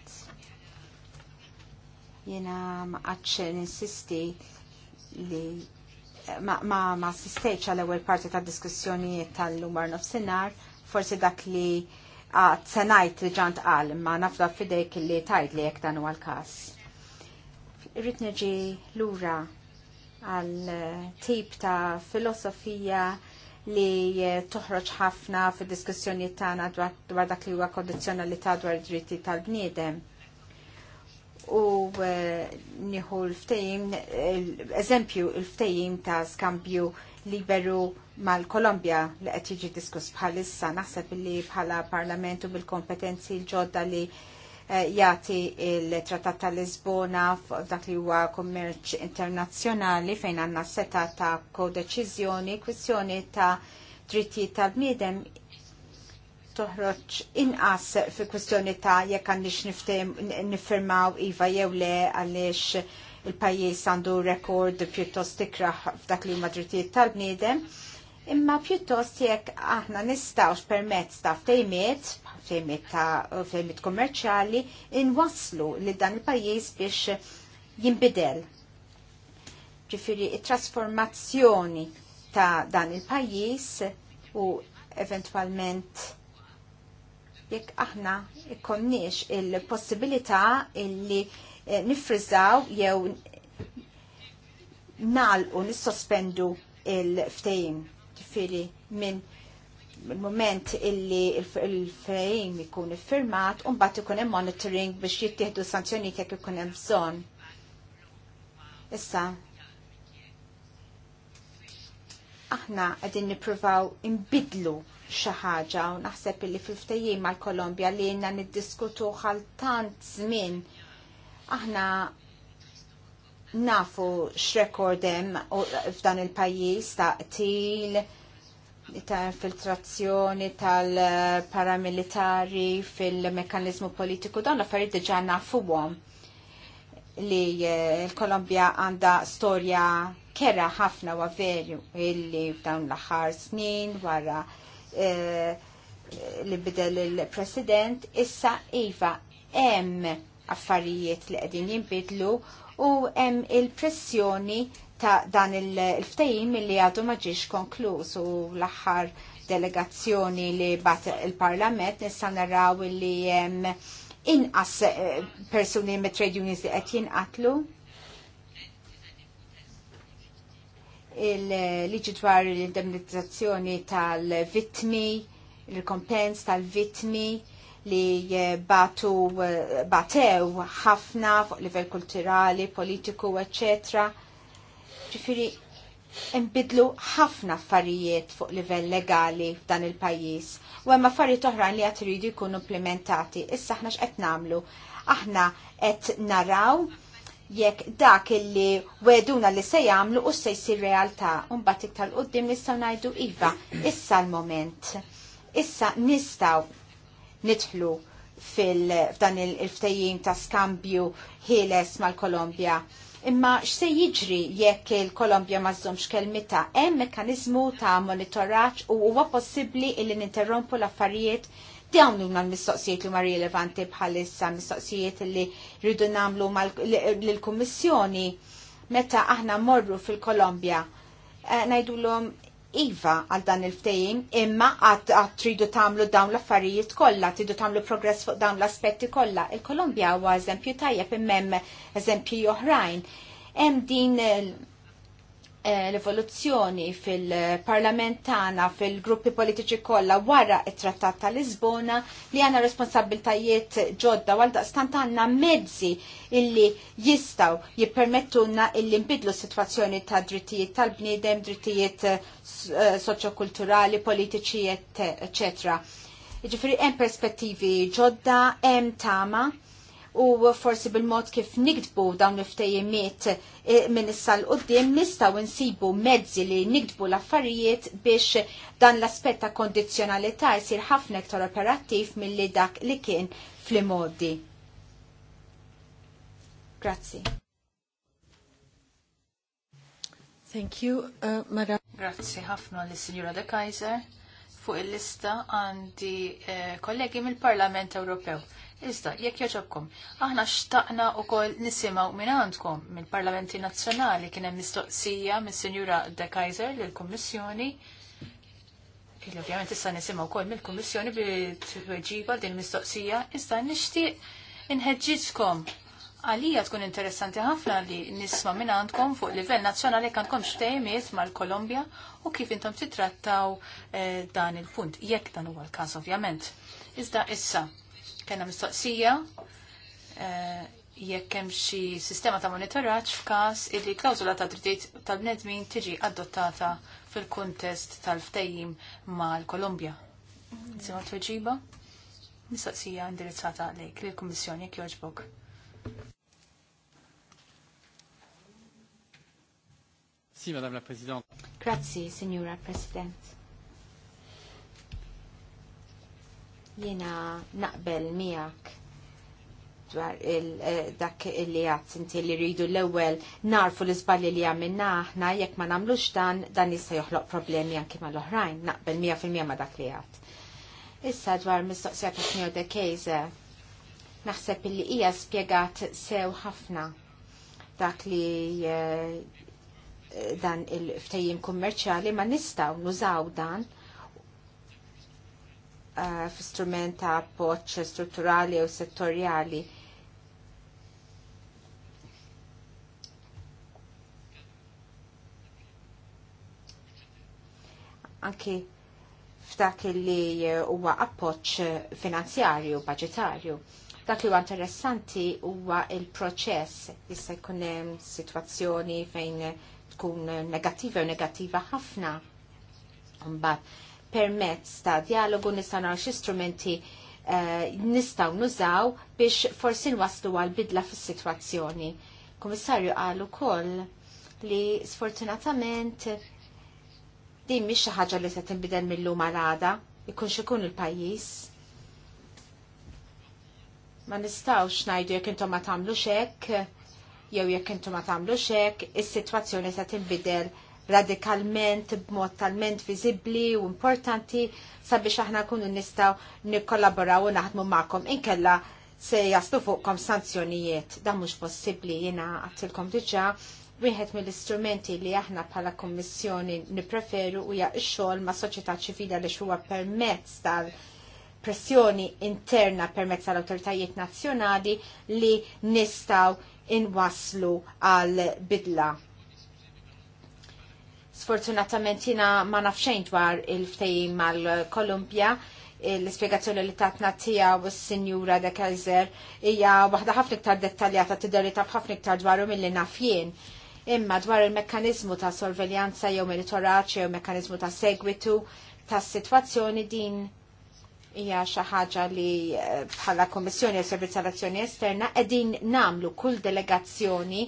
Jena ma qatx insisti li ma, ma, ma għal ewwel parti ta' diskussjonijiet tal-lumar nofsinhar, forsi dak li għad senajt li ġant għal, ma nafda fidejk li tajt li jek dan għal-kas. Irrid neġi lura għal tip ta' filosofija li eh, toħroġ ħafna fid diskussjoni tagħna dwar dak li huwa kondizzjonalità dwar id-dritti tal-bniedem u eh, nieħu l-ftejim, eh, eżempju l-ftejim ta' skambju liberu mal-Kolombja li qed jiġi diskuss bħalissa naħseb li bħala parlamentu bil-kompetenzi l-ġodda li Eh, jati il-Trattat tal-Lisbona f'dak li huwa kummerċ internazzjonali fejn għandna seta ta' kodeċiżjoni, kwistjoni ta' drittijiet tal-bniedem toħroġ inqas fi kwistjoni ta' jekk għandix niffirmaw iva jew le għaliex il-pajjiż għandu rekord pjuttost ikraħ f'dak li huma drittijiet tal-bniedem imma pjuttost jekk aħna nistawx permezz ta' ftejmiet f'temiet kommerċali inwasslu li dan il-pajjiż biex jinbidel. Ġifiri, il trasformazzjoni ta' dan il-pajjiż u eventwalment jekk aħna ikkonniex il-possibilità illi eh, nifrizzaw jew nalqu nissospendu il-ftejim ġifiri minn il-moment illi il-frejim ikun iffirmat, unbat ikun hemm monitoring biex jittieħdu sanzjoni jekk ikun hemm bżonn. Issa, aħna qegħdin nippruvaw imbidlu xi ħaġa u naħseb illi fil-ftejjim mal-Kolombja li jenna niddiskutu għal tant żmien aħna nafu x'rekord hemm f'dan il-pajjiż ta' til ta' infiltrazzjoni tal-paramilitari fil-mekanizmu politiku dan l-affarijiet diġà nafuhom li eh, l-Kolombja għandha storja kera ħafna wa verju illi f'dawn l-aħħar snin wara eh, li bidel il-President issa iva hemm affarijiet li qegħdin jinbidlu u hemm il-pressjoni ta' dan il ftehim il li għadu maġiġ konkluż u l-axħar delegazzjoni li bat il-parlament nissa naraw li jem inqas eh, persuni me trade unions li qed jinqatlu. il-liġi dwar l-indemnizzazzjoni tal-vitmi, il-kompens tal-vitmi li eh, batu eh, batew ħafna fuq livell kulturali, politiku, eccetera ġifiri imbidlu ħafna affarijiet fuq livell legali f'dan il-pajjiż. U hemm affarijiet oħrajn li qed iridu jkunu implementati. Issa aħna x'qed nagħmlu? Aħna qed naraw jekk dak illi weduna li se jagħmlu u se jsir realtà. Mbagħad iktar qudiem nistgħu ngħidu iva, issa l-moment. Issa nistgħu nidħlu fil-dan il-ftejjim ta' skambju ħieles mal-Kolombja Imma x'se jiġri jekk il-Kolombja ma żżomx kelmita hemm mekkaniżmu ta' monitoraġġ u huwa possibbli illi ninterrompu l-affarijiet dawn huma l-mistoqsijiet li ma rilevanti bħalissa mistoqsijiet li rridu nagħmlu lill-Kummissjoni meta aħna morru fil-Kolombja. Eh, ngħidulhom iva għal dan il-ftejim, imma għad tridu tamlu dawn l-affarijiet kollha, tridu tamlu progress fuq dawn l-aspetti kollha. il kolumbja huwa eżempju tajjeb immem eżempju oħrajn. Hemm din Eh, l-evoluzzjoni fil-parlamentana, fil-gruppi politiċi kollha wara it-Trattat ta' Lisbona li għandna responsabiltajiet ġodda għal daqstant għandna mezzi illi jistaw jippermettuna illi nbidlu situazzjoni ta' drittijiet tal-bniedem, drittijiet eh, soċjokulturali, politiċi, eccetera. Ġifiri hemm perspettivi ġodda, hemm tama u forsi bil-mod kif nikdbu dawn l ftejjimiet e, minn issa l-qoddim nistaw insibu mezzi li nikdbu l-affarijiet biex dan l-aspett ta' kondizzjonalità jsir ħafna iktar operattiv milli dak li kien fl-modi. Grazzi. Thank you, uh, Madam. Grazzi ħafna li Signora De Kaiser. Fuq il-lista għandi eh, kollegi mill-Parlament Ewropew Iżda, jekk joġobkom, aħna xtaqna u kol nisimaw minn għandkom mill-Parlamenti Nazzjonali kien hemm mistoqsija minn Sinjura De Kaiser lill-Kummissjoni. Il ovvjament issa nisimgħu wkoll mill-Kummissjoni t tweġiba din mistoqsija, iżda nixtieq inħeġġiġkom għalija tkun interessanti ħafna li nisma minn għandkom fuq livell nazzjonali kankom xtejmiet mal-Kolombja u kif intom titrattaw eh, dan il-punt, jekk dan huwa l-każ ovvjament. Iżda issa, Kena mistoqsija eh, jekk hemm xi sistema ta' monitoraġġ f'każ illi klawżula ta' drittijiet tal-bnedmin tiġi adottata fil-kuntest tal-ftejjim mal-Kolumbja. Sima tweġiba? Mistoqsija indirizzata għalik lill-Kummissjoni jekk jogħġbok. Grazie, Signora President. Jena naqbel miegħek dwar eh, dak li għat inti li rridu l-ewel narfu l-izballi li għamilna aħna jekk ma namlux dan dan jista' joħloq problemi anki mal-oħrajn naqbel 100% ma dak li għat. Issa dwar mistoqsija ta' Sr. De Kejze naħseb li hija spjegat sew ħafna dak li eh, dan il ftajim kummerċali ma nistaw nużaw dan Eh, f ta' strutturali u settorjali. Anki f'dak li huwa appoġġ finanzjarju, budgetarju. Dak li huwa interessanti huwa il-proċess issa jkun hemm sitwazzjoni fejn tkun negattiva u negattiva ħafna. Mbagħad permezz ta' dialogu nistgħu naraw uh, nistgħu nużaw biex forsi nwaslu għal bidla fis-sitwazzjoni. Kummissarju qal ukoll li sfortunatament din mi xi ħaġa li se tinbidel mill-lum ikun xikun ikunx ikun il-pajjiż. Ma nistgħux ngħidu jekk intom ma tagħmlux hekk, jew jekk intom ma tagħmlux hekk, is-sitwazzjoni se tinbidel radikalment, b'mod talment viżibbli u importanti sabiex aħna kunu nistaw nikkollaboraw u naħdmu ma'kom inkella se jaslu fuqkom sanzjonijiet. da mhux possibbli jiena għattilkom diġà wieħed mill-istrumenti li aħna bħala kommissjoni nipreferu hija x-xogħol ma' soċjetà ċivila li huwa permezz tal pressjoni interna permezz tal-awtoritajiet nazzjonali li nistaw inwaslu għal bidla Sfortunatament jina ma nafxejn dwar il-ftejim mal-Kolumbja, l-ispiegazzjoni li tatna tiegħu s-Sinjura de Kaiser hija waħda ħafna iktar dettaljata tidher taf ħafna iktar dwaru milli naf jien. Imma dwar il-mekkanizmu ta' sorveljanza jew monitoraġġ jew mekkanizmu ta' segwitu tas sitwazzjoni din hija xi ħaġa li eh, bħala Kommissjoni għal Servizz tal Azzjoni Esterna qegħdin namlu kull delegazzjoni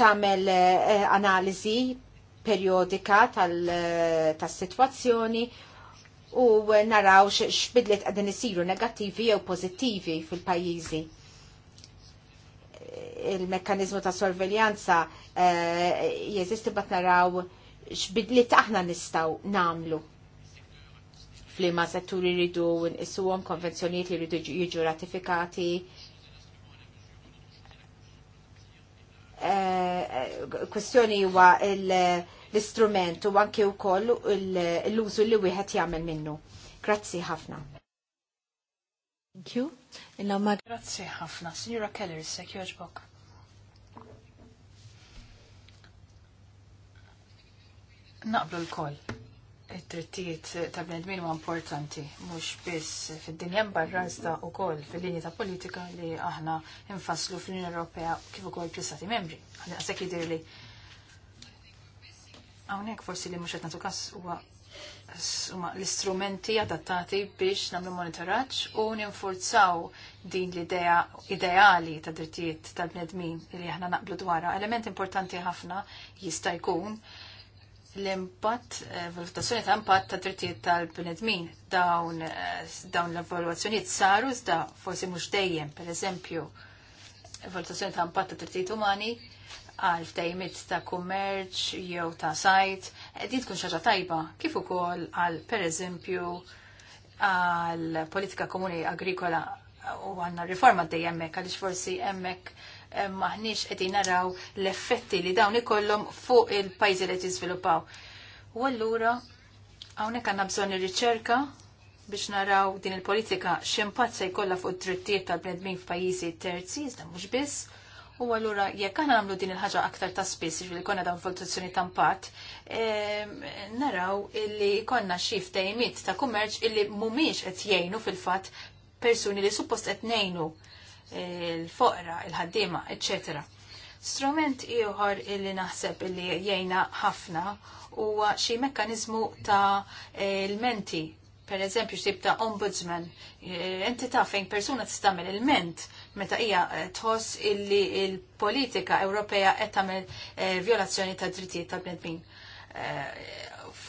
tagħmel eh, eh, analiżi periodika eh, tas-sitwazzjoni u naraw x'bidliet qegħdin isiru negattivi jew pożittivi fil-pajjiżi. Il-mekkaniżmu ta' sorveljanza jeżisti bat naraw x'bidliet aħna nistgħu nagħmlu flima setturi jridu nqisuhom konvenzjonijiet li jridu jiġu ratifikati Eh, kwestjoni huwa l-istrument u anke wkoll l-użu li wieħed jagħmel minnu. Grazzi ħafna. Thank you. Illama grazzi ħafna. Signora Keller, sekk joġbok. Naqblu l-koll it drittijiet ta' bnedmin huwa importanti mhux biss fid-dinja barra iżda wkoll fil-linji ta' politika li aħna nfasslu fl-Unjoni Ewropea kif ukoll fl-Istati Membri. Għasek li hawnhekk forsi li mhux qed nagħtu każ huwa l-istrumenti adattati biex nagħmlu monitoraġġ u ninforzaw din l-idea ideali ta' drittijiet tal-bnedmin li aħna naqblu dwarha. Element importanti ħafna jista' jkun l-impatt, eh, valutazzjoni ta' impatt ta' drittijiet tal-bnedmin dawn, eh, dawn l-evaluazzjoniet saru iżda forsi mhux dejjem, per eżempju, valutazzjoni ta' impatt ta' drittijiet umani għal ftejmit ta' kummerċ jew ta' sajt, eh, din tkun xaġa tajba, kif ukoll għal per eżempju għal politika komuni agrikola u għanna riforma dejjem hemmhekk għaliex forsi hemmhekk maħniex qegħdin naraw l-effetti li dawn ikollhom fuq il-pajjiżi li jiżviluppaw. U allura hawnhekk għandna bżonn ir-riċerka biex naraw din il-politika x'impatt se jkollha fuq it drittijiet tal-bnedmin f'pajjiżi terzi, iżda mhux biss. U allura jekk għana għamlu din il-ħaġa aktar ta' biex li konna dawn valutazzjoni ta' impatt, naraw illi konna xi tajmit ta' kummerċ illi mhumiex qed jgħinu fil-fatt persuni li suppost qed ngħinu il-foqra, il-ħaddima, etc. Strument ieħor illi naħseb illi jgħina ħafna huwa xi mekkaniżmu ta' il-menti per eżempju xtib ta' ombudsman, eh, enti ta' fejn persuna tistamil il-ment meta hija eh, tħoss illi il-politika Ewropea qed tagħmel eh, violazzjoni ta' drittijiet tal-bnedmin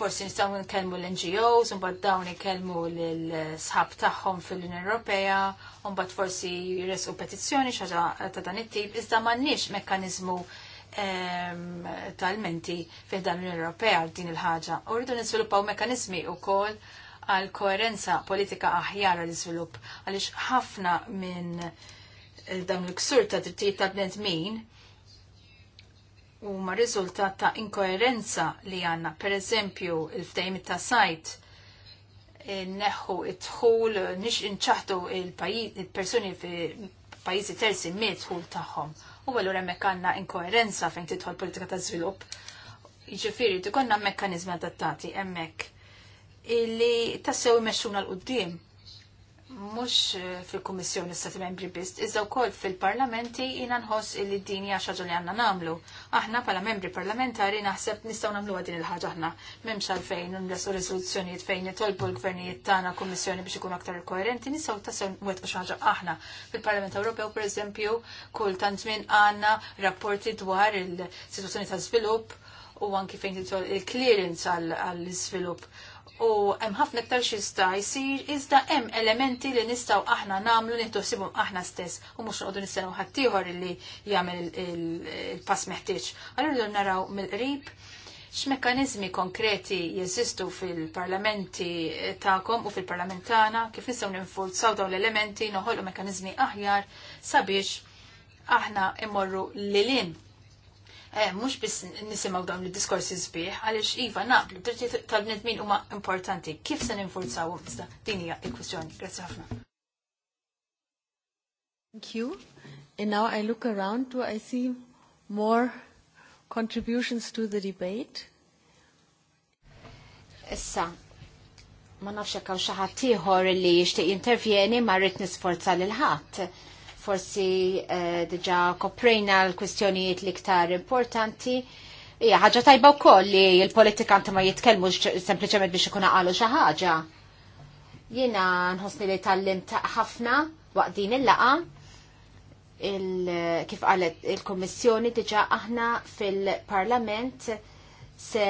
forsi nistgħu nkellmu l-NGOs, mbagħad dawn ikellmu l-sħab tagħhom fil-Unjoni Ewropea, mbagħad forsi jresqu petizzjoni xaġa ta' dan it-tip, iżda m'għandniex mekkaniżmu ehm, tal-menti dan l-Unjoni Ewropea din il-ħaġa. U rridu niżviluppaw mekkaniżmi wkoll għal koerenza politika aħjar għal iżvilupp għaliex ħafna minn eh, dawn l-ksur ta' drittijiet ta' bnedmin ma riżultat ta' inkoerenza li għandna. Pereżempju il-ftejm ta' sajt neħħu it dħul nix inċaħtu il-persuni fi pajizi terzi mid-dħul tagħhom. U għallura hemmhekk għandna inkoerenza fejn tidħol politika ta' żvilupp. Jiġifieri tikonna mekkaniżmi adattati hemmhekk illi tassew imexxuna l qoddim mux eh, fil-Kommissjoni Stati Membri biss, iżda wkoll fil-Parlamenti jina nħoss il din hija xaġa li għandna nagħmlu. Aħna bħala membri parlamentari naħseb nistgħu nagħmluha din il-ħaġa aħna. M'hemmx għalfejn nlesu riżoluzzjonijiet fejn jitolbu l-gvernijiet tagħna kummissjoni biex ikun aktar koerenti, nistgħu tassew wettqu xi ħaġa aħna. Fil-Parlament Ewropew pereżempju kultant minn għandna rapporti dwar il-sitwazzjoni ta' żvilupp u anki fejn il-clearance għall-iżvilupp u hemm ħafna iktar xi jista' jsir iżda hemm elementi li nistgħu aħna nagħmlu nitosibhom aħna stess u mhux noqogħdu ħadd ħaddieħor illi jagħmel il-pass meħtieġ. Allura naraw mill-qrib x'mekkaniżmi konkreti jeżistu fil-parlamenti tagħkom u fil-parlament tagħna kif nistgħu ninfurzaw dawn l-elementi noħolqu mekkaniżmi aħjar sabiex aħna immorru lilin Eh, mux biss nisimaw dawn il-diskorsi zbiħ, għalix Iva naqblu, dritti tal-bnedmin huma importanti, kif se ninforzaw iżda din hija il-kwistjoni. Grazzi ħafna. Thank you. And now I look around, do I see more contributions to the debate? Issa, ma nafx hekk hawn xi ħadd ieħor li jixtieq jintervjeni ma rrid nisforza lil ħadd forsi eh, diġa koprejna l-kwistjonijiet liktar importanti. Ija, ħagġa tajba u koll li l-politikanti ma jitkelmu sempliciment biex ikuna għalu xaħġa. Jena nħosni li tal-lim ħafna waqt din il-laqa kif għalet il-Kommissjoni diġa aħna fil-Parlament se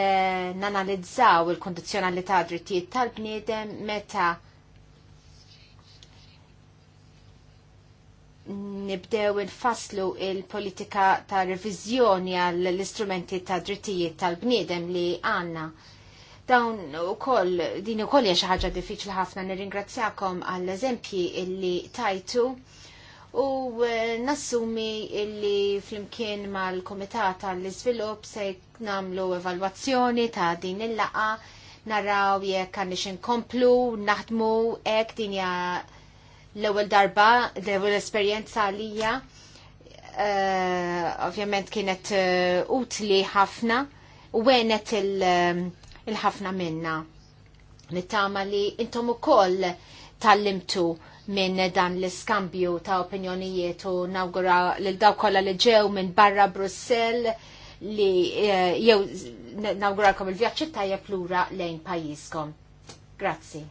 nanalizzaw il-kondizjonalità drittijiet tal-bniedem meta' nibdew il-faslu il-politika ta' revizjoni għall-istrumenti ta' drittijiet tal-bniedem li għanna. Dawn u koll, din u koll jaxa ħagġa diffiċli ħafna nirringrazzjakom għall-eżempji illi tajtu u eh, nassumi illi flimkien mal komitata għall-Izvilup se namlu evalwazzjoni ta' din il-laqa naraw jekk għandix inkomplu, naħdmu, ek dinja l-ewwel darba, l esperjenza għalija eh, ovvjament kienet eh, utli ħafna u wenet eh, il-ħafna minna. Nittama li intom ukoll tal-limtu minn dan l-iskambju ta' opinjonijiet u nawgura l-daw kolla li ġew minn barra Brussel li jew nawgurakom il-vjaċċi tajjeb lura lejn pajjiżkom. Grazzi.